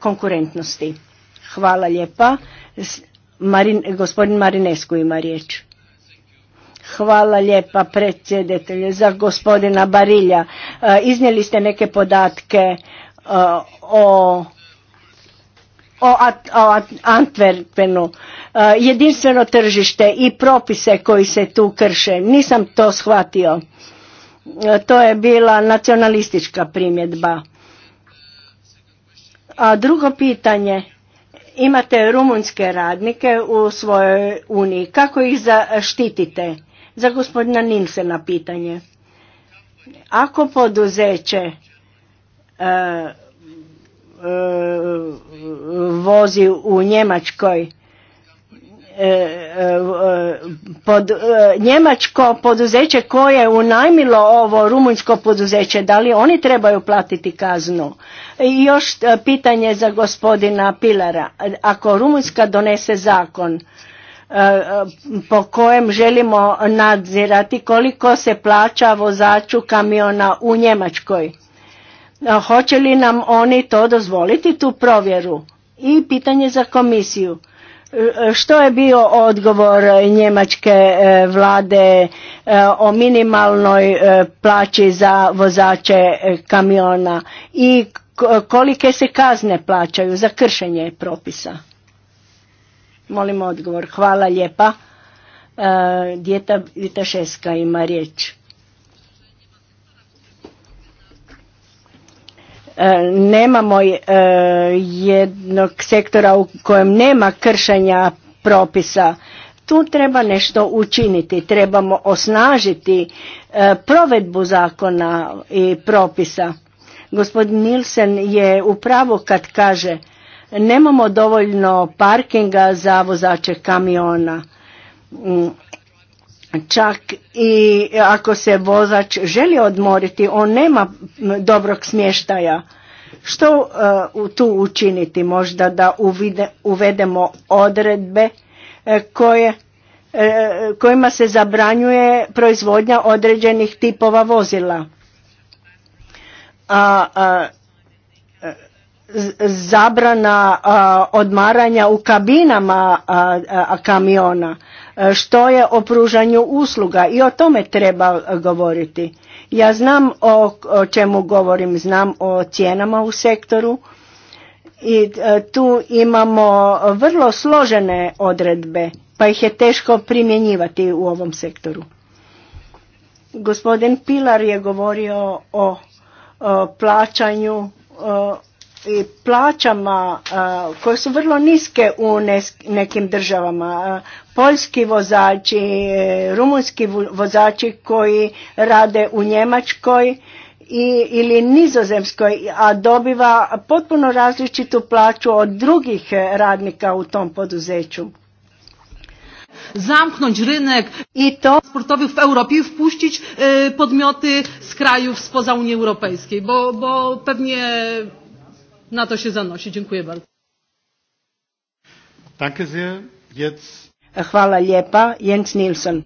konkurentnosti. Hvala lijepa. Marin, gospodin Marinesku ima riječ. Hvala lijepa predsjedatelju za gospodina Barilja. E, iznijeli ste neke podatke e, o o Antwerpenu, e, jedinstveno tržište i propise koji se tu krše. Nisam to shvatio. To je bila nacionalistička primjedba. A drugo pitanje, imate rumunjske radnike u svojoj uniji, kako ih zaštitite? Za gospodina Nilsena pitanje. Ako poduzeće e, e, vozi u Njemačkoj, E, e, pod, e, njemačko poduzeće koje je unajmilo ovo rumunjsko poduzeće, da li oni trebaju platiti kaznu? I još pitanje za gospodina Pilara. Ako Rumunjska donese zakon po kojem želimo nadzirati koliko se plaća vozaču kamiona u Njemačkoj, hoće li nam oni to dozvoliti, tu provjeru? I pitanje za komisiju što je bio odgovor e, njemačke e, vlade e, o minimalnoj plaći za vozače kamiona i kolike se kazne plaćaju za kršenje propisa? Molim odgovor. Hvala lijepa. Djeta Vitašeska ima riječ. E, nemamo e, jednog sektora u kojem nema kršenja propisa tu treba nešto učiniti trebamo osnažiti e, provedbu zakona i propisa gospodin Nilsen je u pravu kad kaže nemamo dovoljno parkinga za vozače kamiona mm, Čak i ako se vozač želi odmoriti, on nema dobrog smještaja. Što uh, tu učiniti? Možda da uvedemo odredbe e, koje, e, kojima se zabranjuje proizvodnja određenih tipova vozila. A, zabrana odmaranja u kabinama kamiona E, što je o pružanju usluga i o tome treba e, govoriti. Ja znam o čemu govorim, znam o cijenama u sektoru i e, tu imamo vrlo složene odredbe pa ih je teško primjenjivati u ovom sektoru. Gospodin Pilar je govorio o, plaćanju i plaćama e, koje su vrlo niske u nekim državama. E, poljski vozači, e, rumunski vozači koji rade u Njemačkoj i, ili Nizozemskoj, a dobiva potpuno različitu plaću od drugih radnika u tom poduzeću. Zamknąć rynek i to sportowi w Europie i wpuścić podmioty z krajów spoza Unii Europejskiej, bo, bo pewnie na to się zanosi. Dziękuję bardzo. Danke sehr. Jetzt. Hvala lijepa. Jens Nielsen.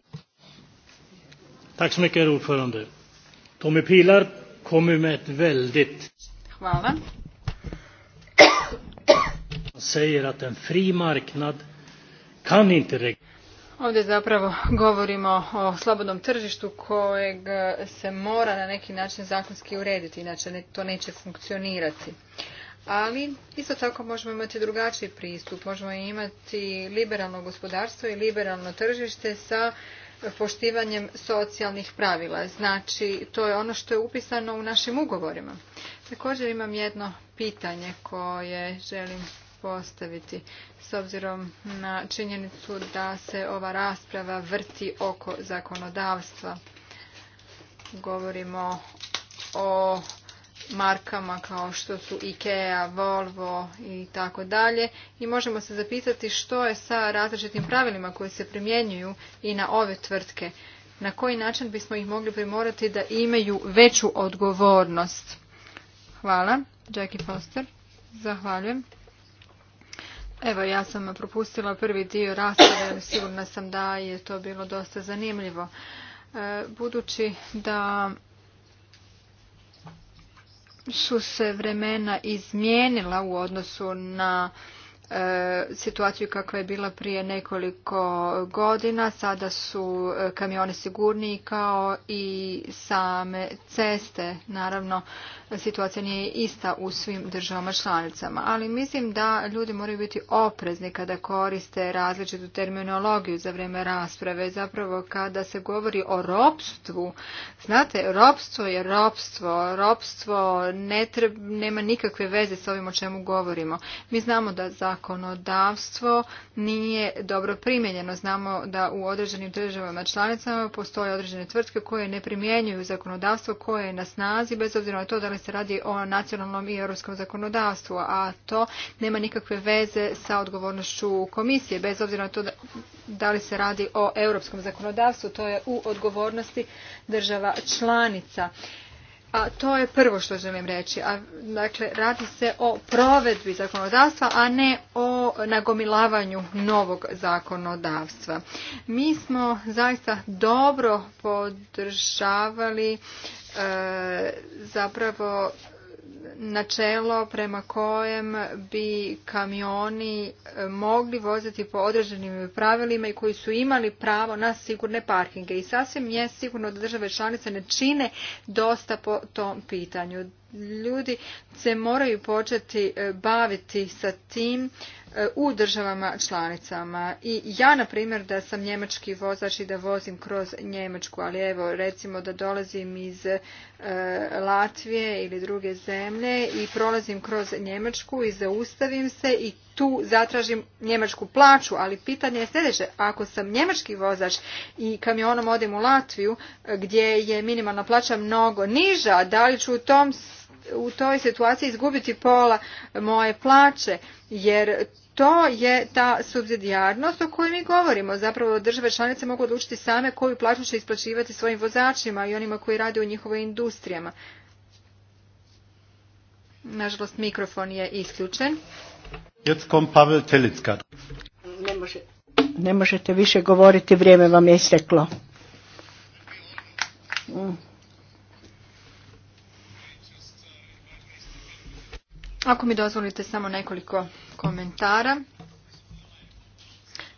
Tack så mycket, ordförande. Tommy Pilar kommer med ett väldigt... Hvala. säger att en fri marknad kan inte Ovdje zapravo govorimo o slobodnom tržištu kojeg se mora na neki način zakonski urediti, inače to neće funkcionirati ali isto tako možemo imati drugačiji pristup. Možemo imati liberalno gospodarstvo i liberalno tržište sa poštivanjem socijalnih pravila. Znači, to je ono što je upisano u našim ugovorima. Također imam jedno pitanje koje želim postaviti s obzirom na činjenicu da se ova rasprava vrti oko zakonodavstva. Govorimo o markama kao što su IKEA, Volvo i tako dalje i možemo se zapitati što je sa različitim pravilima koji se primjenjuju i na ove tvrtke. Na koji način bismo ih mogli primorati da imaju veću odgovornost? Hvala. Jackie Foster. Zahvaljujem. Evo, ja sam propustila prvi dio rasprave, sigurna sam da je to bilo dosta zanimljivo. E, budući da su se vremena izmijenila u odnosu na E, situaciju kakva je bila prije nekoliko godina. Sada su e, kamioni sigurniji kao i same ceste. Naravno, situacija nije ista u svim državama članicama. Ali mislim da ljudi moraju biti oprezni kada koriste različitu terminologiju za vrijeme rasprave. Zapravo kada se govori o ropstvu, znate, ropstvo je ropstvo. Ropstvo nema nikakve veze s ovim o čemu govorimo. Mi znamo da za zakonodavstvo nije dobro primjenjeno. Znamo da u određenim državama članicama postoje određene tvrtke koje ne primjenjuju zakonodavstvo koje je na snazi, bez obzira na to da li se radi o nacionalnom i europskom zakonodavstvu, a to nema nikakve veze sa odgovornošću komisije, bez obzira na to da li se radi o europskom zakonodavstvu, to je u odgovornosti država članica. A to je prvo što želim reći. A, dakle, radi se o provedbi zakonodavstva, a ne o nagomilavanju novog zakonodavstva. Mi smo zaista dobro podržavali e, zapravo načelo prema kojem bi kamioni e, mogli voziti po određenim pravilima i koji su imali pravo na sigurne parkinge. I sasvim je sigurno da države članice ne čine dosta po tom pitanju ljudi se moraju početi e, baviti sa tim e, u državama članicama. I ja, na primjer, da sam njemački vozač i da vozim kroz Njemačku, ali evo, recimo da dolazim iz e, Latvije ili druge zemlje i prolazim kroz Njemačku i zaustavim se i tu zatražim njemačku plaću, ali pitanje je sljedeće, ako sam njemački vozač i kamionom odem u Latviju gdje je minimalna plaća mnogo niža, da li ću u tom u toj situaciji izgubiti pola moje plaće jer to je ta subsidijarnost o kojoj mi govorimo. Zapravo države članice mogu odlučiti same koju plaću će isplaćivati svojim vozačima i onima koji rade u njihovoj industrijama. Nažalost, mikrofon je isključen. Jetzt Ne, možete više govoriti, vrijeme vam je isteklo. Mm. Ako mi dozvolite samo nekoliko komentara.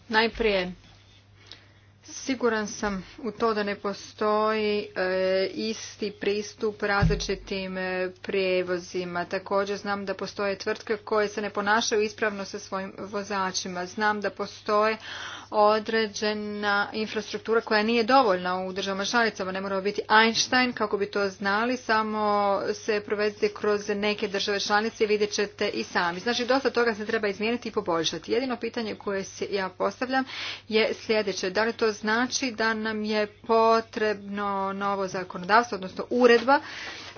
Najprije Siguran sam u to da ne postoji e, isti pristup različitim e, prijevozima. Također znam da postoje tvrtke koje se ne ponašaju ispravno sa svojim vozačima. Znam da postoje određena infrastruktura koja nije dovoljna u državama članicama. Ne moramo biti Einstein kako bi to znali, samo se provezite kroz neke države članice i vidjet ćete i sami. Znači dosta toga se treba izmijeniti i poboljšati. Jedino pitanje koje ja postavljam je sljedeće. Da li to zna znači da nam je potrebno novo zakonodavstvo, odnosno uredba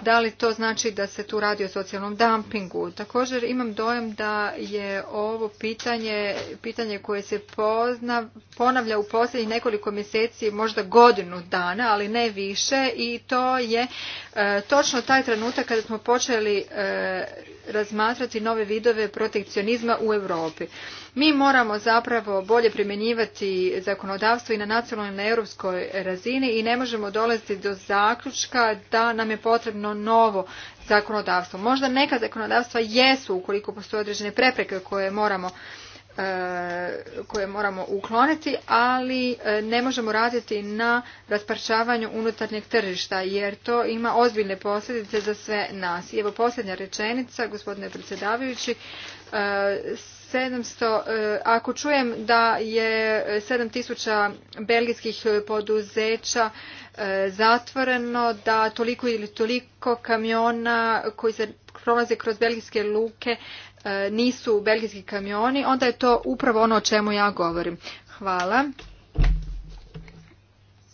da li to znači da se tu radi o socijalnom dumpingu. Također imam dojam da je ovo pitanje, pitanje koje se pozna, ponavlja u posljednjih nekoliko mjeseci, možda godinu dana, ali ne više i to je e, točno taj trenutak kada smo počeli e, razmatrati nove vidove protekcionizma u Europi. Mi moramo zapravo bolje primjenjivati zakonodavstvo i na nacionalnoj i na europskoj razini i ne možemo dolaziti do zaključka da nam je potrebno novo zakonodavstvo. Možda neka zakonodavstva jesu ukoliko postoje određene prepreke koje moramo e, koje moramo ukloniti, ali e, ne možemo raditi na rasparčavanju unutarnjeg tržišta, jer to ima ozbiljne posljedice za sve nas. I evo posljednja rečenica, gospodine predsjedavajući, e, 700, e, ako čujem da je 7000 belgijskih poduzeća e, zatvoreno, da toliko ili toliko kamiona koji se prolaze kroz belgijske luke e, nisu belgijski kamioni, onda je to upravo ono o čemu ja govorim. Hvala.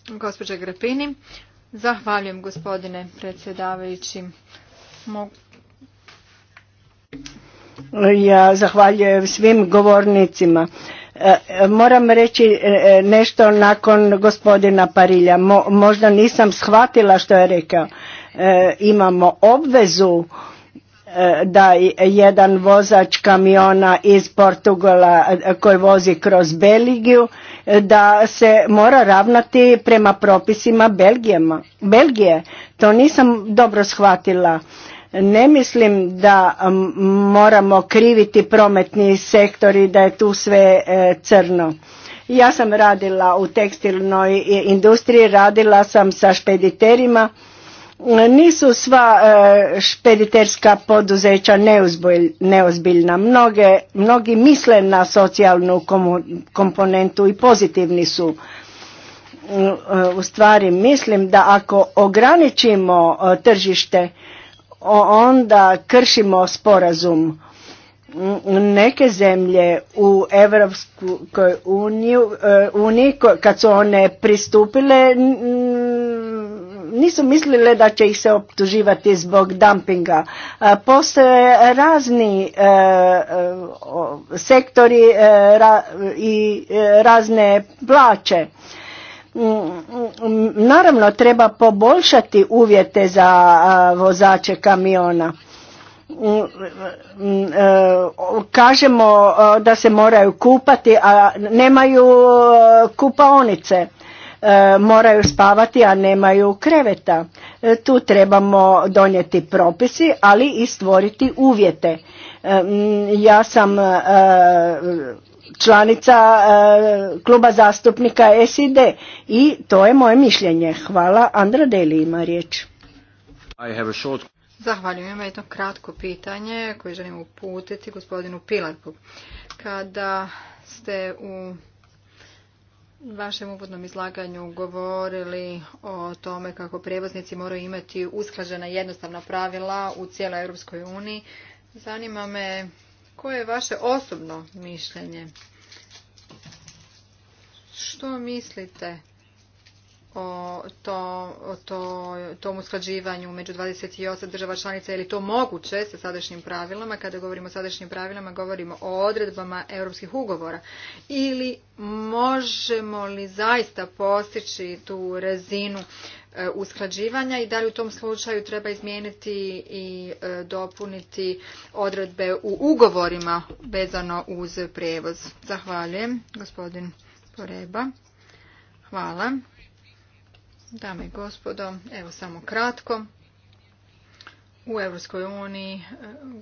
Gospođa Grapini, zahvaljujem gospodine predsjedavajući. Ja zahvaljujem svim govornicima. E, moram reći e, nešto nakon gospodina Parilja. možda nisam shvatila što je rekao. E, imamo obvezu da jedan vozač kamiona iz Portugala koji vozi kroz Belgiju da se mora ravnati prema propisima Belgijama. Belgije. To nisam dobro shvatila. Ne mislim da moramo kriviti prometni sektor i da je tu sve e, crno. Ja sam radila u tekstilnoj industriji, radila sam sa špediterima. Nisu sva e, špediterska poduzeća neozbiljna. Mnoge, mnogi misle na socijalnu komponentu i pozitivni su. E, u stvari mislim da ako ograničimo tržište, onda kršimo sporazum mm, neke zemlje u Evropskoj e, uniji kad su one pristupile nisu mislile da će ih se optuživati zbog dumpinga. E, postoje razni e, sektori i razne plaće. Mm, naravno, treba poboljšati uvjete za vozače kamiona. Mm, e, kažemo e, da se moraju kupati, a nemaju e, kupaonice. Moraju spavati, a nemaju kreveta. Tu trebamo donijeti propisi, ali i stvoriti uvjete. Mm, ja sam članica e, kluba zastupnika SID i to je moje mišljenje. Hvala. Andra Deli ima riječ. Zahvaljujem. jedno kratko pitanje koje želim uputiti gospodinu Pilarku. Kada ste u vašem uvodnom izlaganju govorili o tome kako prijevoznici moraju imati usklađena jednostavna pravila u cijeloj Europskoj uniji, zanima me koje je vaše osobno mišljenje? Što mislite o, to, o to, tom usklađivanju među 28 država članica, je li to moguće sa sadašnjim pravilama, kada govorimo o sadašnjim pravilama, govorimo o odredbama europskih ugovora, ili možemo li zaista postići tu razinu E, usklađivanja i da li u tom slučaju treba izmijeniti i e, dopuniti odredbe u ugovorima vezano uz prijevoz. Zahvaljujem, gospodin Poreba. Hvala. Dame i gospodo, evo samo kratko. U EU uniji e,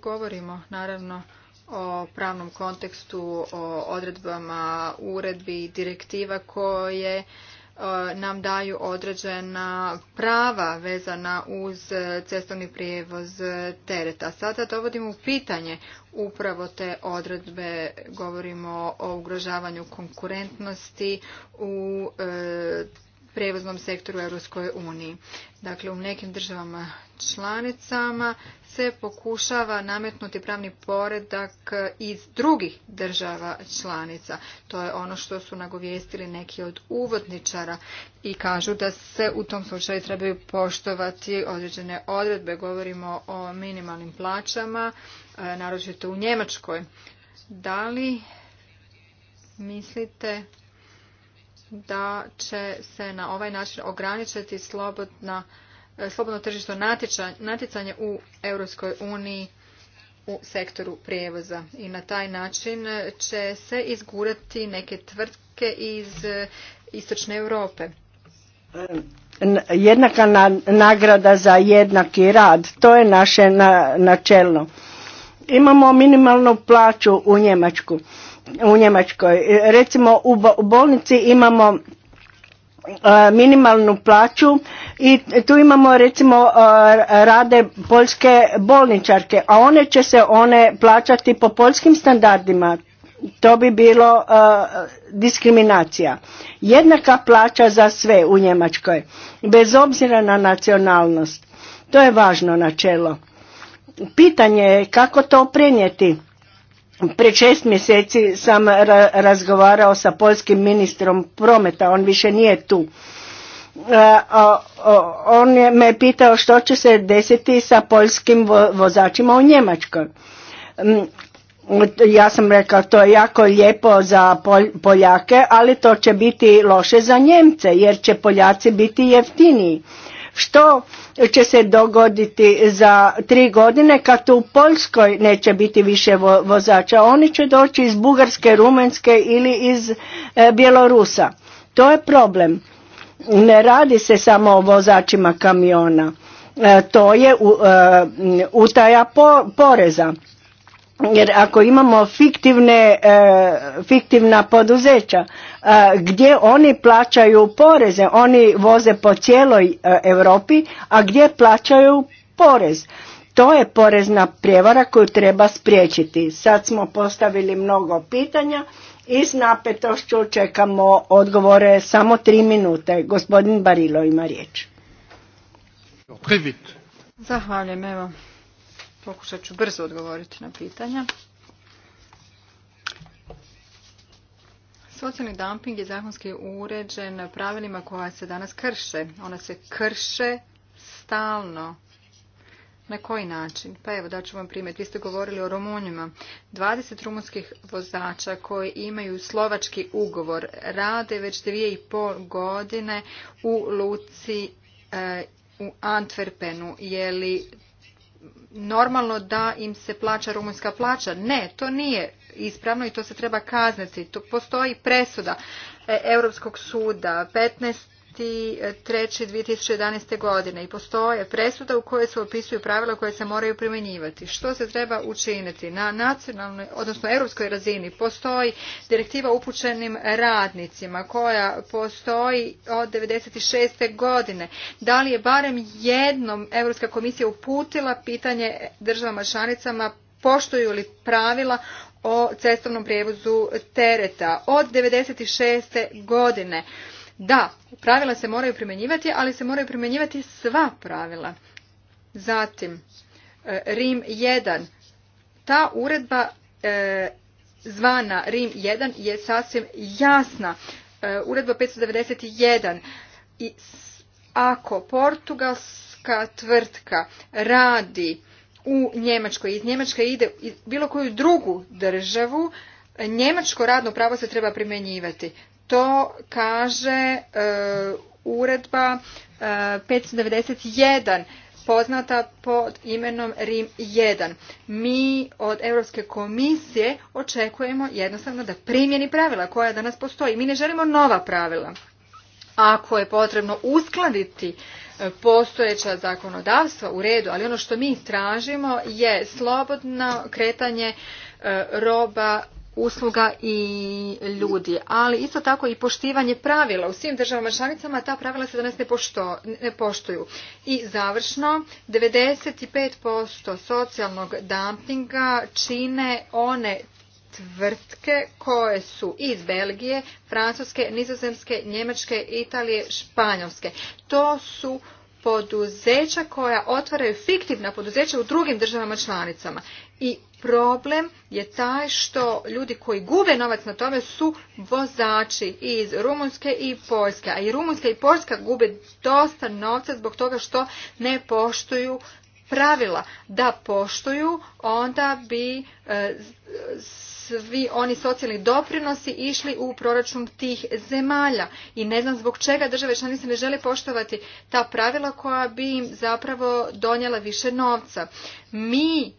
govorimo naravno o pravnom kontekstu, o odredbama uredbi i direktiva koje E, nam daju određena prava vezana uz cestovni prijevoz tereta. Sada dovodimo u pitanje upravo te odredbe, govorimo o ugrožavanju konkurentnosti u e, prijevoznom sektoru EU. Europskoj Dakle, u nekim državama članicama se pokušava nametnuti pravni poredak iz drugih država članica. To je ono što su nagovijestili neki od uvodničara i kažu da se u tom slučaju trebaju poštovati određene odredbe. Govorimo o minimalnim plaćama, e, naročito u Njemačkoj. Da li mislite da će se na ovaj način ograničiti slobodna E, slobodno tržišno natjecanje u Europskoj uniji u sektoru prijevoza i na taj način će se izgurati neke tvrtke iz e, istočne Europe. E, jednaka nagrada za jednaki rad, to je naše načelo. načelno. Imamo minimalnu plaću u u Njemačkoj. Recimo u bolnici imamo minimalnu plaću i tu imamo recimo rade poljske bolničarke, a one će se one plaćati po poljskim standardima. To bi bilo diskriminacija. Jednaka plaća za sve u Njemačkoj, bez obzira na nacionalnost. To je važno načelo. Pitanje je kako to prenijeti Pre šest mjeseci sam razgovarao sa poljskim ministrom prometa, on više nije tu. E, on je me pitao što će se desiti sa poljskim vozačima u Njemačkoj. Mm, ja sam rekao to je jako lijepo za Poljake, ali to će biti loše za Njemce jer će Poljaci biti jeftiniji. Što će se dogoditi za tri godine kad u Poljskoj neće biti više vozača? Oni će doći iz Bugarske, Rumenske ili iz e, Bjelorusa. To je problem. Ne radi se samo o vozačima kamiona. E, to je e, utaja poreza. Jer ako imamo fiktivne, fiktivna poduzeća, gdje oni plaćaju poreze, oni voze po cijeloj e, Europi, a gdje plaćaju porez. To je porezna prijevara koju treba spriječiti. Sad smo postavili mnogo pitanja i s napetošću čekamo odgovore samo tri minute. Gospodin Barilo ima riječ. Zahvaljujem, evo. Pokušat ću brzo odgovoriti na pitanja. Socijalni dumping je zakonski uređen pravilima koja se danas krše. Ona se krše stalno. Na koji način? Pa evo, daću vam primjer. Vi ste govorili o Rumunjima. 20 rumunskih vozača koji imaju slovački ugovor rade već dvije i pol godine u Luci eh, u Antwerpenu. Je li normalno da im se plaća rumunjska plaća? Ne, to nije ispravno i to se treba kazniti. to postoji presuda e, Europskog suda 15 2011. godine i postoje presuda u kojoj se opisuju pravila koje se moraju primjenjivati. Što se treba učiniti? Na nacionalnoj, odnosno europskoj razini postoji direktiva upućenim radnicima koja postoji od 1996. godine. Da li je barem jednom Europska komisija uputila pitanje državama članicama poštuju li pravila o cestovnom prijevozu tereta od 1996. godine. Da, pravila se moraju primjenjivati, ali se moraju primjenjivati sva pravila. Zatim, e, Rim 1. Ta uredba e, zvana Rim 1 je sasvim jasna. E, uredba 591. I ako portugalska tvrtka radi u Njemačkoj, iz Njemačke ide bilo koju drugu državu, njemačko radno pravo se treba primjenjivati. To kaže e, uredba 591 e, poznata pod imenom Rim 1. Mi od Europske komisije očekujemo jednostavno da primjeni pravila koja danas postoji. Mi ne želimo nova pravila ako je potrebno uskladiti e, postojeća zakonodavstva u redu, ali ono što mi tražimo je slobodno kretanje e, roba, usluga i ljudi, ali isto tako i poštivanje pravila. U svim državama članicama ta pravila se danas ne, ne poštuju. I završno, 95% socijalnog dumpinga čine one tvrtke koje su iz Belgije, Francuske, Nizozemske, Njemačke, Italije, Španjolske. To su poduzeća koja otvaraju fiktivna poduzeća u drugim državama članicama. I problem je taj što ljudi koji gube novac na tome su vozači iz Rumunjske i Poljske. A i Rumunjska i Poljska gube dosta novca zbog toga što ne poštuju pravila. Da poštuju, onda bi e, svi oni socijalni doprinosi išli u proračun tih zemalja i ne znam zbog čega države članice ne žele poštovati ta pravila koja bi im zapravo donijela više novca. Mi e,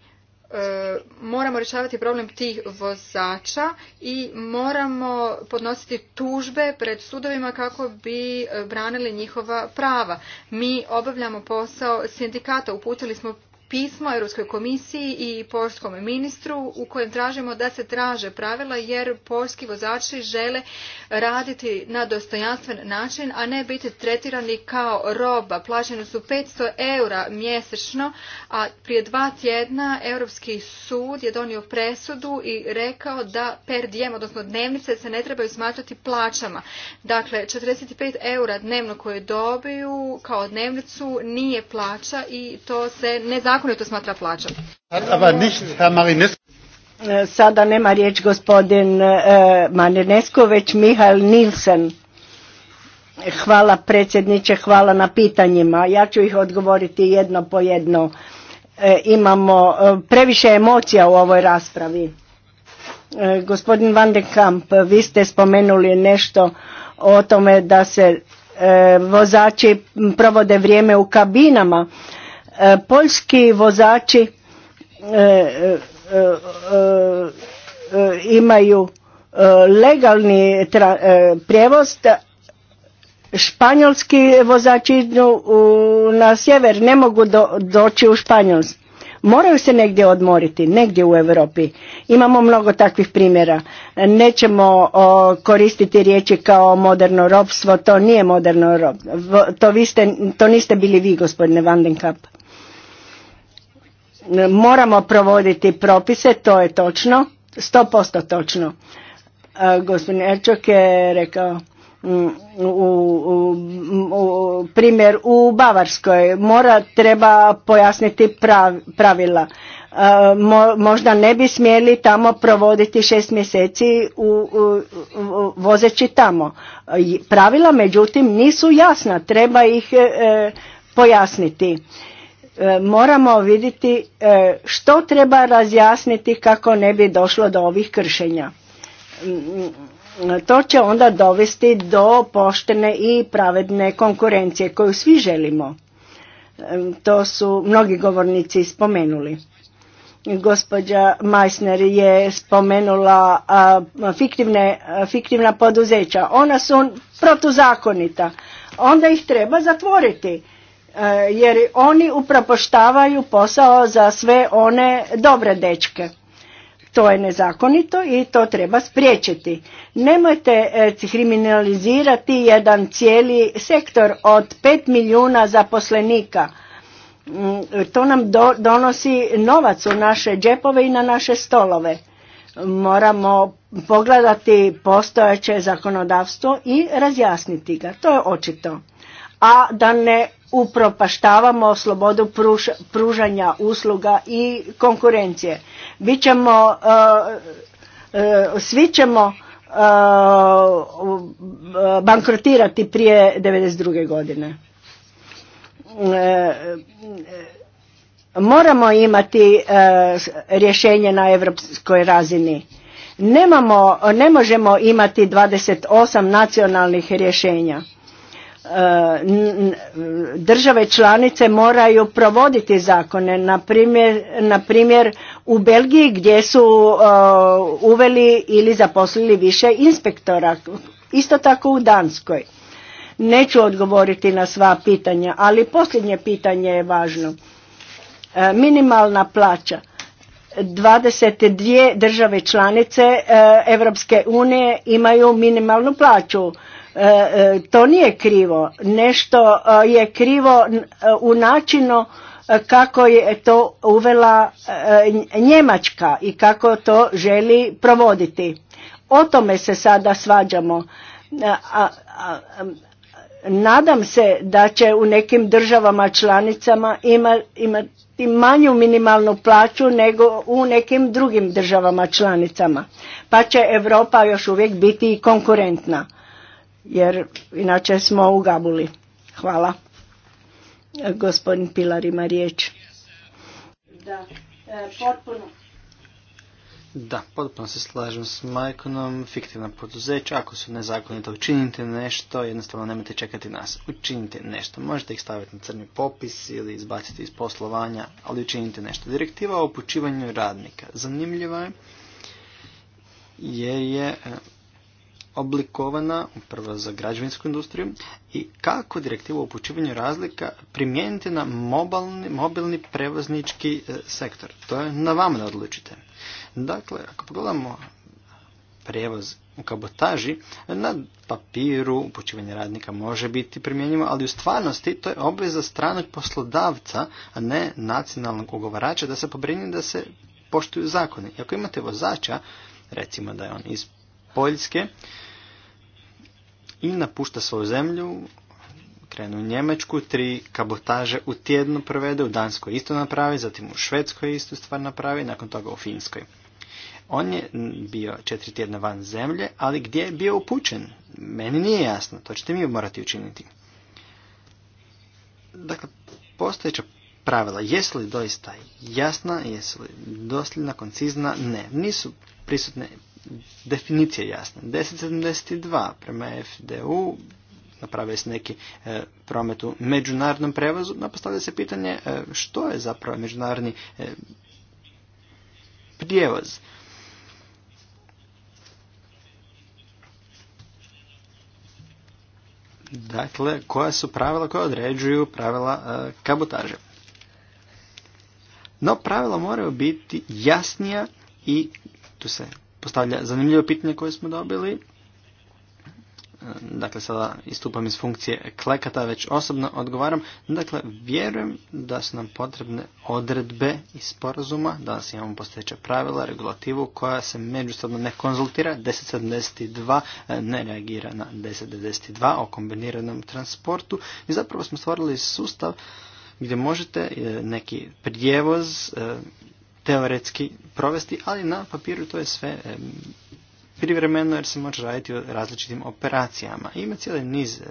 moramo rješavati problem tih vozača i moramo podnositi tužbe pred sudovima kako bi e, branili njihova prava. Mi obavljamo posao sindikata, uputili smo pismo Europskoj komisiji i polskom ministru u kojem tražimo da se traže pravila jer polski vozači žele raditi na dostojanstven način, a ne biti tretirani kao roba. Plaćeni su 500 eura mjesečno, a prije dva tjedna Europski sud je donio presudu i rekao da per diem, odnosno dnevnice, se ne trebaju smatrati plaćama. Dakle, 45 eura dnevno koje dobiju kao dnevnicu nije plaća i to se ne to smatra plaćom. E, sada nema riječ gospodin e, Marinesko, već Mihajl Nilsen. Hvala predsjedniče, hvala na pitanjima. Ja ću ih odgovoriti jedno po jedno. E, imamo previše emocija u ovoj raspravi. Gospodin Van de Kamp, vi ste spomenuli nešto o tome da se vozači provode vrijeme u kabinama E, poljski vozači e, e, imaju legalni prijevoz, španjolski vozači idu na sjever, ne mogu doći u Španjolsku. Moraju se negdje odmoriti, negdje u Europi. Imamo mnogo takvih primjera. Nećemo koristiti riječi kao moderno ropstvo, to nije moderno To, to niste bili vi, gospodine kap moramo provoditi propise, to je točno, sto posto točno. E, gospodin Erčok je rekao mm, u, u, primjer u Bavarskoj mora treba pojasniti pravila. E, možda ne bi smjeli tamo provoditi šest mjeseci u, vozeći tamo. Pravila međutim nisu jasna, treba ih e, pojasniti E, moramo vidjeti e, što treba razjasniti kako ne bi došlo do ovih kršenja. Mm, mm, to će onda dovesti do poštene i pravedne konkurencije koju svi želimo. E, to su mnogi govornici spomenuli. Gospođa Meissner je spomenula fiktivna poduzeća. Ona su protuzakonita. Onda ih treba zatvoriti E, jer oni upropoštavaju posao za sve one dobre dečke. To je nezakonito i to treba spriječiti. Nemojte e, kriminalizirati jedan cijeli sektor od 5 milijuna zaposlenika. Mm, to nam donosi novac u naše džepove i na naše stolove. Moramo pogledati postojeće zakonodavstvo i razjasniti ga. To je očito. A da ne upropaštavamo slobodu pružanja usluga i konkurencije. ćemo eh, eh, svi ćemo eh, bankrotirati prije 1992. godine. Moramo imati rješenje na europskoj razini. Nemamo, ne možemo imati 28 nacionalnih rješenja države članice moraju provoditi zakone na primjer, u Belgiji gdje su uveli ili zaposlili više inspektora isto tako u Danskoj neću odgovoriti na sva pitanja ali posljednje pitanje je važno e, minimalna plaća 22 države članice Europske unije imaju minimalnu plaću E, e, to nije krivo. Nešto e, je krivo u načinu kako je to uvela Njemačka i kako to želi provoditi. O tome se sada svađamo. nadam se da će u nekim državama članicama imati manju minimalnu plaću nego u nekim drugim državama članicama. Pa će Europa još uvijek biti konkurentna jer inače smo u Gabuli. Hvala. Gospodin Pilar ima riječ. Da, e, potpuno. Da, potpuno se slažem s Majkonom. Fiktivna poduzeća, ako su nezakonito učinite nešto, jednostavno nemojte čekati nas. Učinite nešto. Možete ih staviti na crni popis ili izbaciti iz poslovanja, ali učinite nešto. Direktiva o upućivanju radnika zanimljiva je jer je e, oblikovana upravo za građevinsku industriju i kako direktivu o upućivanju razlika primijeniti na mobilni, mobilni prevoznički e, sektor. To je na vama da odlučite. Dakle, ako pogledamo prijevoz u kabotaži, na papiru upućivanje radnika može biti primjenjivo, ali u stvarnosti to je obveza stranog poslodavca, a ne nacionalnog ugovarača da se pobrini da se poštuju zakoni. I ako imate vozača, recimo da je on iz Poljske i napušta svoju zemlju, krenu u Njemačku, tri kabotaže u tjednu provede, u Danskoj isto napravi, zatim u Švedskoj istu stvar napravi, nakon toga u Finskoj. On je bio četiri tjedna van zemlje, ali gdje je bio upućen? Meni nije jasno, to ćete mi morati učiniti. Dakle, postojeća pravila, jesu li doista jasna, jesu li dosljedna, koncizna, ne. Nisu prisutne definicija jasna. 1072 prema FDU naprave se neki e, promet u međunarodnom prevozu, napostavlja se pitanje e, što je zapravo međunarodni e, prijevoz. Dakle, koja su pravila koja određuju pravila kabotaže. No, pravila moraju biti jasnija i tu se postavlja zanimljivo pitanje koje smo dobili. E, dakle, sada istupam iz funkcije klekata, već osobno odgovaram. Dakle, vjerujem da su nam potrebne odredbe iz sporazuma. Danas imamo postojeća pravila, regulativu koja se međusobno ne konzultira. 1072 e, ne reagira na 1092 o kombiniranom transportu. I zapravo smo stvorili sustav gdje možete e, neki prijevoz teoretski provesti, ali na papiru to je sve privremeno jer se može raditi o različitim operacijama. ima cijeli niz e,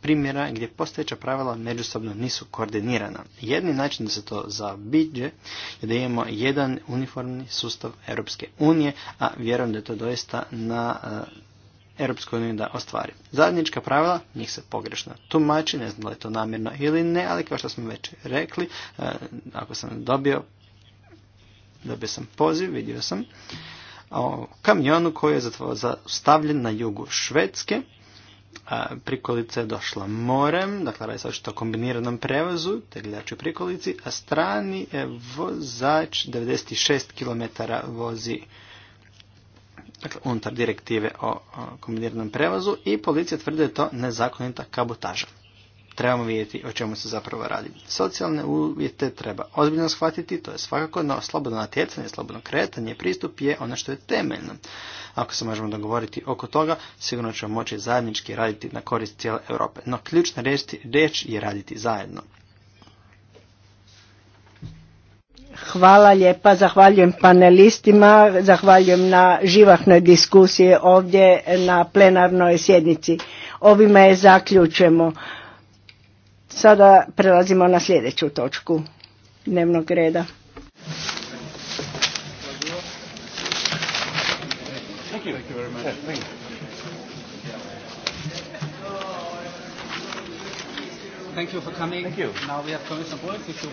primjera gdje postojeća pravila međusobno nisu koordinirana. Jedni način da se to zabiđe je da imamo jedan uniformni sustav Europske unije, a vjerujem da je to doista na e, Europskoj uniji da ostvari. Zadnjička pravila, njih se pogrešno tumači, ne znam da li je to namjerno ili ne, ali kao što smo već rekli, e, ako sam dobio Dobio sam poziv, vidio sam o kamionu koji je zaustavljen na jugu Švedske. Prikolica je došla morem, dakle radi se o kombiniranom prevozu, tegljač u prikolici, a strani je vozač 96 km vozi dakle, unutar direktive o kombiniranom prevozu i policija tvrde da je to nezakonita kabotaža trebamo vidjeti o čemu se zapravo radi. Socijalne uvjete treba ozbiljno shvatiti, to je svakako, no slobodno natjecanje, slobodno kretanje, pristup je ono što je temeljno. Ako se možemo dogovoriti oko toga, sigurno ćemo moći zajednički raditi na korist cijele Europe. No ključna reč je raditi zajedno. Hvala lijepa, zahvaljujem panelistima, zahvaljujem na živahnoj diskusiji ovdje na plenarnoj sjednici. Ovime je zaključujemo. Sada prelazimo na sljedeću točku dnevnog reda. Thank you for coming. Thank you. Now we have commission politics.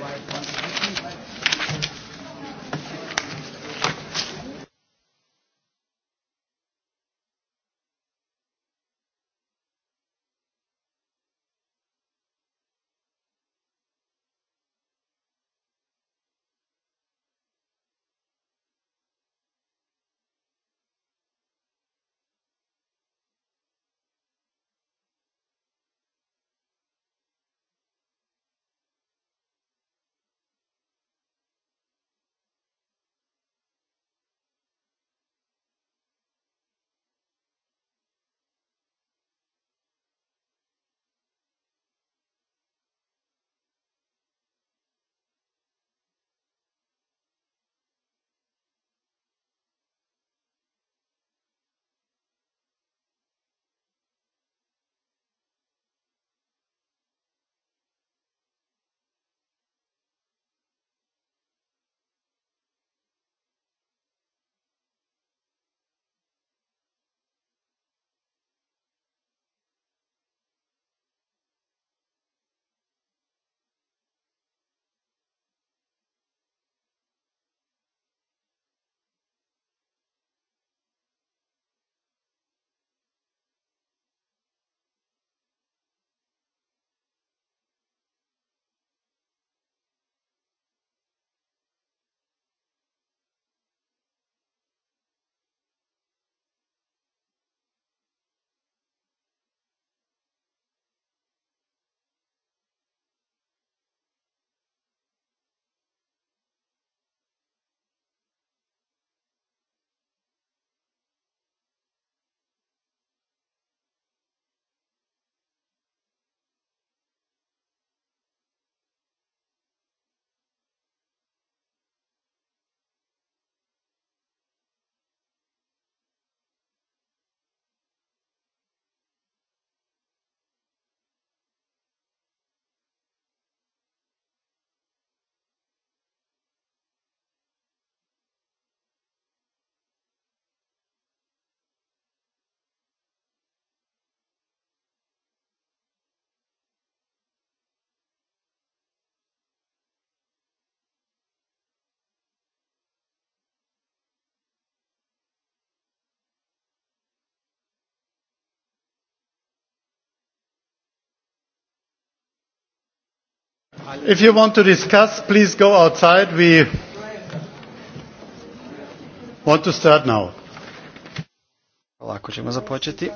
If you want to discuss, please go outside. We want to start now. ćemo započeti.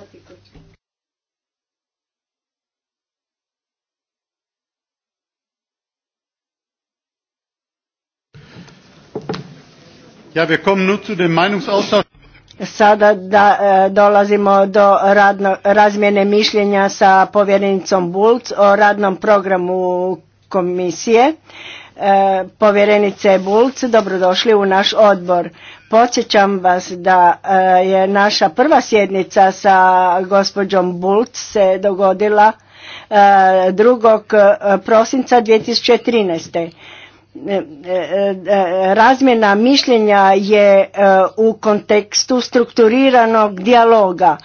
Ja, wir kommen nun zu dem Meinungsaustausch. Sada da, e, dolazimo do radno, razmjene mišljenja sa povjerenicom Bulc o radnom programu komisije, e, povjerenice Bulc, dobrodošli u naš odbor. Podsjećam vas da e, je naša prva sjednica sa gospođom Bulc se dogodila 2. E, prosinca 2013 razmjena mišljenja je u kontekstu strukturiranog dijaloga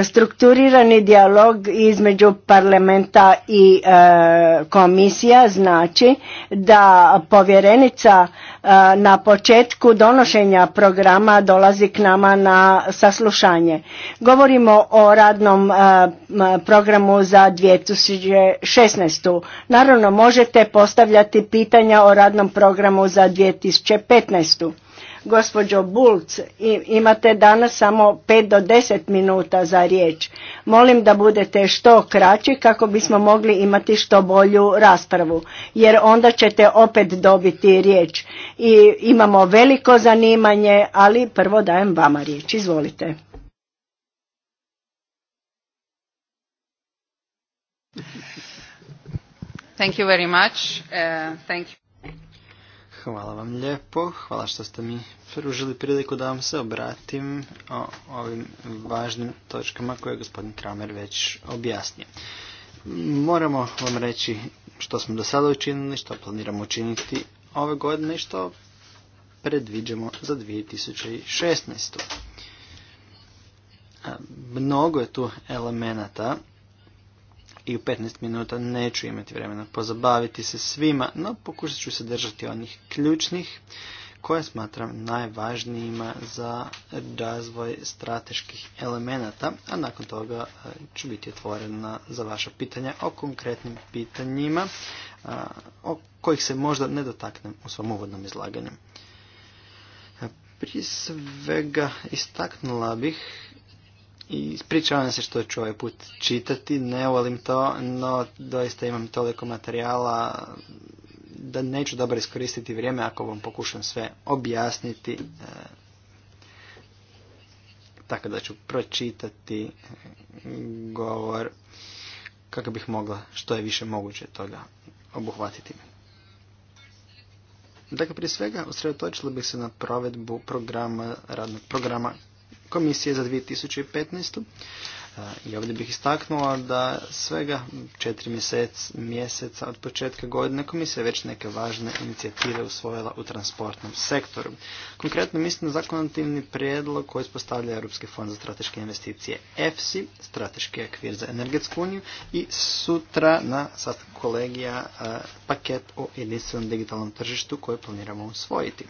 Strukturirani dijalog između parlamenta i e, komisija znači da povjerenica e, na početku donošenja programa dolazi k nama na saslušanje. Govorimo o radnom e, programu za 2016. Naravno možete postavljati pitanja o radnom programu za 2015. Gospođo Bulc, imate danas samo 5 do 10 minuta za riječ. Molim da budete što kraći kako bismo mogli imati što bolju raspravu, jer onda ćete opet dobiti riječ. I imamo veliko zanimanje, ali prvo dajem vama riječ. Izvolite. Thank you very much. Uh, thank Hvala vam lijepo. Hvala što ste mi pružili priliku da vam se obratim o ovim važnim točkama koje je gospodin Kramer već objasnio. Moramo vam reći što smo do sada učinili, što planiramo učiniti ove godine i što predviđamo za 2016. Mnogo je tu elemenata i u 15 minuta neću imati vremena pozabaviti se svima, no pokušat ću se držati onih ključnih koje smatram najvažnijima za razvoj strateških elemenata, a nakon toga e, ću biti otvorena za vaša pitanja o konkretnim pitanjima o kojih se možda ne dotaknem u svom uvodnom izlaganju. E, prije svega istaknula bih i ispričavam se što ću ovaj put čitati, ne volim to, no doista imam toliko materijala da neću dobro iskoristiti vrijeme ako vam pokušam sve objasniti. E, tako da ću pročitati e, govor kako bih mogla što je više moguće toga obuhvatiti. Dakle, prije svega usredotočila bih se na provedbu programa, radnog programa komisije za 2015. E, I ovdje bih istaknula da svega četiri mjeseca od početka godine komisija već neke važne inicijative usvojila u transportnom sektoru. Konkretno mislim na zakonativni prijedlog koji uspostavlja Europski fond za strateške investicije EFSI, strateški akvir za energetsku uniju i sutra na kolegija e, paket o jedinstvenom digitalnom tržištu koje planiramo usvojiti.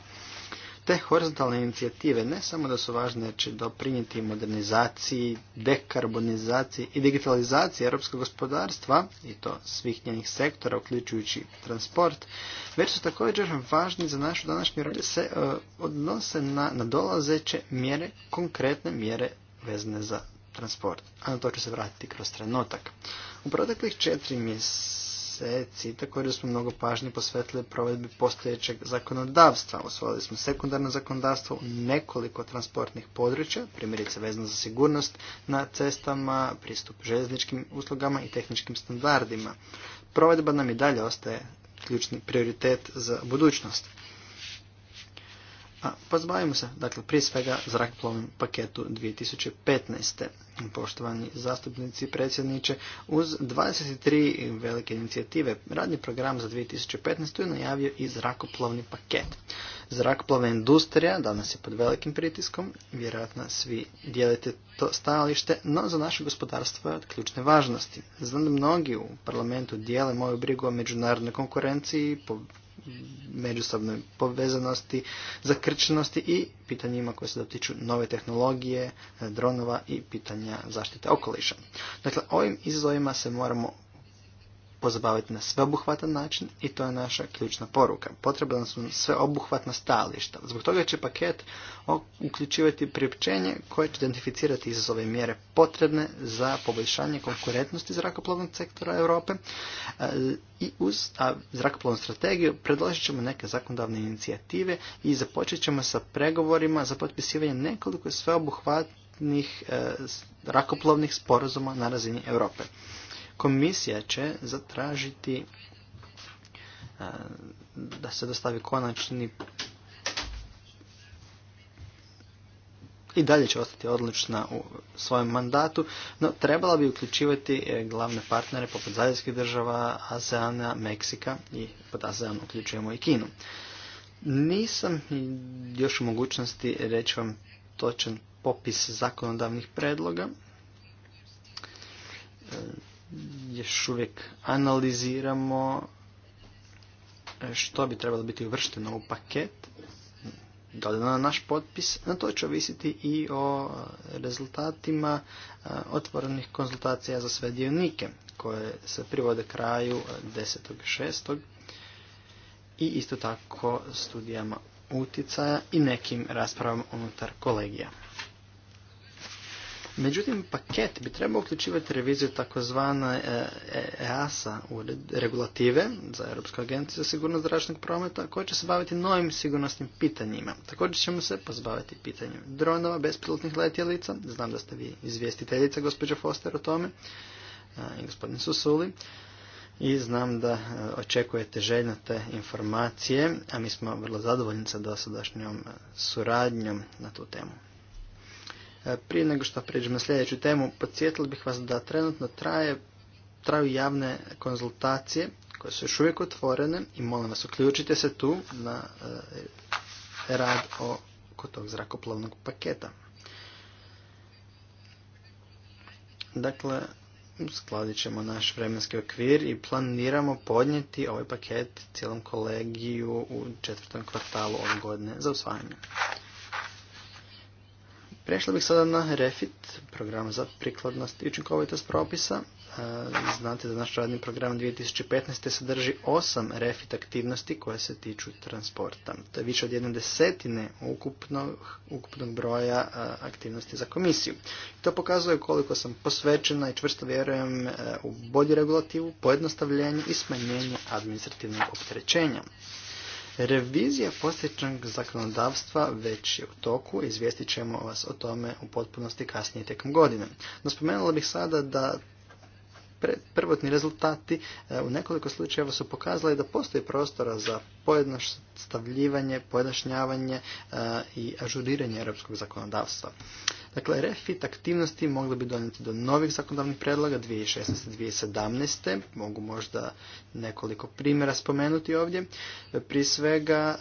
Te horizontalne inicijative ne samo da su važne da znači, će doprinijeti modernizaciji, dekarbonizaciji i digitalizaciji europskog gospodarstva, i to svih njenih sektora, uključujući transport, već su također važni za našu današnju radu se e, odnose na dolazeće mjere, konkretne mjere vezane za transport. A na to ću se vratiti kroz trenutak. U proteklih četiri mjesec mjeseci također smo mnogo pažnje posvetili provedbi postojećeg zakonodavstva. Osvojili smo sekundarno zakonodavstvo u nekoliko transportnih područja, primjerice vezano za sigurnost na cestama, pristup željezničkim uslugama i tehničkim standardima. Provedba nam i dalje ostaje ključni prioritet za budućnost. A pozbavimo se, dakle, prije svega zrakoplovnom paketu 2015. Poštovani zastupnici i predsjedniče, uz 23 velike inicijative, radni program za 2015. je najavio i zrakoplovni paket. Zrakoplovna industrija danas je pod velikim pritiskom, vjerojatno svi dijelite to stajalište, no za naše gospodarstvo je od ključne važnosti. Znam da mnogi u parlamentu dijele moju brigu o međunarodnoj konkurenciji, po međusobnoj povezanosti, zakrčenosti i pitanjima koje se dotiču nove tehnologije, dronova i pitanja zaštite okoliša. Dakle, ovim izazovima se moramo pozabaviti na sveobuhvatan način i to je naša ključna poruka. Potrebna su sveobuhvatna stajališta. Zbog toga će paket uključivati priopćenje koje će identificirati izazove i mjere potrebne za poboljšanje konkurentnosti zrakoplovnog sektora Europe e, i uz zrakoplovnu strategiju predložit ćemo neke zakonodavne inicijative i započet ćemo sa pregovorima za potpisivanje nekoliko sveobuhvatnih e, zrakoplovnih sporazuma na razini Europe. Komisija će zatražiti e, da se dostavi konačni i dalje će ostati odlična u svojem mandatu, no trebala bi uključivati e, glavne partnere poput Zajedskih država, ASEANA, Meksika i pod ASEAN uključujemo i Kinu. Nisam još u mogućnosti reći vam točan popis zakonodavnih predloga. E, još uvijek analiziramo e, što bi trebalo biti uvršteno u paket, dodano na naš potpis, na to će ovisiti i o rezultatima e, otvorenih konzultacija za sve dionike koje se privode kraju 10.6. i isto tako studijama uticaja i nekim raspravama unutar kolegija. Međutim, paket bi trebao uključivati reviziju takozvane EASA e regulative za Europsku agenciju za sigurnost zračnog prometa koja će se baviti novim sigurnosnim pitanjima. Također ćemo se pozbaviti pitanjem dronova, bespilotnih letjelica. Znam da ste vi izvjestiteljica, gospođa Foster, o tome e, i gospodin Susuli i znam da e, očekujete željno te informacije, a mi smo vrlo zadovoljni sa dosadašnjom suradnjom na tu temu. E, prije nego što pređemo na sljedeću temu, podsjetili bih vas da trenutno traje, traju javne konzultacije koje su još uvijek otvorene i molim vas uključite se tu na e, rad o tog zrakoplovnog paketa. Dakle, skladit ćemo naš vremenski okvir i planiramo podnijeti ovaj paket cijelom kolegiju u četvrtom kvartalu ove godine za usvajanje. Prešla bih sada na REFIT, program za prikladnost i učinkovitost propisa. E, znate da naš radni program 2015. sadrži osam REFIT aktivnosti koje se tiču transporta. To je više od jedne desetine ukupnog, broja e, aktivnosti za komisiju. To pokazuje koliko sam posvećena i čvrsto vjerujem e, u bolju regulativu, pojednostavljenje i smanjenje administrativnog opterećenja. Revizija postojećeg zakonodavstva već je u toku, izvijestit ćemo vas o tome u potpunosti kasnije tijekom godine. No spomenula bih sada da prvotni rezultati e, u nekoliko slučajeva su pokazali da postoji prostora za pojednostavljivanje, pojednošnjavanje e, i ažuriranje europskog zakonodavstva. Dakle, refit aktivnosti mogli bi donijeti do novih zakonodavnih predlaga 2016. 2017. Mogu možda nekoliko primjera spomenuti ovdje. Prije svega,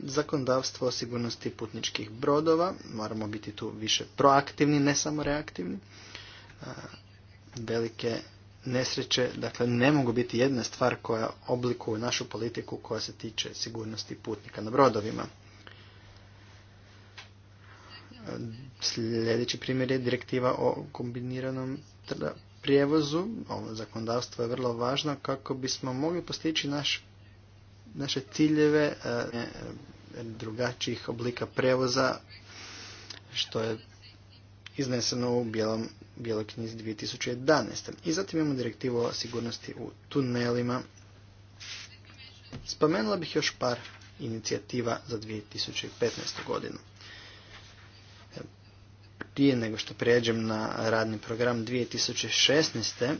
zakonodavstvo o sigurnosti putničkih brodova. Moramo biti tu više proaktivni, ne samo reaktivni. Velike nesreće, dakle ne mogu biti jedna stvar koja oblikuje našu politiku koja se tiče sigurnosti putnika na brodovima. Sljedeći primjer je direktiva o kombiniranom prijevozu. Ovo zakonodavstvo je vrlo važno kako bismo mogli postići naš, naše ciljeve e, drugačijih oblika prevoza što je izneseno u bijelom, bijeloj knjizi 2011. I zatim imamo direktivu o sigurnosti u tunelima. Spomenula bih još par inicijativa za 2015. godinu prije nego što prijeđem na radni program 2016.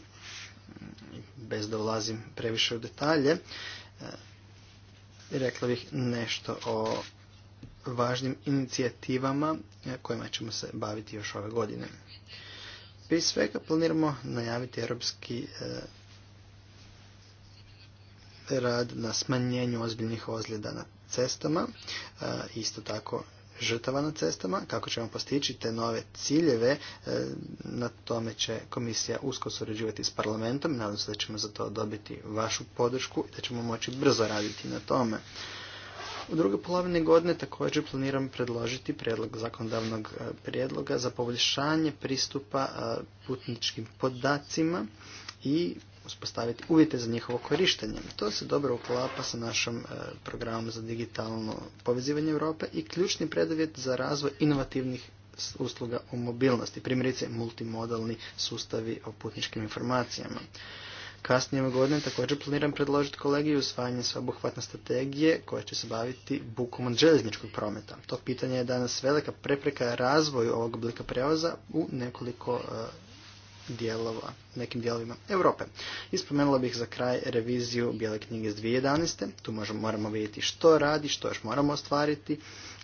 bez da ulazim previše u detalje, e, rekla bih nešto o važnim inicijativama e, kojima ćemo se baviti još ove godine. Prije svega planiramo najaviti europski e, rad na smanjenju ozbiljnih ozljeda na cestama. Isto tako žrtava na cestama, kako ćemo postići te nove ciljeve, e, na tome će komisija usko surađivati s parlamentom, nadam se da ćemo za to dobiti vašu podršku i da ćemo moći brzo raditi na tome. U drugoj polovini godine također planiram predložiti prijedlog zakonodavnog e, prijedloga za poboljšanje pristupa e, putničkim podacima i uspostaviti uvjete za njihovo korištenje. To se dobro uklapa sa našom e, programom za digitalno povezivanje Europe i ključni preduvjet za razvoj inovativnih usluga u mobilnosti, primjerice multimodalni sustavi o putničkim informacijama. Kasnije godine također planiram predložiti kolegiju usvajanje sveobuhvatne strategije koja će se baviti bukom od željezničkog prometa. To pitanje je danas velika prepreka razvoju ovog oblika prevoza u nekoliko e, dijelova, nekim dijelovima Europe. Ispomenula bih za kraj reviziju Bijele knjige iz 2011. Tu možemo, moramo vidjeti što radi, što još moramo ostvariti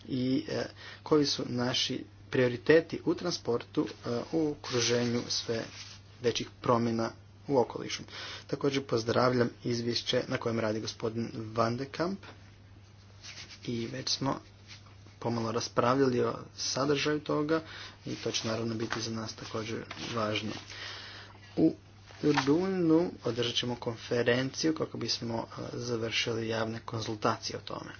i e, koji su naši prioriteti u transportu e, u okruženju sve većih promjena u okolišu. Također pozdravljam izvješće na kojem radi gospodin Van de Kamp i već smo pomalo raspravljali o sadržaju toga i to će naravno biti za nas također važno. U rujnu održat ćemo konferenciju kako bismo završili javne konzultacije o tome.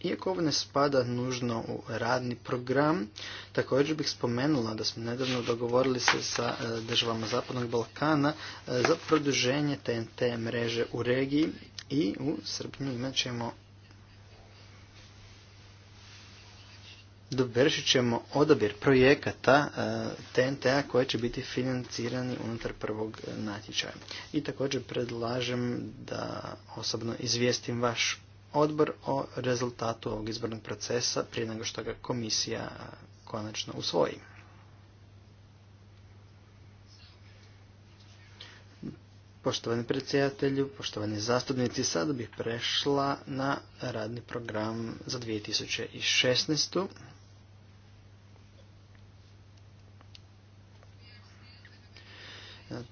Iako ovo ne spada nužno u radni program, također bih spomenula da smo nedavno dogovorili se sa državama Zapadnog Balkana za produženje TNT mreže u regiji i u srpnju imat ćemo Dobršit ćemo odabir projekata e, TNT-a koje će biti financirani unutar prvog e, natječaja. I također predlažem da osobno izvijestim vaš odbor o rezultatu ovog izbornog procesa prije nego što ga komisija e, konačno usvoji. Poštovani predsjedatelju, poštovani zastupnici, sada bih prešla na radni program za 2016.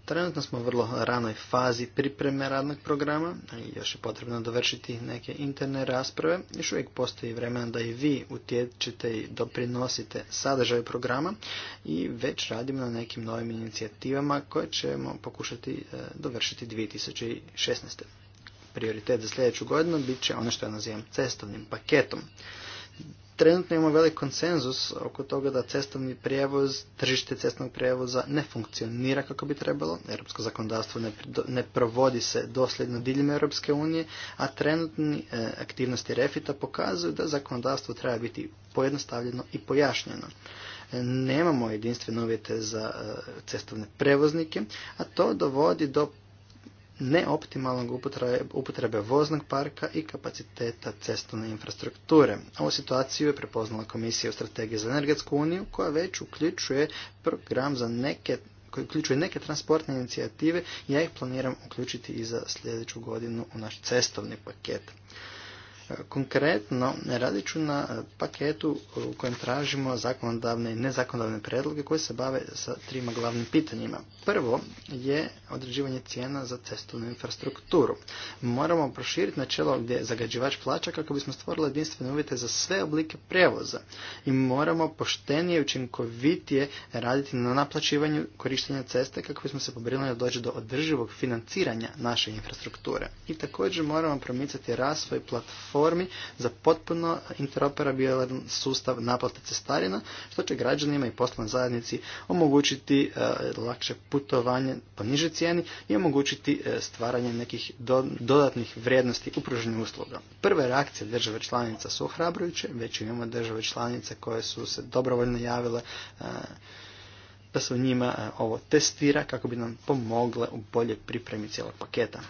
Trenutno smo u vrlo ranoj fazi pripreme radnog programa, i još je potrebno dovršiti neke interne rasprave. Još uvijek postoji vremena da i vi utječete i doprinosite sadržaju programa i već radimo na nekim novim inicijativama koje ćemo pokušati e, dovršiti 2016. Prioritet za sljedeću godinu bit će ono što ja nazivam cestovnim paketom trenutno imamo velik konsenzus oko toga da cestovni prijevoz, tržište cestovnog prijevoza ne funkcionira kako bi trebalo. Europsko zakonodavstvo ne, ne provodi se dosljedno diljem Europske unije, a trenutni e, aktivnosti refita pokazuju da zakonodavstvo treba biti pojednostavljeno i pojašnjeno. E, nemamo jedinstvene uvjete za e, cestovne prevoznike, a to dovodi do neoptimalnog upotrebe, voznog parka i kapaciteta cestovne infrastrukture. Ovu situaciju je prepoznala Komisija u strategiji za energetsku uniju koja već uključuje program za neke koji uključuje neke transportne inicijative, ja ih planiram uključiti i za sljedeću godinu u naš cestovni paket. Konkretno, radit ću na eh, paketu u kojem tražimo zakonodavne i nezakonodavne predloge koje se bave sa trima glavnim pitanjima. Prvo je određivanje cijena za cestovnu infrastrukturu. Moramo proširiti načelo gdje zagađivač plaća kako bismo stvorili jedinstvene uvjete za sve oblike prevoza i moramo poštenije i učinkovitije raditi na naplaćivanju korištenja ceste kako bismo se pobrinuli da dođe do održivog financiranja naše infrastrukture. I također moramo promicati rasvoj platforme platformi za potpuno interoperabilan sustav naplate cestarina, što će građanima i poslovnoj zajednici omogućiti e, lakše putovanje po niže cijeni i omogućiti e, stvaranje nekih dodatnih vrijednosti u pruženju usluga. Prve reakcije države članica su ohrabrujuće, već imamo države članice koje su se dobrovoljno javile e, da se u njima ovo testira kako bi nam pomogle u bolje pripremi cijelog paketa.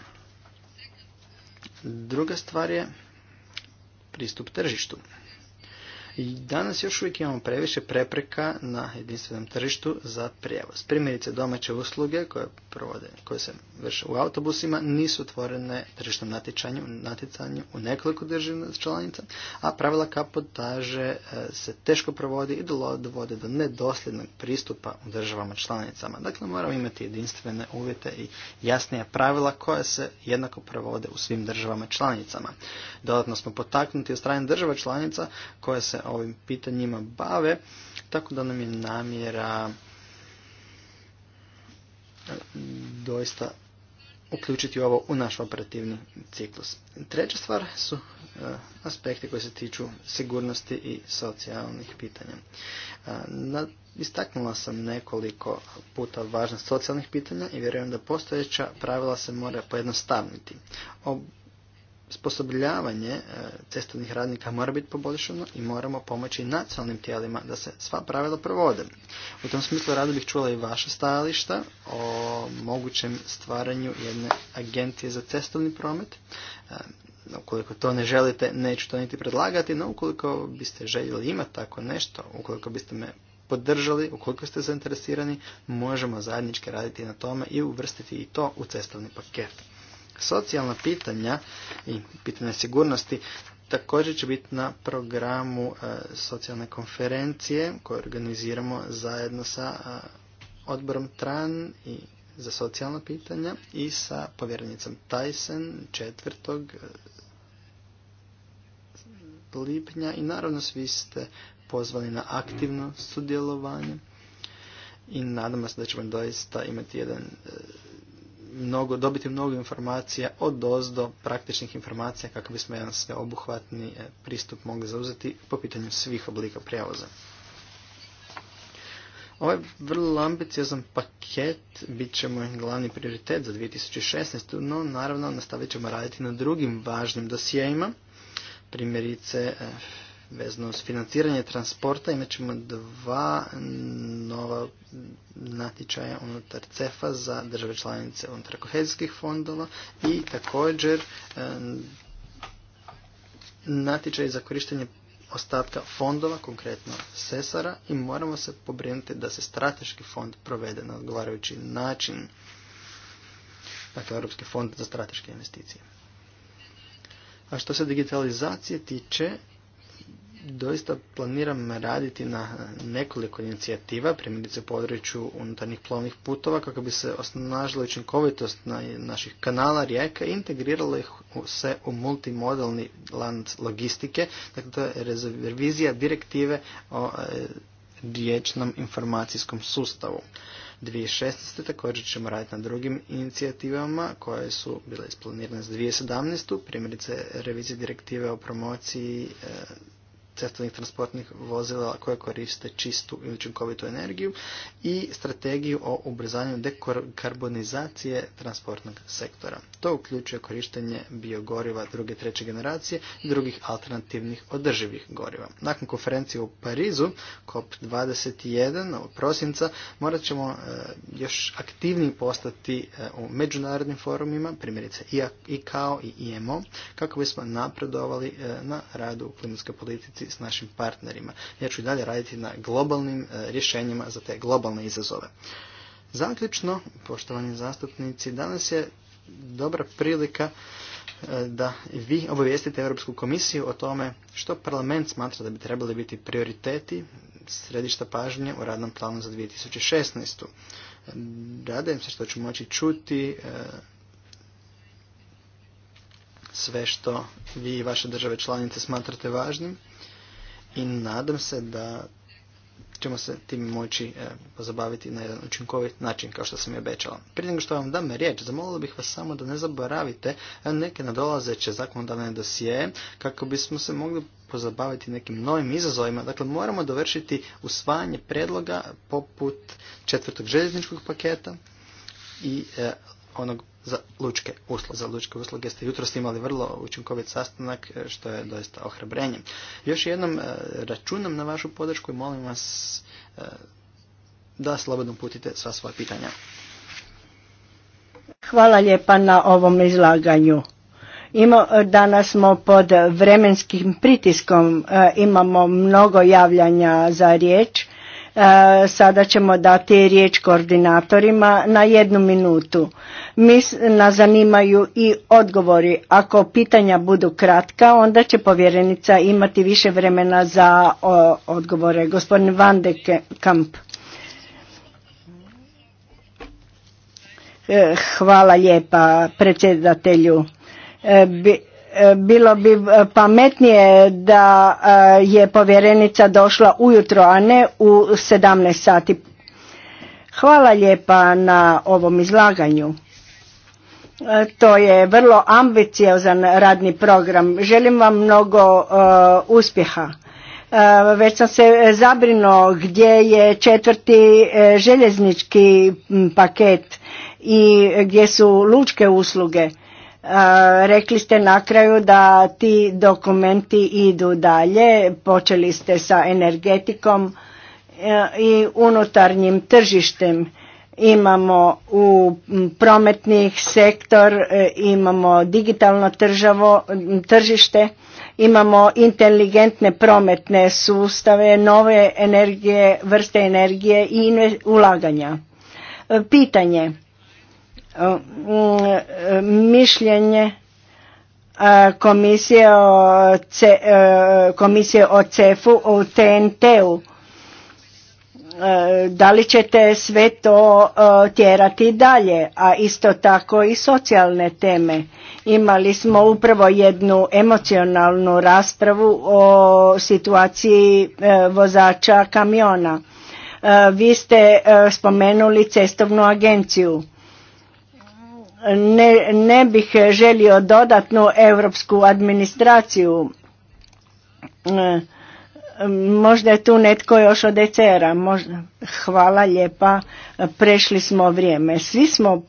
Druga stvar je pristup tržištu danas još uvijek imamo previše prepreka na jedinstvenom tržištu za prijevoz. Primjerice domaće usluge koje, provode, koje se vrše u autobusima nisu otvorene tržišnom natječanju, natjecanju u nekoliko država članica, a pravila kapotaže e, se teško provodi i dovode do nedosljednog pristupa u državama članicama. Dakle, moramo imati jedinstvene uvjete i jasnija pravila koja se jednako provode u svim državama članicama. Dodatno smo potaknuti od strane država članica koje se ovim pitanjima bave, tako da nam je namjera e, doista uključiti ovo u naš operativni ciklus. Treća stvar su e, aspekti koji se tiču sigurnosti i socijalnih pitanja. E, istaknula sam nekoliko puta važnost socijalnih pitanja i vjerujem da postojeća pravila se mora pojednostavniti osposobljavanje e, cestovnih radnika mora biti poboljšano i moramo pomoći nacionalnim tijelima da se sva pravila provode. U tom smislu rado bih čula i vaše stajališta o mogućem stvaranju jedne agencije za cestovni promet. E, ukoliko to ne želite, neću to niti predlagati, no ukoliko biste željeli imati tako nešto, ukoliko biste me podržali, ukoliko ste zainteresirani, možemo zajednički raditi na tome i uvrstiti i to u cestovni paket. Socijalna pitanja i pitanja sigurnosti također će biti na programu e, socijalne konferencije koju organiziramo zajedno sa e, odborom TRAN i za socijalna pitanja i sa povjerenicom Tyson 4. E, lipnja i naravno svi ste pozvali na aktivno sudjelovanje i nadamo se da ćemo doista imati jedan mnogo, dobiti mnogo informacija od dozdo praktičnih informacija kako bismo jedan sveobuhvatni e, pristup mogli zauzeti po pitanju svih oblika prijevoza. Ovaj vrlo ambiciozan paket bit će moj glavni prioritet za 2016. No, naravno, nastavit ćemo raditi na drugim važnim dosijajima, primjerice e, vezano uz financiranje transporta imat ćemo dva nova natječaja unutar CEFA za države članice unutar kohezijskih fondova i također natječaj za korištenje ostatka fondova, konkretno Sesara i moramo se pobrinuti da se strateški fond provede na odgovarajući način dakle Europski fond za strateške investicije. A što se digitalizacije tiče, doista planiram raditi na nekoliko inicijativa, primjerice u području unutarnjih plovnih putova, kako bi se osnažila učinkovitost na naših kanala, rijeka i integrirala ih se u multimodalni land logistike. Dakle, to je revizija direktive o e, riječnom informacijskom sustavu. 2016. također ćemo raditi na drugim inicijativama koje su bile isplanirane za 2017. Primjerice revizije direktive o promociji e, cestovnih transportnih vozila koje koriste čistu i učinkovitu energiju i strategiju o ubrzanju dekarbonizacije transportnog sektora. To uključuje korištenje biogoriva druge treće generacije i drugih alternativnih održivih goriva. Nakon konferencije u Parizu, COP21 u prosinca, morat ćemo e, još aktivniji postati e, u međunarodnim forumima, primjerice i kao i IMO, kako bismo napredovali e, na radu u klimatskoj politici s našim partnerima. Ja ću i dalje raditi na globalnim e, rješenjima za te globalne izazove. Zaključno, poštovani zastupnici, danas je dobra prilika e, da vi obavijestite Europsku komisiju o tome što parlament smatra da bi trebali biti prioriteti središta pažnje u radnom planu za 2016. Radujem se što ću moći čuti e, sve što vi i vaše države članice smatrate važnim i nadam se da ćemo se tim moći e, pozabaviti na jedan učinkovit način, kao što sam i obećala. Prije nego što vam dam riječ, zamolila bih vas samo da ne zaboravite neke nadolazeće zakonodavne dosije, kako bismo se mogli pozabaviti nekim novim izazovima. Dakle, moramo dovršiti usvajanje predloga poput četvrtog željezničkog paketa i e, onog za lučke usluge. Za lučke usluge ste jutros imali vrlo učinkovit sastanak e, što je doista ohrabrenje. Još jednom e, računam na vašu podršku i molim vas e, da slobodno putite sva svoja pitanja. Hvala lijepa na ovom izlaganju. danas smo pod vremenskim pritiskom, imamo mnogo javljanja za riječ E, sada ćemo dati riječ koordinatorima na jednu minutu. Mi nas zanimaju i odgovori. Ako pitanja budu kratka, onda će povjerenica imati više vremena za odgovore. Gospodin Van de Kamp. E, hvala lijepa predsjedatelju. E, bilo bi eh, pametnije da eh, je povjerenica došla ujutro, a ne u 17 sati. Hvala lijepa na ovom izlaganju. Eh, to je vrlo ambiciozan radni program. Želim vam mnogo uspjeha. već sam se zabrino gdje je četvrti željeznički paket i gdje su lučke usluge Rekli ste na kraju da ti dokumenti idu dalje, počeli ste sa energetikom e, i unutarnjim tržištem. Imamo u prometnih sektor, e, imamo digitalno tržište, imamo inteligentne prometne sustave, nove energije, vrste energije i ulaganja. E, pitanje mišljenje komisije o, e, komisije o CEF-u, o TNT-u. E, da li ćete sve to e, tjerati dalje, a isto tako i socijalne teme. Imali smo upravo jednu emocionalnu raspravu o situaciji vozača kamiona. Vi ste spomenuli cestovnu agenciju ne, ne bih želio dodatnu europsku administraciju. Možda je tu netko još od ECR-a. Možda. Hvala lijepa. Prešli smo vrijeme. Svi smo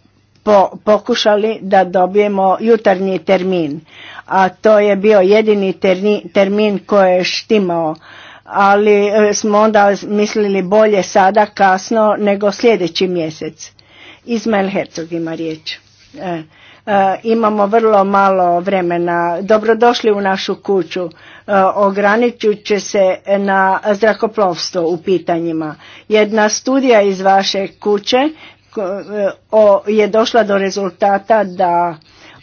pokušali da dobijemo jutarnji termin. A to je bio jedini termin koji je štimao. Ali e, smo onda mislili bolje sada kasno nego sljedeći mjesec. Izmael Hercog ima riječ. E, e, imamo vrlo malo vremena. Dobrodošli u našu kuću. E, ograničit će se na zrakoplovstvo u pitanjima. Jedna studija iz vaše kuće je došla do rezultata da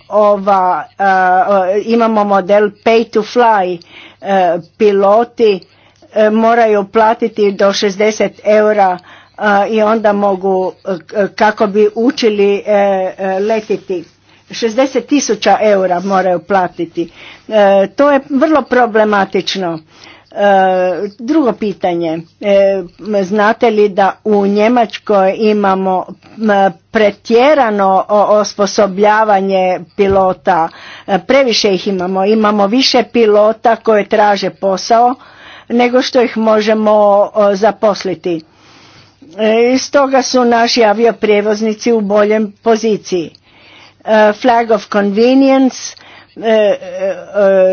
ova, imamo model pay to fly. Piloti moraju platiti do 60 eura i onda mogu kako bi učili e, e, letiti. 60 tisuća eura moraju platiti. E, to je vrlo problematično. Drugo pitanje, znate li da u Njemačkoj imamo pretjerano osposobljavanje pilota, previše ih imamo, imamo više pilota koje traže posao nego što ih možemo zaposliti. E, I stoga su naši avioprijevoznici u boljem poziciji. E, flag of Convenience, e,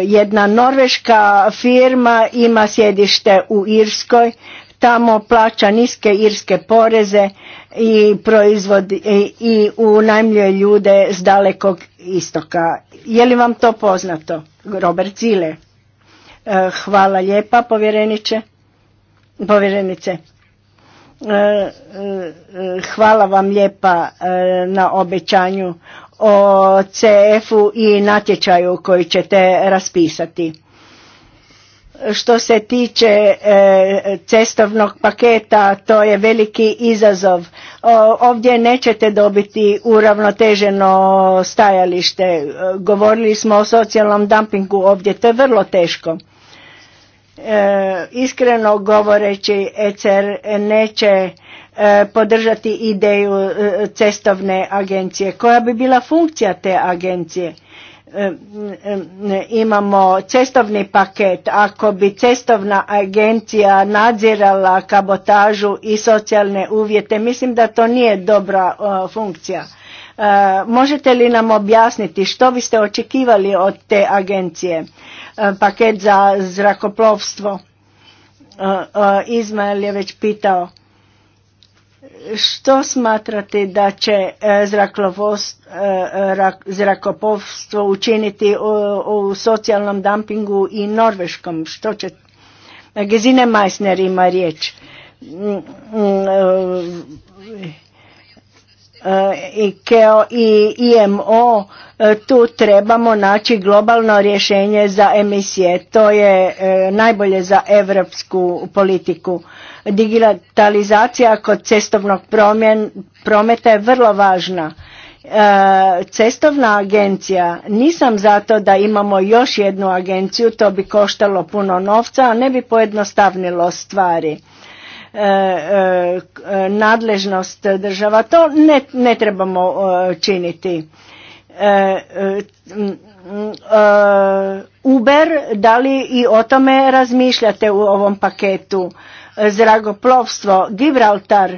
jedna norveška firma ima sjedište u Irskoj, tamo plaća niske irske poreze i proizvod i, unajmljuje ljude s dalekog istoka. Je li vam to poznato, Robert Zile? Hvala lijepa, povjereniče. Povjerenice. E, e, hvala vam lijepa e, na obećanju o CF-u i natječaju koji ćete raspisati. Što se tiče cestovnog paketa, to je veliki izazov. Ovdje nećete dobiti uravnoteženo stajalište. Govorili smo o socijalnom dumpingu ovdje, to je vrlo teško Eh, iskreno govoreći, ECR neće eh, podržati ideju eh, cestovne agencije. Koja bi bila funkcija te agencije? Mm, imamo cestovni paket, ako bi cestovna agencija nadzirala kabotažu i socijalne uvjete, mislim da to nije dobra funkcija. možete li nam objasniti što biste očekivali od te agencije? E, paket za zrakoplovstvo. E, e, Izmael je već pitao što smatrate da će zrakoplovstvo učiniti u socijalnom dumpingu i norveškom? Što će... Gezine Meissner ima riječ mm, mm, KEO i IMO e, tu trebamo naći globalno rješenje za emisije. To je e, najbolje za evropsku politiku. Digitalizacija kod cestovnog prometa je vrlo važna. E, cestovna agencija, nisam zato da imamo još jednu agenciju, to bi koštalo puno novca, a ne bi pojednostavnilo stvari E, e, nadležnost država. To ne, trebamo e, činiti. Uber, da li i o tome razmišljate u ovom paketu? Zragoplovstvo, Gibraltar,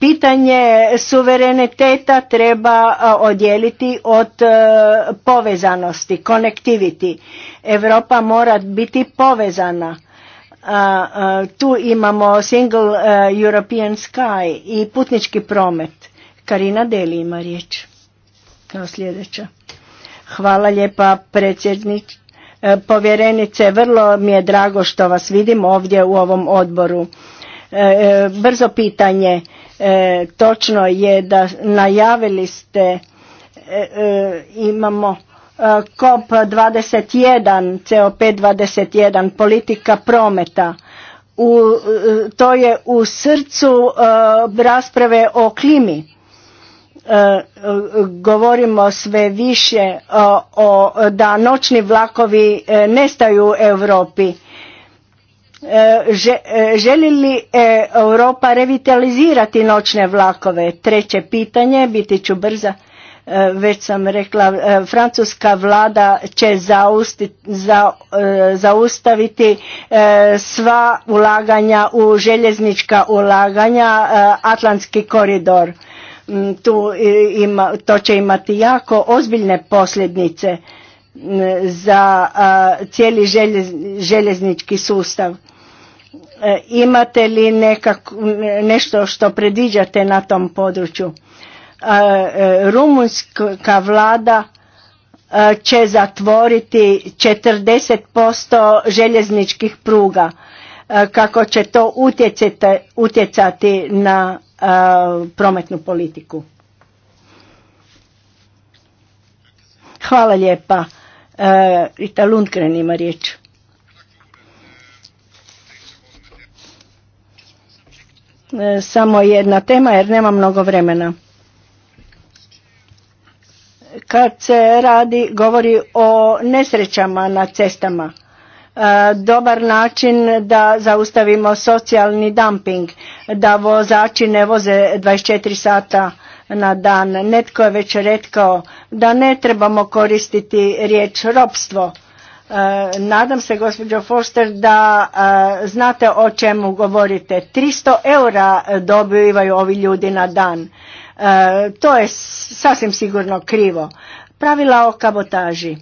pitanje suvereniteta treba odjeliti od povezanosti, konektiviti. Europa mora biti povezana tu imamo Single European Sky i putnički promet. Karina Deli ima riječ kao sljedeća. Hvala lijepa predsjednik e, povjerenice. Vrlo mi je drago što vas vidim ovdje u ovom odboru. E, e, brzo pitanje. Točno je da najavili ste imamo COP21, COP21, politika prometa. U, to je u srcu e, rasprave o klimi. E, govorimo sve više e, o, da noćni vlakovi nestaju u Europi. želi li Europa revitalizirati noćne vlakove? Treće pitanje, biti ću brza E, već sam rekla, e, francuska vlada će za, e, zaustaviti sva ulaganja u željeznička ulaganja, Atlantski koridor. Mm, tu ima, to će imati jako ozbiljne posljedice mm, za cijeli željeznički sustav. Imate li nekak, nešto što predviđate na tom području? E, e, rumunjska vlada e, će zatvoriti 40% željezničkih pruga kako će to utjecati na prometnu politiku. Hvala lijepa. Rita Lundgren ima riječ. Samo jedna tema jer nema mnogo vremena kad se radi, govori o nesrećama na cestama. E, dobar način da zaustavimo socijalni dumping, da vozači ne voze 24 sata na dan. Netko je već rekao da ne trebamo koristiti riječ ropstvo. E, nadam se, gospođo Foster, da e, znate o čemu govorite. 300 eura dobivaju ovi ljudi na dan. E, to je sasvim sigurno krivo. Pravila o kabotaži.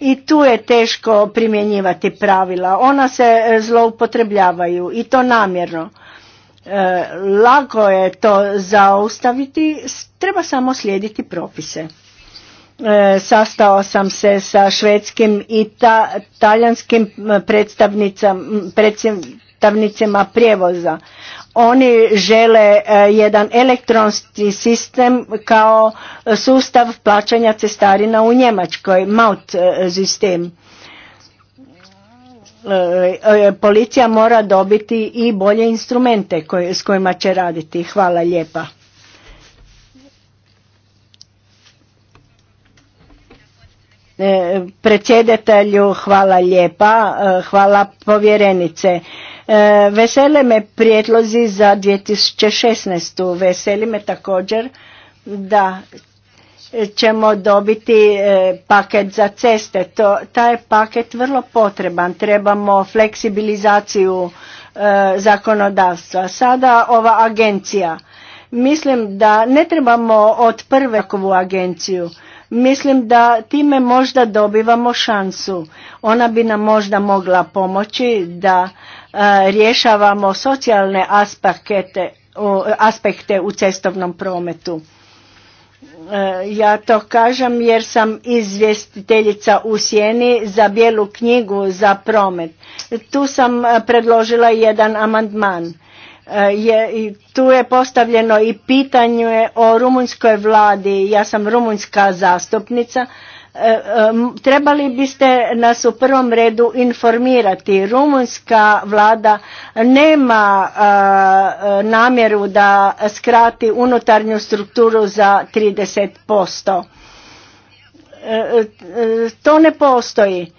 I tu je teško primjenjivati pravila. Ona se e, zloupotrebljavaju i to namjerno. E, lako je to zaustaviti, treba samo slijediti propise. Sastao sam se sa švedskim i ta, talijanskim predstavnicama prijevoza oni žele e, jedan elektronski sistem kao sustav plaćanja cestarina u Njemačkoj, MAUT e, sistem. E, policija mora dobiti i bolje instrumente s kojima će raditi. Hvala lijepa. predsjedatelju hvala lijepa, hvala povjerenice. E, vesele me prijedlozi za 2016. Veseli me također da ćemo dobiti e, paket za ceste. To, taj je paket vrlo potreban. Trebamo fleksibilizaciju e, zakonodavstva. Sada ova agencija. Mislim da ne trebamo od prve ovu agenciju. Mislim da time možda dobivamo šansu. Ona bi nam možda mogla pomoći da E, rješavamo socijalne aspekte, aspekte u cestovnom prometu. E, ja to kažem jer sam izvjestiteljica u Sjeni za bijelu knjigu za promet. Tu sam e, predložila jedan amandman. Je, tu je postavljeno i pitanje o rumunjskoj vladi. Ja sam rumunjska zastupnica. E, trebali biste nas u prvom redu informirati. Rumunjska vlada nema e, namjeru da skrati unutarnju strukturu za 30%. E, to ne postoji.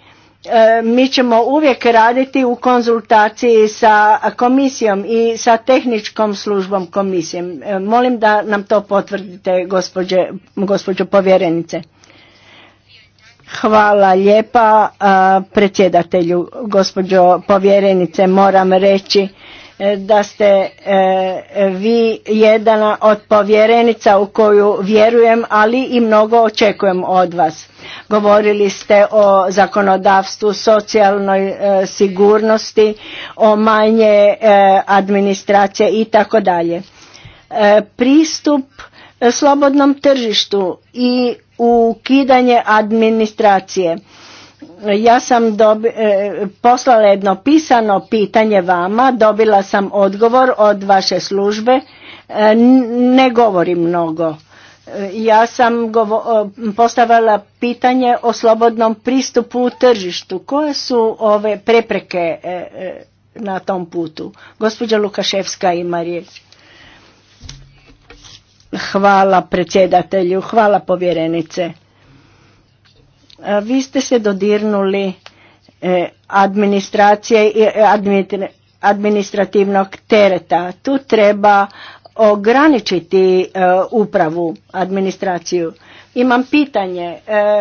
Mi ćemo uvijek raditi u konzultaciji sa komisijom i sa tehničkom službom komisije. Molim da nam to potvrdite gospođo povjerenice. Hvala lijepa predsjedatelju, gospođo povjerenice, moram reći e, da ste e, vi jedna od povjerenica u koju vjerujem, ali i mnogo očekujem od vas. Govorili ste o zakonodavstvu, socijalnoj e, sigurnosti, o manje administracije i tako dalje. Pristup slobodnom tržištu i ukidanje administracije. Ja sam dobi, e, poslala jedno pisano pitanje vama, dobila sam odgovor od vaše službe, e, ne govorim mnogo. E, ja sam govo, postavila pitanje o slobodnom pristupu u tržištu. Koje su ove prepreke na tom putu? Gospođa Lukaševska ima riječ. Hvala predsjedatelju, hvala povjerenice. E, vi ste se dodirnuli e, administracije i e, administrativnog tereta. Tu treba ograničiti upravu, administraciju. Imam pitanje,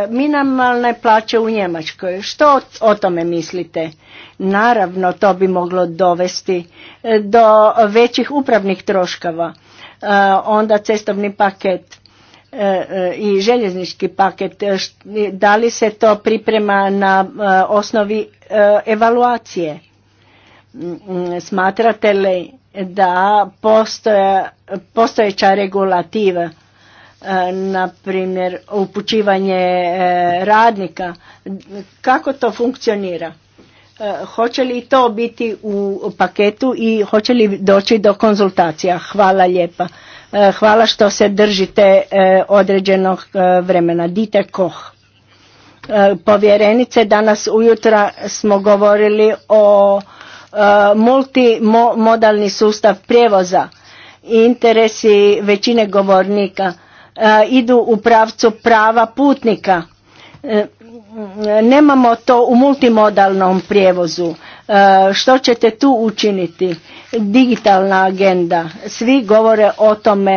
minimalne plaće u Njemačkoj, što o tome mislite? Naravno, to bi moglo dovesti do većih upravnih troškava E, onda cestovni paket e, e, i željeznički paket, da li se to priprema na osnovi evaluacije? Mm, smatrate li da postojeća regulativa, na primjer upućivanje radnika, kako to funkcionira? E, hoće li to biti u paketu i hoće li doći do konzultacija? Hvala lijepa. E, hvala što se držite e, određenog vremena. Dite Koh. Povjerenice, danas ujutra smo govorili o multimodalni sustav prijevoza. Interesi većine govornika idu u pravcu prava putnika nemamo to u multimodalnom prijevozu. E, što ćete tu učiniti? Digitalna agenda. Svi govore o tome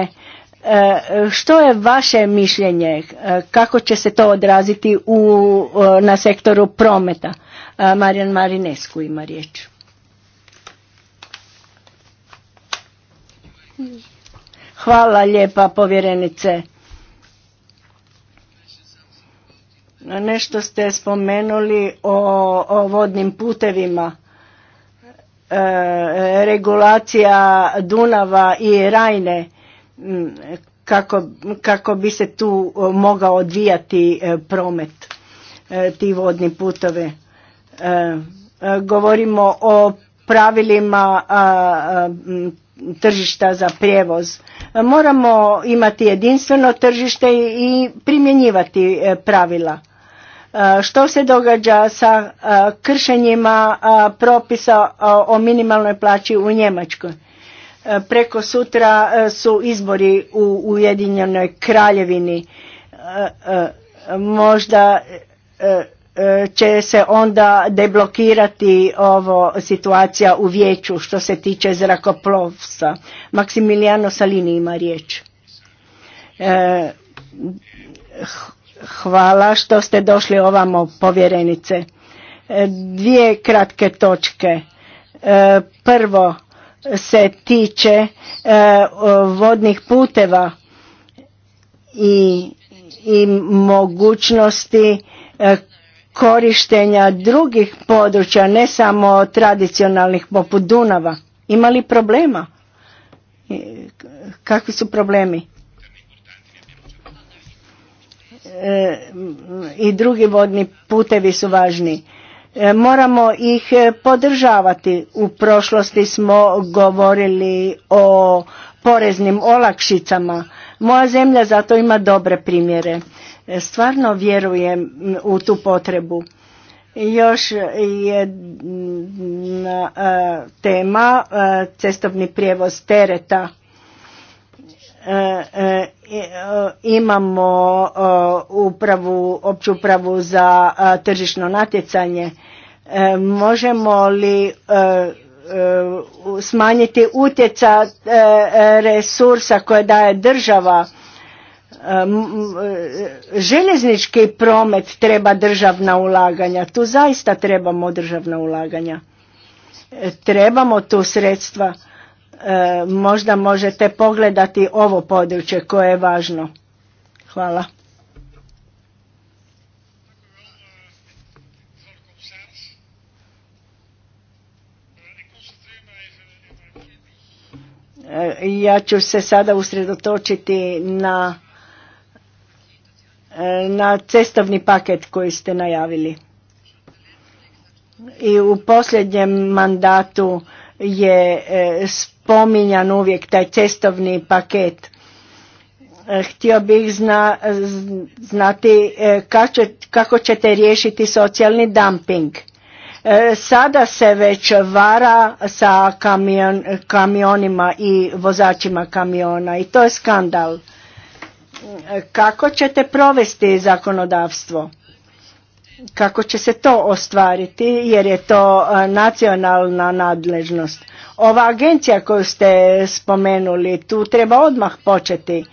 e, što je vaše mišljenje e, kako će se to odraziti u, na sektoru prometa? Marijan Marinesku ima riječ. Hvala lijepa povjerenice. Nešto ste spomenuli o, o vodnim putevima. E, regulacija Dunava i Rajne kako, kako bi se tu mogao odvijati e, promet e, ti vodni putove. govorimo o pravilima a, tržišta za prijevoz. Moramo imati jedinstveno tržište i primjenjivati pravila. E, što se događa sa e, kršenjima e, propisa o minimalnoj plaći u Njemačkoj? Preko sutra su izbori u Ujedinjenoj kraljevini. Možda će se onda deblokirati ovo situacija u vijeću što se tiče zrakoplovstva. Maksimiliano Salini ima riječ. Hvala što ste došli ovamo povjerenice. E, dvije kratke točke. E, prvo se tiče e, vodnih puteva i, i mogućnosti korištenja drugih područja, ne samo tradicionalnih poput Dunava. Ima li problema? Kakvi su problemi? i drugi vodni putevi su važni. E, moramo ih e, podržavati. U prošlosti smo govorili o poreznim olakšicama. Moja zemlja zato ima dobre primjere. E, stvarno vjerujem u tu potrebu. Još jedna tema, cestovni prijevoz tereta E, imamo e, upravu, opću upravu za e, tržišno natjecanje. Možemo li smanjiti utjeca resursa koje daje država željeznički promet treba državna ulaganja tu zaista trebamo državna ulaganja trebamo tu sredstva E, možda možete pogledati ovo područje koje je važno. Hvala. E, ja ću se sada usredotočiti na, e, na cestovni paket koji ste najavili. I u posljednjem mandatu je e, spominjan uvijek taj cestovni paket. E, htio bih zna, znati e, kako ćete riješiti socijalni dumping. Sada se već vara sa kamionima i vozačima kamiona i to je skandal. Kako ćete provesti zakonodavstvo? kako će se to ostvariti jer je to e, nacionalna nadležnost. Ova agencija koju ste spomenuli, tu treba odmah početi,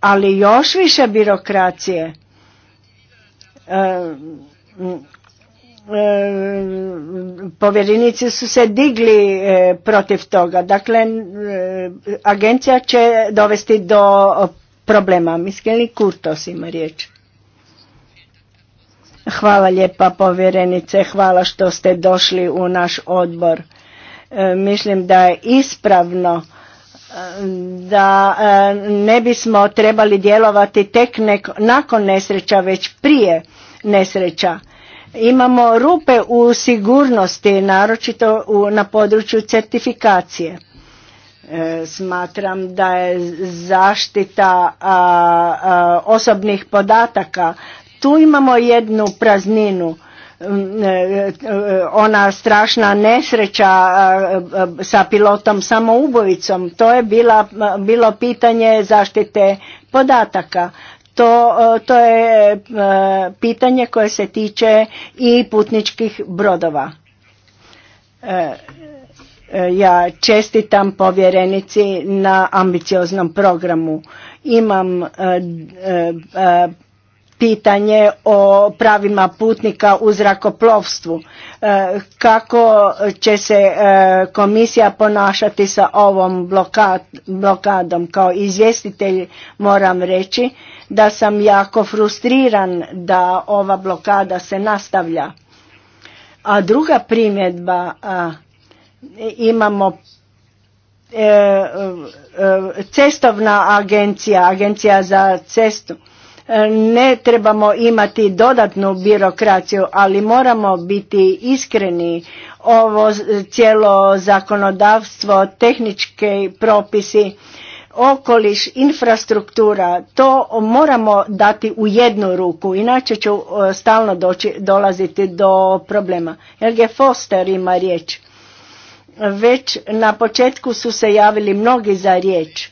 ali još više birokracije. E, e, povjerenici su se digli protiv toga. Dakle, agencija će dovesti do problema. Mislim, Kurtos ima riječ. Hvala lijepa povjerenice, hvala što ste došli u naš odbor. E, mislim da je ispravno e, da e, ne bismo trebali djelovati tek nakon nesreća, već prije nesreća. Imamo rupe u sigurnosti, naročito u, na području certifikacije. smatram da je zaštita osobnih podataka tu imamo jednu prazninu mm, e, e, e, ona strašna nesreća sa pilotom samoubojicom, to je bila, bilo pitanje zaštite podataka. To, to je pitanje koje se tiče i putničkih brodova. Ja čestitam povjerenici na ambicioznom programu. Imam pitanje o pravima putnika u zrakoplovstvu. E, kako će se e, komisija ponašati sa ovom blokadom? Kao izvjestitelj moram reći da sam jako frustriran da ova blokada se nastavlja. A druga primjedba imamo e, cestovna agencija, agencija za cestu ne trebamo imati dodatnu birokraciju, ali moramo biti iskreni. Ovo cijelo zakonodavstvo, tehnički propisi, okoliš, infrastruktura, to moramo dati u jednu ruku, inače ću e, stalno dolaziti do problema. LG Foster ima riječ. Već na početku su se javili mnogi za riječ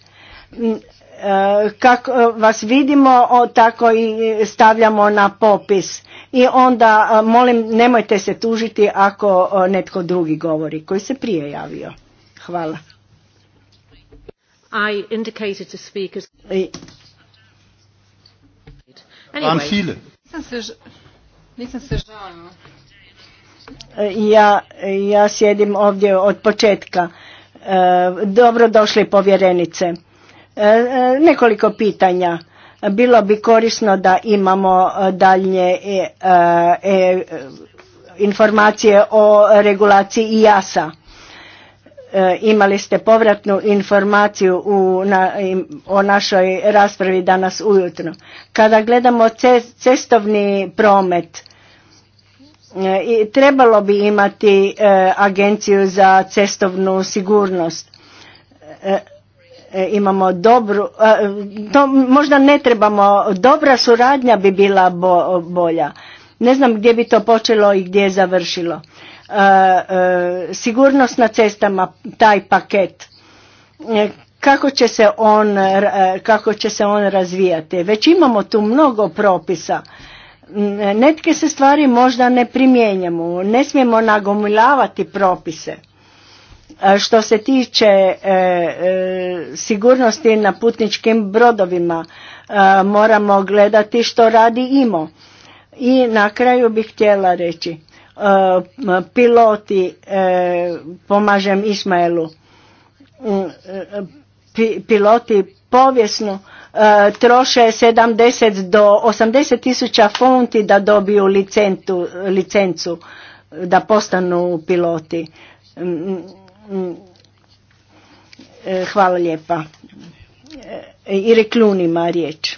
kako eh, vas vidimo tako i stavljamo na popis i onda eh, molim nemojte se tužiti ako eh, netko drugi govori koji se prije javio. Hvala. Nisam se, Ja, ja sjedim ovdje od početka. dobro došli povjerenice. E, e, nekoliko pitanja. Bilo bi korisno da imamo e, dalje informacije o regulaciji IAS-a. Imali ste povratnu informaciju o našoj raspravi danas ujutro. Kada gledamo cestovni promet, trebalo bi imati agenciju za cestovnu sigurnost E, imamo dobru, e, to možda ne trebamo, dobra suradnja bi bila bolja. Ne znam gdje bi to počelo i gdje je završilo. E, sigurnost na cestama, taj paket, kako će se on, kako će se on razvijati? Već imamo tu mnogo propisa. Mm, Netke se stvari možda ne primjenjamo, ne smijemo nagomilavati propise. E, što se tiče e, e, sigurnosti na putničkim brodovima, moramo gledati što radi IMO. I na kraju bih htjela reći, piloti, pomažem Ismaelu, piloti povijesno troše 70 do 80 tisuća funti da dobiju licentu, licencu, da postanu piloti. E, hvala lijepa. E, I reklunima riječ.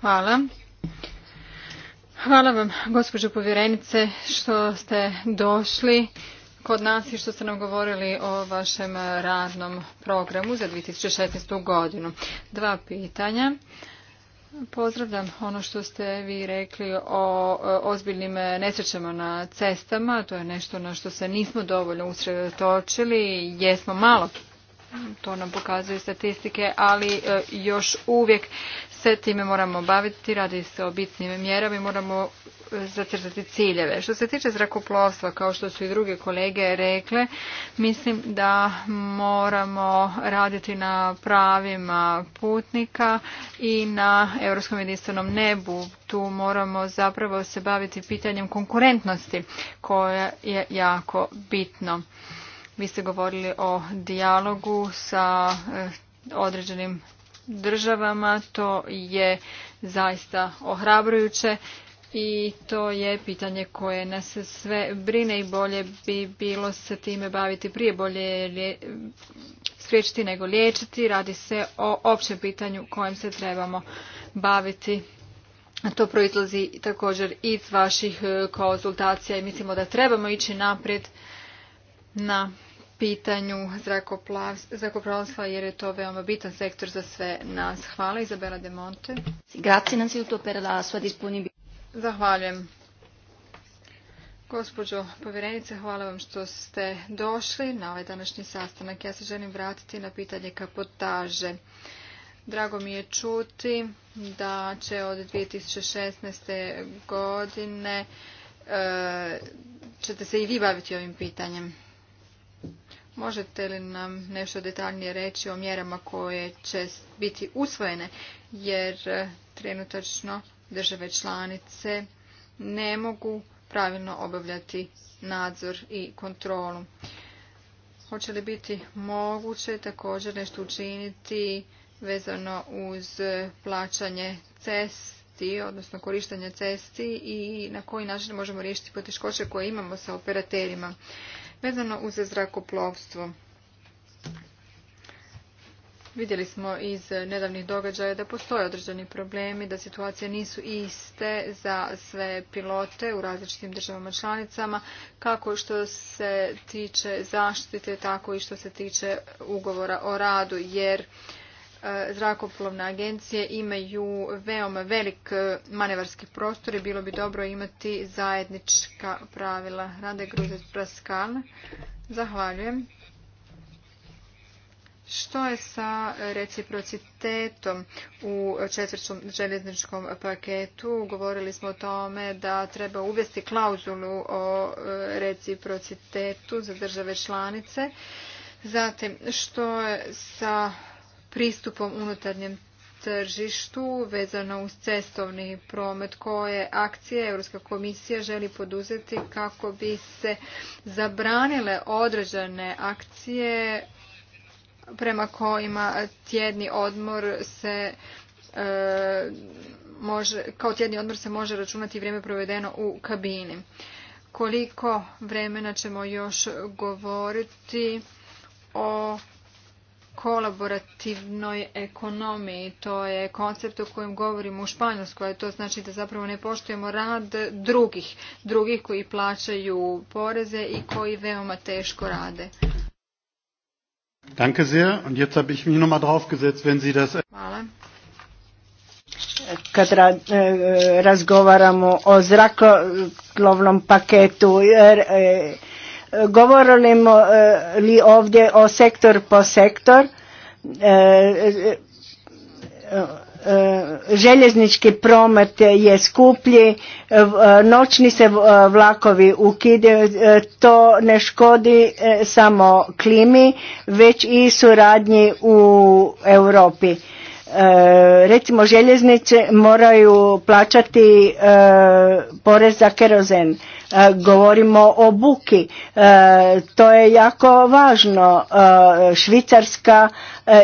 Hvala. Hvala vam, gospođo povjerenice, što ste došli kod nas i što ste nam govorili o vašem radnom programu za 2016. godinu. Dva pitanja. Pozdravljam ono što ste vi rekli o e, ozbiljnim nesrećama na cestama. To je nešto na što se nismo dovoljno usredotočili. Jesmo malo, to nam pokazuju statistike, ali e, još uvijek se time moramo baviti, radi se o bitnim mjerama i moramo e, zacrtati ciljeve. Što se tiče zrakoplovstva, kao što su i druge kolege rekle, mislim da moramo raditi na pravima putnika i na europskom jedinstvenom nebu. Tu moramo zapravo se baviti pitanjem konkurentnosti koja je jako bitno. Vi ste govorili o dijalogu sa e, određenim državama, to je zaista ohrabrujuće i to je pitanje koje nas sve brine i bolje bi bilo se time baviti prije bolje spriječiti nego liječiti. Radi se o općem pitanju kojem se trebamo baviti. To proizlazi također iz vaših e, konzultacija i mislimo da trebamo ići naprijed na pitanju zrakoplovstva jer je to veoma bitan sektor za sve nas. Hvala Izabela de Monte. Zahvaljujem. Gospođo povjerenice, hvala vam što ste došli na ovaj današnji sastanak. Ja se želim vratiti na pitanje kapotaže. Drago mi je čuti da će od 2016. godine e, ćete se i vi baviti ovim pitanjem. Možete li nam nešto detaljnije reći o mjerama koje će biti usvojene, jer e, trenutačno države članice ne mogu pravilno obavljati nadzor i kontrolu. Hoće li biti moguće također nešto učiniti vezano uz plaćanje cesti, odnosno korištenje cesti i na koji način možemo riješiti poteškoće koje imamo sa operaterima. Vezano uz zrakoplovstvo, Vidjeli smo iz nedavnih događaja da postoje određeni problemi, da situacije nisu iste za sve pilote u različitim državama članicama, kako što se tiče zaštite, tako i što se tiče ugovora o radu, jer E, zrakoplovne agencije imaju veoma velik e, manevarski prostor i bilo bi dobro imati zajednička pravila. Rade Gruzet Praskal. Zahvaljujem. Što je sa reciprocitetom u četvrćom željezničkom paketu? Govorili smo o tome da treba uvesti klauzulu o e, reciprocitetu za države članice. Zatim, što je sa pristupom unutarnjem tržištu vezano uz cestovni promet koje akcije Europska komisija želi poduzeti kako bi se zabranile određene akcije prema kojima tjedni odmor se e, može, kao tjedni odmor se može računati vrijeme provedeno u kabini. Koliko vremena ćemo još govoriti o kolaborativnoj ekonomiji. To je koncept o kojem govorimo u Španjolskoj, a to znači da zapravo ne poštujemo rad drugih, drugih koji plaćaju poreze i koji veoma teško rade. Danke sehr. Und jetzt habe ich mich drauf gesetzt, wenn Sie das... Hvala. Kad e, e, razgovaramo o zrakoplovnom paketu, jer, e, Govorimo e, li ovdje o sektor po sektor, e, e, željeznički promet je skuplji, noćni se vlakovi ukide, to ne škodi samo klimi, već i suradnji u Europi. E, recimo željeznice moraju plaćati e, porez za kerozen. E, govorimo o buki, to je jako važno. Švicarska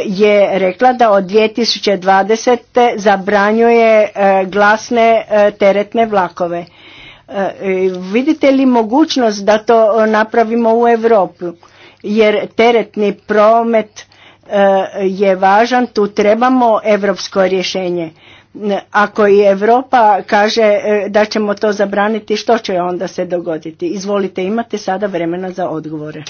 je rekla da od 2020. zabranjuje glasne teretne vlakove. Vidite li mogućnost da to napravimo u Europi Jer teretni promet E, je važan, tu trebamo evropsko rješenje. Ako i Europa kaže e, da ćemo to zabraniti, što će onda se dogoditi? Izvolite, imate sada vremena za odgovore.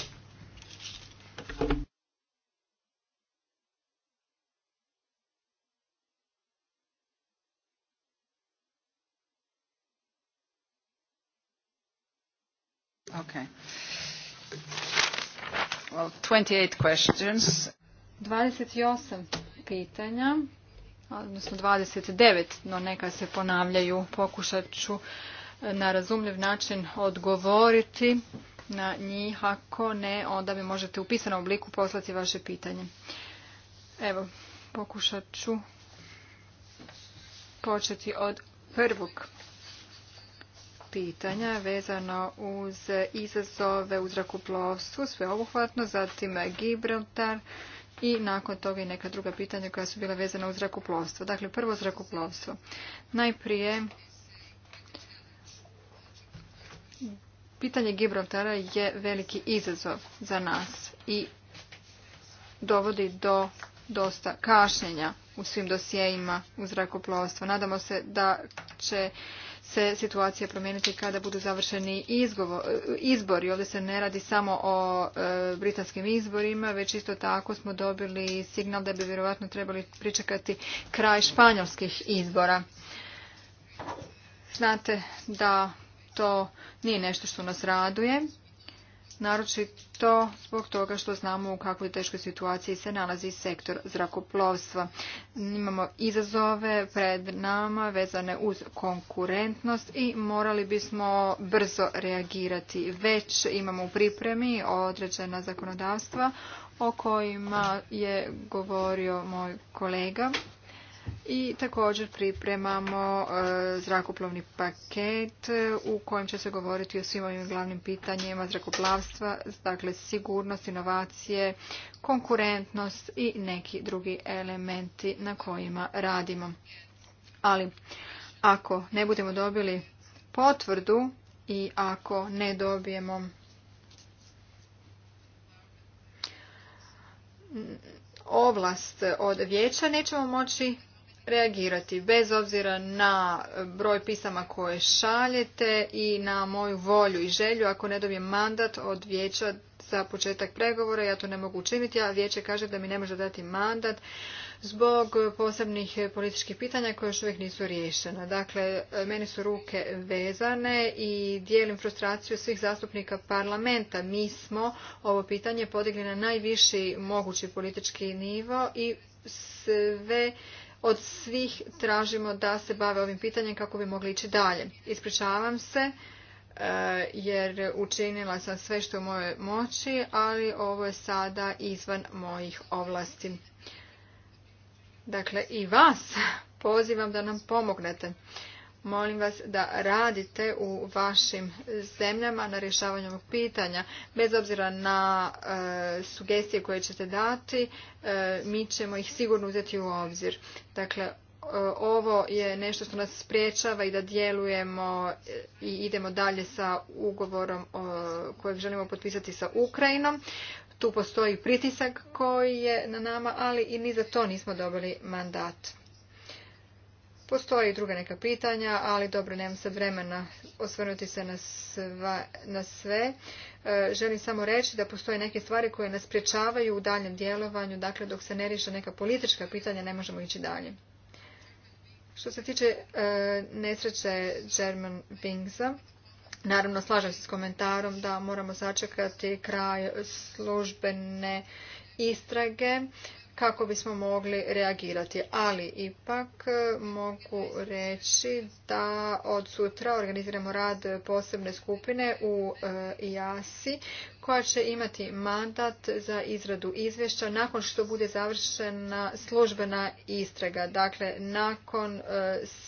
Okay. Well, 28 questions. 28 pitanja, odnosno 29, no neka se ponavljaju. Pokušat ću e, na razumljiv način odgovoriti na njih. Ako ne, onda mi možete u pisanom obliku poslati vaše pitanje. Evo, pokušat ću početi od prvog pitanja vezano uz izazove u zrakoplovstvu, sveobuhvatno, zatim Gibraltar, i nakon toga i neka druga pitanja koja su bila vezana uz zrakoplovstvo. Dakle, prvo zrakoplovstvo. Najprije pitanje Gibraltara je veliki izazov za nas i dovodi do dosta kašnjenja u svim dosjejima u zrakoplovstvo. Nadamo se da će se situacija promijeniti kada budu završeni izbori. Ovdje se ne radi samo o e, britanskim izborima, već isto tako smo dobili signal da bi vjerojatno trebali pričekati kraj španjolskih izbora. Znate da to nije nešto što nas raduje naročito zbog toga što znamo u kakvoj teškoj situaciji se nalazi sektor zrakoplovstva. Imamo izazove pred nama vezane uz konkurentnost i morali bismo brzo reagirati. Već imamo u pripremi određena zakonodavstva o kojima je govorio moj kolega i također pripremamo e, zrakoplovni paket e, u kojem će se govoriti o svim ovim glavnim pitanjima zrakoplavstva, dakle sigurnost, inovacije, konkurentnost i neki drugi elementi na kojima radimo. Ali ako ne budemo dobili potvrdu i ako ne dobijemo mm, ovlast od vijeća, nećemo moći reagirati bez obzira na broj pisama koje šaljete i na moju volju i želju. Ako ne dobijem mandat od vijeća za početak pregovora, ja to ne mogu učiniti, a vijeće kaže da mi ne može dati mandat zbog posebnih političkih pitanja koje još uvijek nisu riješena. Dakle, meni su ruke vezane i dijelim frustraciju svih zastupnika parlamenta. Mi smo ovo pitanje podigli na najviši mogući politički nivo i sve od svih tražimo da se bave ovim pitanjem kako bi mogli ići dalje. Ispričavam se e, jer učinila sam sve što je u mojoj moći, ali ovo je sada izvan mojih ovlasti. Dakle, i vas pozivam da nam pomognete molim vas da radite u vašim zemljama na rješavanju ovog pitanja. Bez obzira na e, sugestije koje ćete dati, e, mi ćemo ih sigurno uzeti u obzir. Dakle, e, ovo je nešto što nas spriječava i da djelujemo i idemo dalje sa ugovorom kojeg želimo potpisati sa Ukrajinom. Tu postoji pritisak koji je na nama, ali i ni za to nismo dobili mandat. Postoje i druga neka pitanja, ali dobro, nemam sad vremena osvrnuti se na, sve. E, želim samo reći da postoje neke stvari koje nas priječavaju u daljem djelovanju, dakle dok se ne riješe neka politička pitanja ne možemo ići dalje. Što se tiče e, nesreće German Wingsa, naravno slažem se s komentarom da moramo sačekati kraj službene istrage kako bismo mogli reagirati. Ali ipak e, mogu reći da od sutra organiziramo rad posebne skupine u e, IASI koja će imati mandat za izradu izvješća nakon što bude završena službena istraga. Dakle, nakon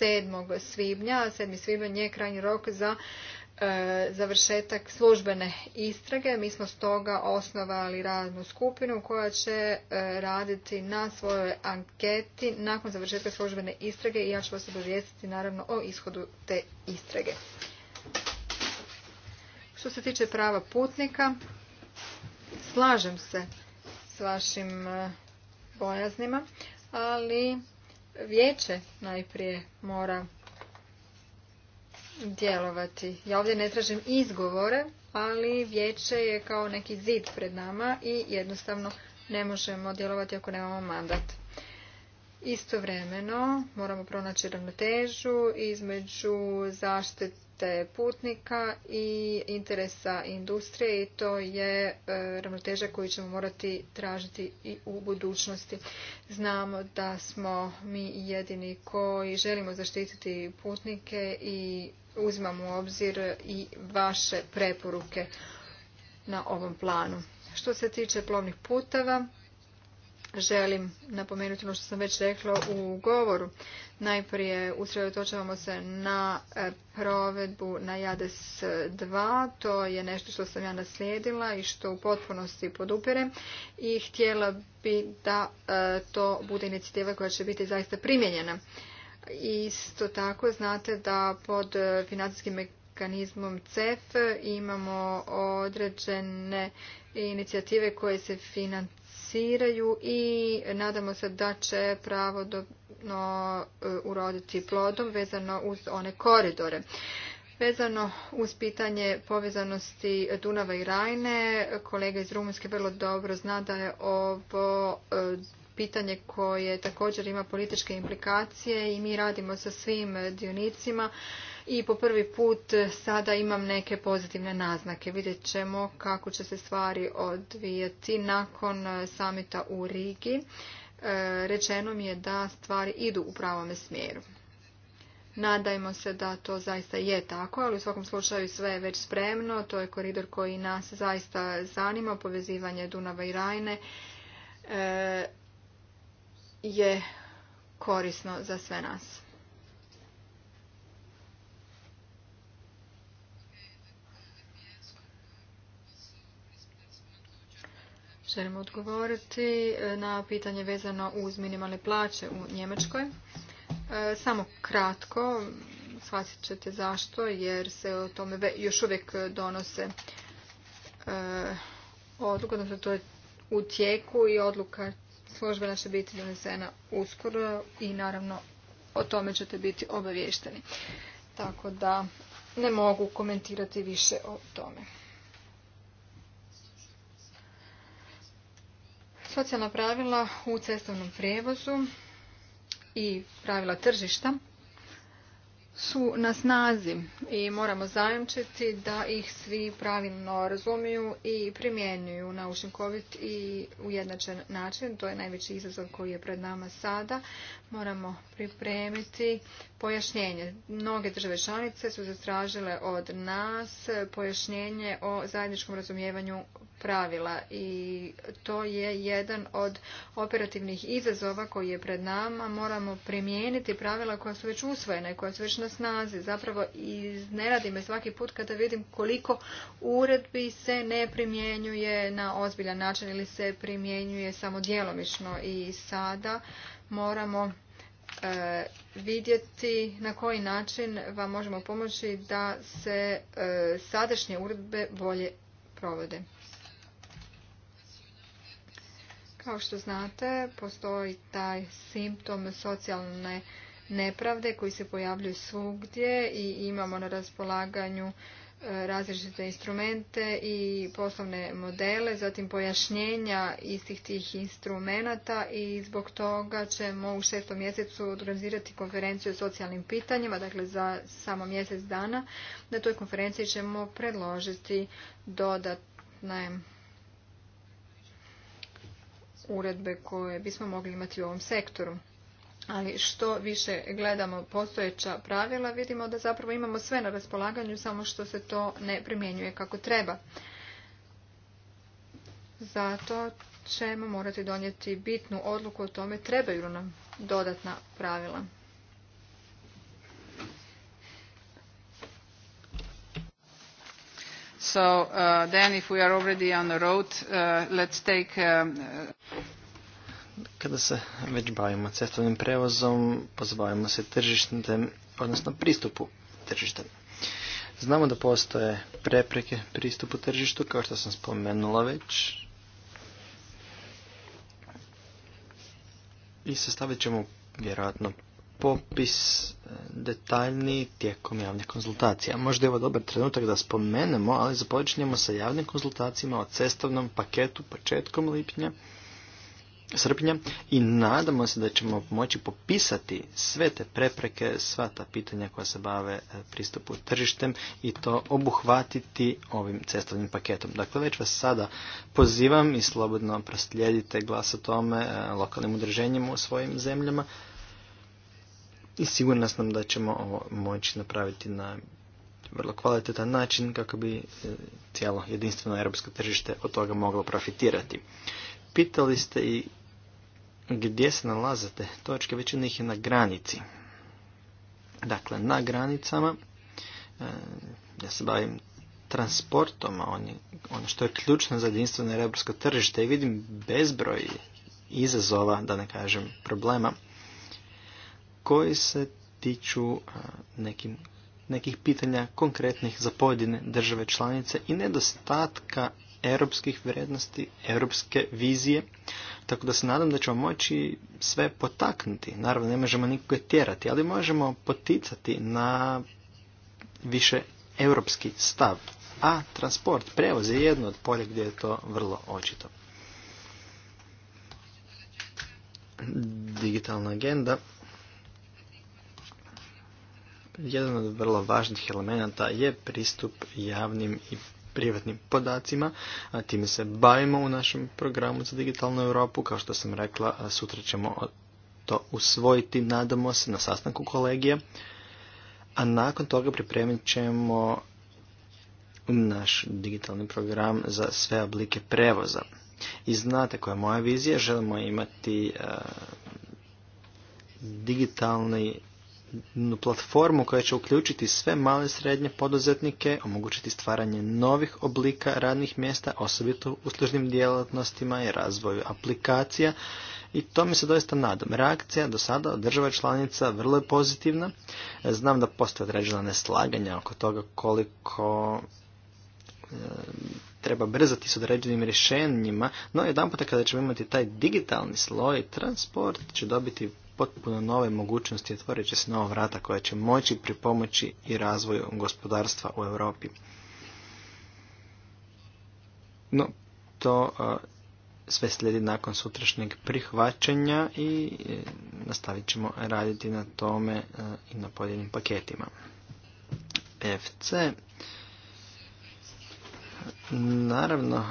7. E, svibnja, 7. svibnja je krajnji rok za E, završetak službene istrage. Mi smo stoga osnovali radnu skupinu koja će e, raditi na svojoj anketi nakon završetka službene istrage i ja ću vas obavijestiti naravno o ishodu te istrage. Što se tiče prava putnika, slažem se s vašim e, bojaznima, ali vijeće najprije mora djelovati. Ja ovdje ne tražim izgovore, ali vijeće je kao neki zid pred nama i jednostavno ne možemo djelovati ako nemamo mandat. Istovremeno moramo pronaći ravnotežu između zaštite putnika i interesa industrije i to je e, ravnoteža koju ćemo morati tražiti i u budućnosti. Znamo da smo mi jedini koji želimo zaštititi putnike i uzimam u obzir i vaše preporuke na ovom planu. Što se tiče plovnih putava, želim napomenuti ono što sam već rekla u govoru. Najprije usredotočavamo se na e, provedbu na JADES 2. To je nešto što sam ja naslijedila i što u potpunosti podupirem i htjela bi da e, to bude inicijativa koja će biti zaista primjenjena. Isto tako znate da pod financijskim mekanizmom CEF imamo određene inicijative koje se financiraju i nadamo se da će pravodobno e, uroditi plodom vezano uz one koridore. Vezano uz pitanje povezanosti Dunava i Rajne, kolega iz Rumunjske vrlo dobro zna da je ovo e, pitanje koje također ima političke implikacije i mi radimo sa svim dionicima i po prvi put sada imam neke pozitivne naznake. Vidjet ćemo kako će se stvari odvijati nakon samita u Rigi. E, rečeno mi je da stvari idu u pravome smjeru. Nadajmo se da to zaista je tako, ali u svakom slučaju sve je već spremno. To je koridor koji nas zaista zanima, povezivanje Dunava i Rajne. E, je korisno za sve nas. Želim odgovoriti e, na pitanje vezano uz minimalne plaće u Njemačkoj. E, samo kratko, shvatit ćete zašto, jer se o tome još uvijek donose e, odluka, odnosno to je u tijeku i odluka službena će biti donesena uskoro i naravno o tome ćete biti obavješteni. Tako da ne mogu komentirati više o tome. Socijalna pravila u cestovnom prijevozu i pravila tržišta su na snazi i moramo zajamčiti da ih svi pravilno razumiju i primjenjuju na učinkovit i ujednačen način. To je najveći izazov koji je pred nama sada. Moramo pripremiti pojašnjenje. Mnoge države članice su zastražile od nas pojašnjenje o zajedničkom razumijevanju pravila i to je jedan od operativnih izazova koji je pred nama. Moramo primijeniti pravila koja su već usvojene, koja su već na snazi. Zapravo radi me svaki put kada vidim koliko uredbi se ne primjenjuje na ozbiljan način ili se primjenjuje samo djelomično i sada moramo e, vidjeti na koji način vam možemo pomoći da se e, sadašnje uredbe bolje provode. Kao što znate, postoji taj simptom socijalne nepravde koji se pojavljuje svugdje i imamo na raspolaganju e, različite instrumente i poslovne modele, zatim pojašnjenja istih tih instrumenata i zbog toga ćemo u šestom mjesecu organizirati konferenciju o socijalnim pitanjima, dakle za samo mjesec dana. Na toj konferenciji ćemo predložiti dodatne uredbe koje bismo mogli imati u ovom sektoru. Ali što više gledamo postojeća pravila, vidimo da zapravo imamo sve na raspolaganju, samo što se to ne primjenjuje kako treba. Zato ćemo morati donijeti bitnu odluku o tome trebaju nam dodatna pravila. So then uh, if we are already on the road, uh, let's take... Um, uh, Kada se već bavimo cestovnim prevozom, pozabavimo se tržištem, odnosno pristupu tržištem. Znamo da postoje prepreke pristupu tržištu, kao što sam spomenula već. I sastavit ćemo vjerojatno popis eh, detaljni tijekom javnih konzultacija. Možda je ovo dobar trenutak da spomenemo, ali započinjemo sa javnim konzultacijama o cestovnom paketu početkom lipnja, srpnja i nadamo se da ćemo moći popisati sve te prepreke, sva ta pitanja koja se bave eh, pristupu tržištem i to obuhvatiti ovim cestovnim paketom. Dakle, već vas sada pozivam i slobodno proslijedite glas o tome eh, lokalnim udruženjima u svojim zemljama i sigurna sam da ćemo ovo moći napraviti na vrlo kvalitetan način kako bi e, cijelo jedinstveno europsko tržište od toga moglo profitirati. Pitali ste i gdje se nalazate, točke većina ih je na granici. Dakle, na granicama, e, ja se bavim transportom, a ono što je ključno za jedinstveno europsko tržište i vidim bezbroj izazova, da ne kažem problema, koji se tiču nekim, nekih pitanja konkretnih za pojedine države članice i nedostatka europskih vrijednosti, europske vizije, tako da se nadam da ćemo moći sve potaknuti. Naravno, ne možemo nikoga tjerati, ali možemo poticati na više europski stav. A transport, prevoz je jedno od polja gdje je to vrlo očito. Digitalna agenda jedan od vrlo važnih elemenata je pristup javnim i privatnim podacima, a time se bavimo u našem programu za digitalnu Europu. Kao što sam rekla, sutra ćemo to usvojiti, nadamo se, na sastanku kolegije. A nakon toga pripremit ćemo naš digitalni program za sve oblike prevoza. I znate koja je moja vizija, želimo imati digitalni platformu koja će uključiti sve male i srednje poduzetnike, omogućiti stvaranje novih oblika radnih mjesta, osobito u služnim djelatnostima i razvoju aplikacija. I to mi se doista nadam. Reakcija do sada od država članica vrlo je pozitivna. E, znam da postoje određena neslaganja oko toga koliko e, treba brzati s određenim rješenjima, no jedan puta kada ćemo imati taj digitalni sloj, transport će dobiti potpuno nove mogućnosti otvorit će se nova vrata koja će moći pripomoći i razvoju gospodarstva u Europi. No, to sve slijedi nakon sutrašnjeg prihvaćanja i e, nastavit ćemo raditi na tome e, i na pojedinim paketima. FC Naravno,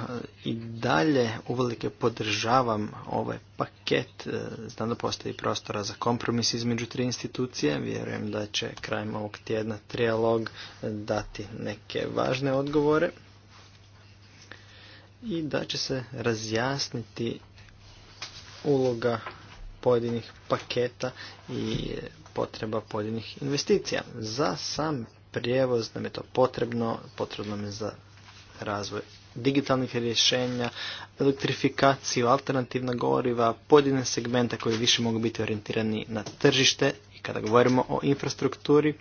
i dalje uvelike podržavam ovaj paket. E, znam da postoji prostora za kompromis između tri institucije. Vjerujem da će krajem ovog tjedna trijalog dati neke važne odgovore i da će se razjasniti uloga pojedinih paketa i potreba pojedinih investicija. Za sam prijevoz nam je to potrebno, potrebno nam je za razvoj digitalnih rješenja, elektrifikaciju, alternativna goriva, pojedine segmenta koji više mogu biti orijentirani na tržište i kada govorimo o infrastrukturi.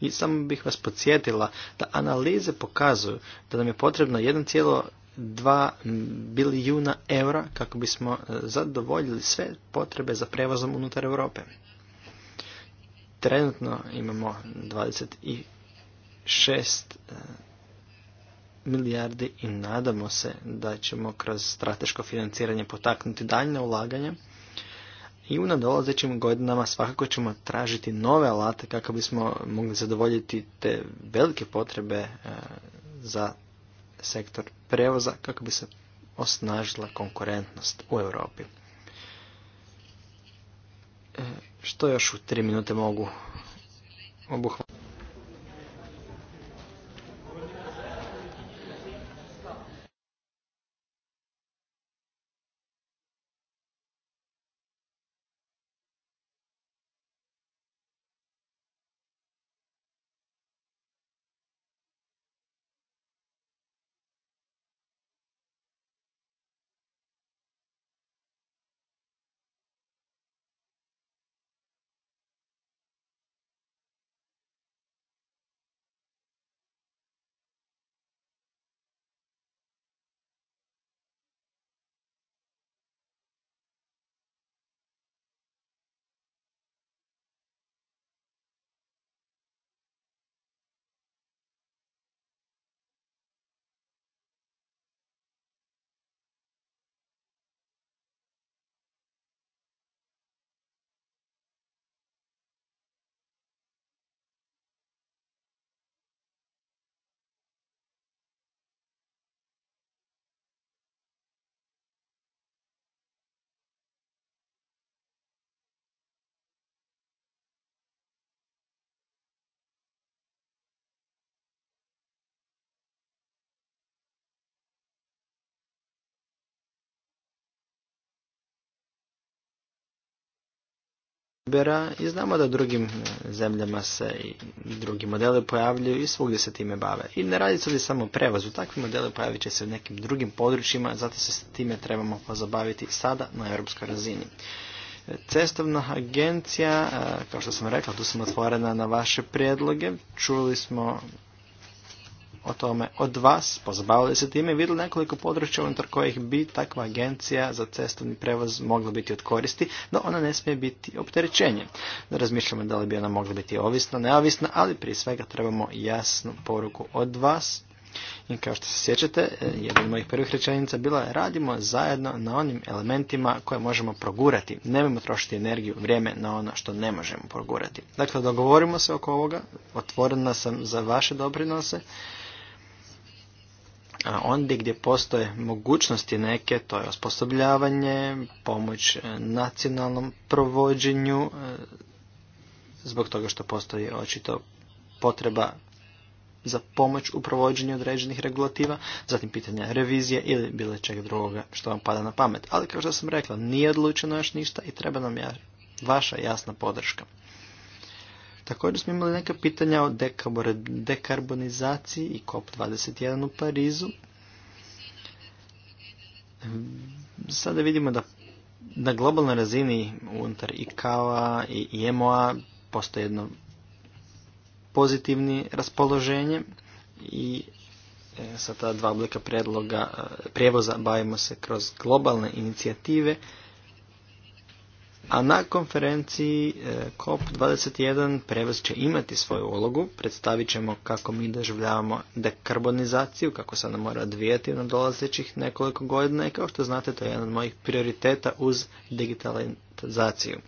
I samo bih vas podsjetila da analize pokazuju da nam je potrebno 1,2 bilijuna eura kako bismo e, zadovoljili sve potrebe za prevozom unutar Europe. Trenutno imamo 26 milijardi i nadamo se da ćemo kroz strateško financiranje potaknuti daljne ulaganje i u nadolazećim godinama svakako ćemo tražiti nove alate kako bismo mogli zadovoljiti te velike potrebe e, za sektor prevoza kako bi se osnažila konkurentnost u Europi. E, što još u tri minute mogu obuhvatiti? Ubera i znamo da drugim e, zemljama se i drugi modeli pojavljuju i svugdje se time bave. I ne radi se ovdje samo prevoz, prevozu, takvi modele pojavit će se u nekim drugim područjima, zato se s time trebamo pozabaviti sada na europskoj razini. E, cestovna agencija, e, kao što sam rekla, tu sam otvorena na vaše prijedloge. Čuli smo o tome od vas, pozbavili se time i vidjeli nekoliko područja unutar kojih bi takva agencija za cestovni prevoz mogla biti od koristi, no ona ne smije biti opterećenje. Razmišljamo da li bi ona mogla biti ovisna, neovisna, ali prije svega trebamo jasnu poruku od vas i kao što se sjećate, e, jedna od mojih prvih rečenica bila je radimo zajedno na onim elementima koje možemo progurati. Nemojmo trošiti energiju, vrijeme na ono što ne možemo progurati. Dakle, dogovorimo se oko ovoga, otvorena sam za vaše doprinose a ondje gdje postoje mogućnosti neke, to je osposobljavanje, pomoć e, nacionalnom provođenju, e, zbog toga što postoji očito potreba za pomoć u provođenju određenih regulativa, zatim pitanja revizije ili bilo čega drugoga što vam pada na pamet. Ali kao što sam rekla, nije odlučeno još ništa i treba nam vaša jasna podrška. Također smo imali neka pitanja o dekarbonizaciji i COP21 u Parizu. Sada vidimo da na globalnoj razini unutar ICAO-a i IMO-a postoje jedno pozitivni raspoloženje i e, sa ta dva oblika predloga e, prijevoza bavimo se kroz globalne inicijative a na konferenciji e, COP21 prevoz će imati svoju ulogu. Predstavit ćemo kako mi doživljavamo dekarbonizaciju, kako se ona mora odvijati na dolazećih nekoliko godina i kao što znate to je jedan od mojih prioriteta uz digitalizaciju.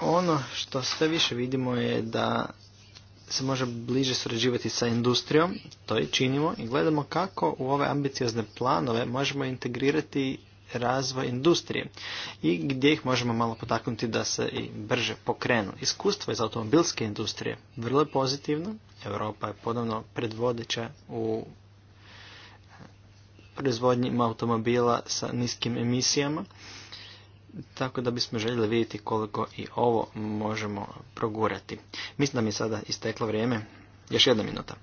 Ono što sve više vidimo je da se može bliže surađivati sa industrijom, to i činimo i gledamo kako u ove ambiciozne planove možemo integrirati razvoj industrije i gdje ih možemo malo potaknuti da se i brže pokrenu. Iskustvo iz automobilske industrije vrlo je pozitivno. Europa je ponovno predvodeća u proizvodnjima automobila sa niskim emisijama tako da bismo željeli vidjeti koliko i ovo možemo progurati. Mislim da mi je sada isteklo vrijeme. Još jedna minuta.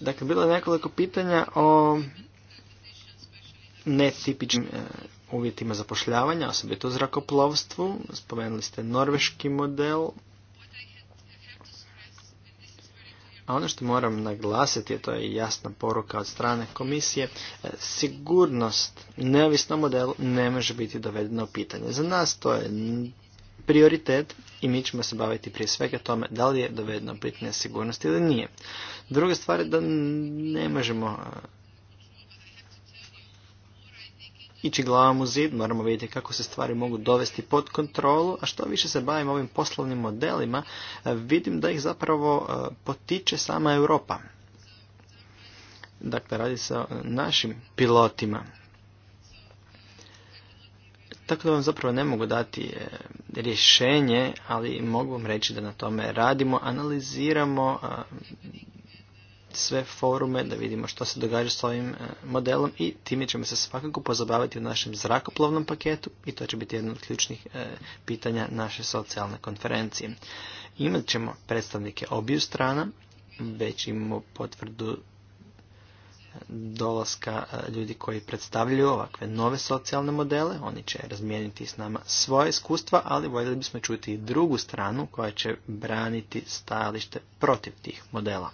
Dakle, bilo je nekoliko pitanja o netipičnim e, uvjetima zapošljavanja, osobito u zrakoplovstvu. Spomenuli ste norveški model, A ono što moram naglasiti, to je jasna poruka od strane komisije, e, sigurnost neovisno modelu ne može biti dovedena u pitanje. Za nas to je prioritet i mi ćemo se baviti prije svega tome da li je dovedeno pitanje sigurnosti ili nije. Druga stvar je da ne možemo ići glavom u zid, moramo vidjeti kako se stvari mogu dovesti pod kontrolu, a što više se bavim ovim poslovnim modelima, vidim da ih zapravo e, potiče sama Europa. Dakle, radi se o našim pilotima. Tako da vam zapravo ne mogu dati e, rješenje, ali mogu vam reći da na tome radimo, analiziramo sve forume, da vidimo što se događa s ovim e, modelom i time ćemo se svakako pozabaviti u našem zrakoplovnom paketu i to će biti jedno od ključnih e, pitanja naše socijalne konferencije. Imat ćemo predstavnike obiju strana, već imamo potvrdu e, dolaska ljudi koji predstavljaju ovakve nove socijalne modele. Oni će razmijeniti s nama svoje iskustva, ali voljeli bismo čuti i drugu stranu koja će braniti stajalište protiv tih modela.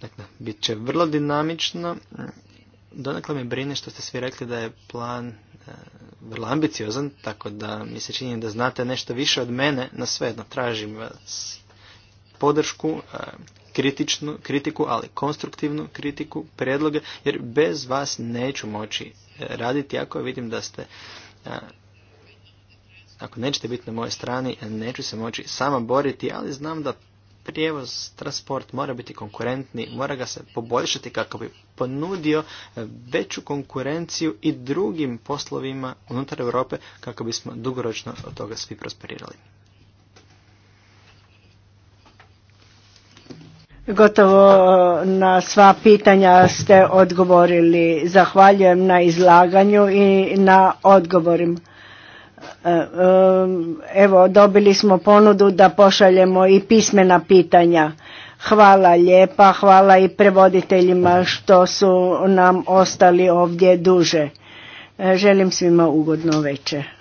Dakle, bit će vrlo dinamično. Donekle me brine što ste svi rekli da je plan e, vrlo ambiciozan, tako da mi se čini da znate nešto više od mene, na sve jedno. tražim vas podršku, e, kritičnu kritiku, ali konstruktivnu kritiku, predloge, jer bez vas neću moći e, raditi ako vidim da ste ako nećete biti na mojoj strani, neću se moći sama boriti, ali znam da prijevoz, transport mora biti konkurentni, mora ga se poboljšati kako bi ponudio e, veću konkurenciju i drugim poslovima unutar Europe kako bismo dugoročno od toga svi prosperirali. Gotovo e, na sva pitanja ste odgovorili. Zahvaljujem na izlaganju i na odgovorima. E, um, evo, dobili smo ponudu da pošaljemo i pismena pitanja. Hvala lijepa, hvala i prevoditeljima što su nam ostali ovdje duže. E, želim svima ugodno večer.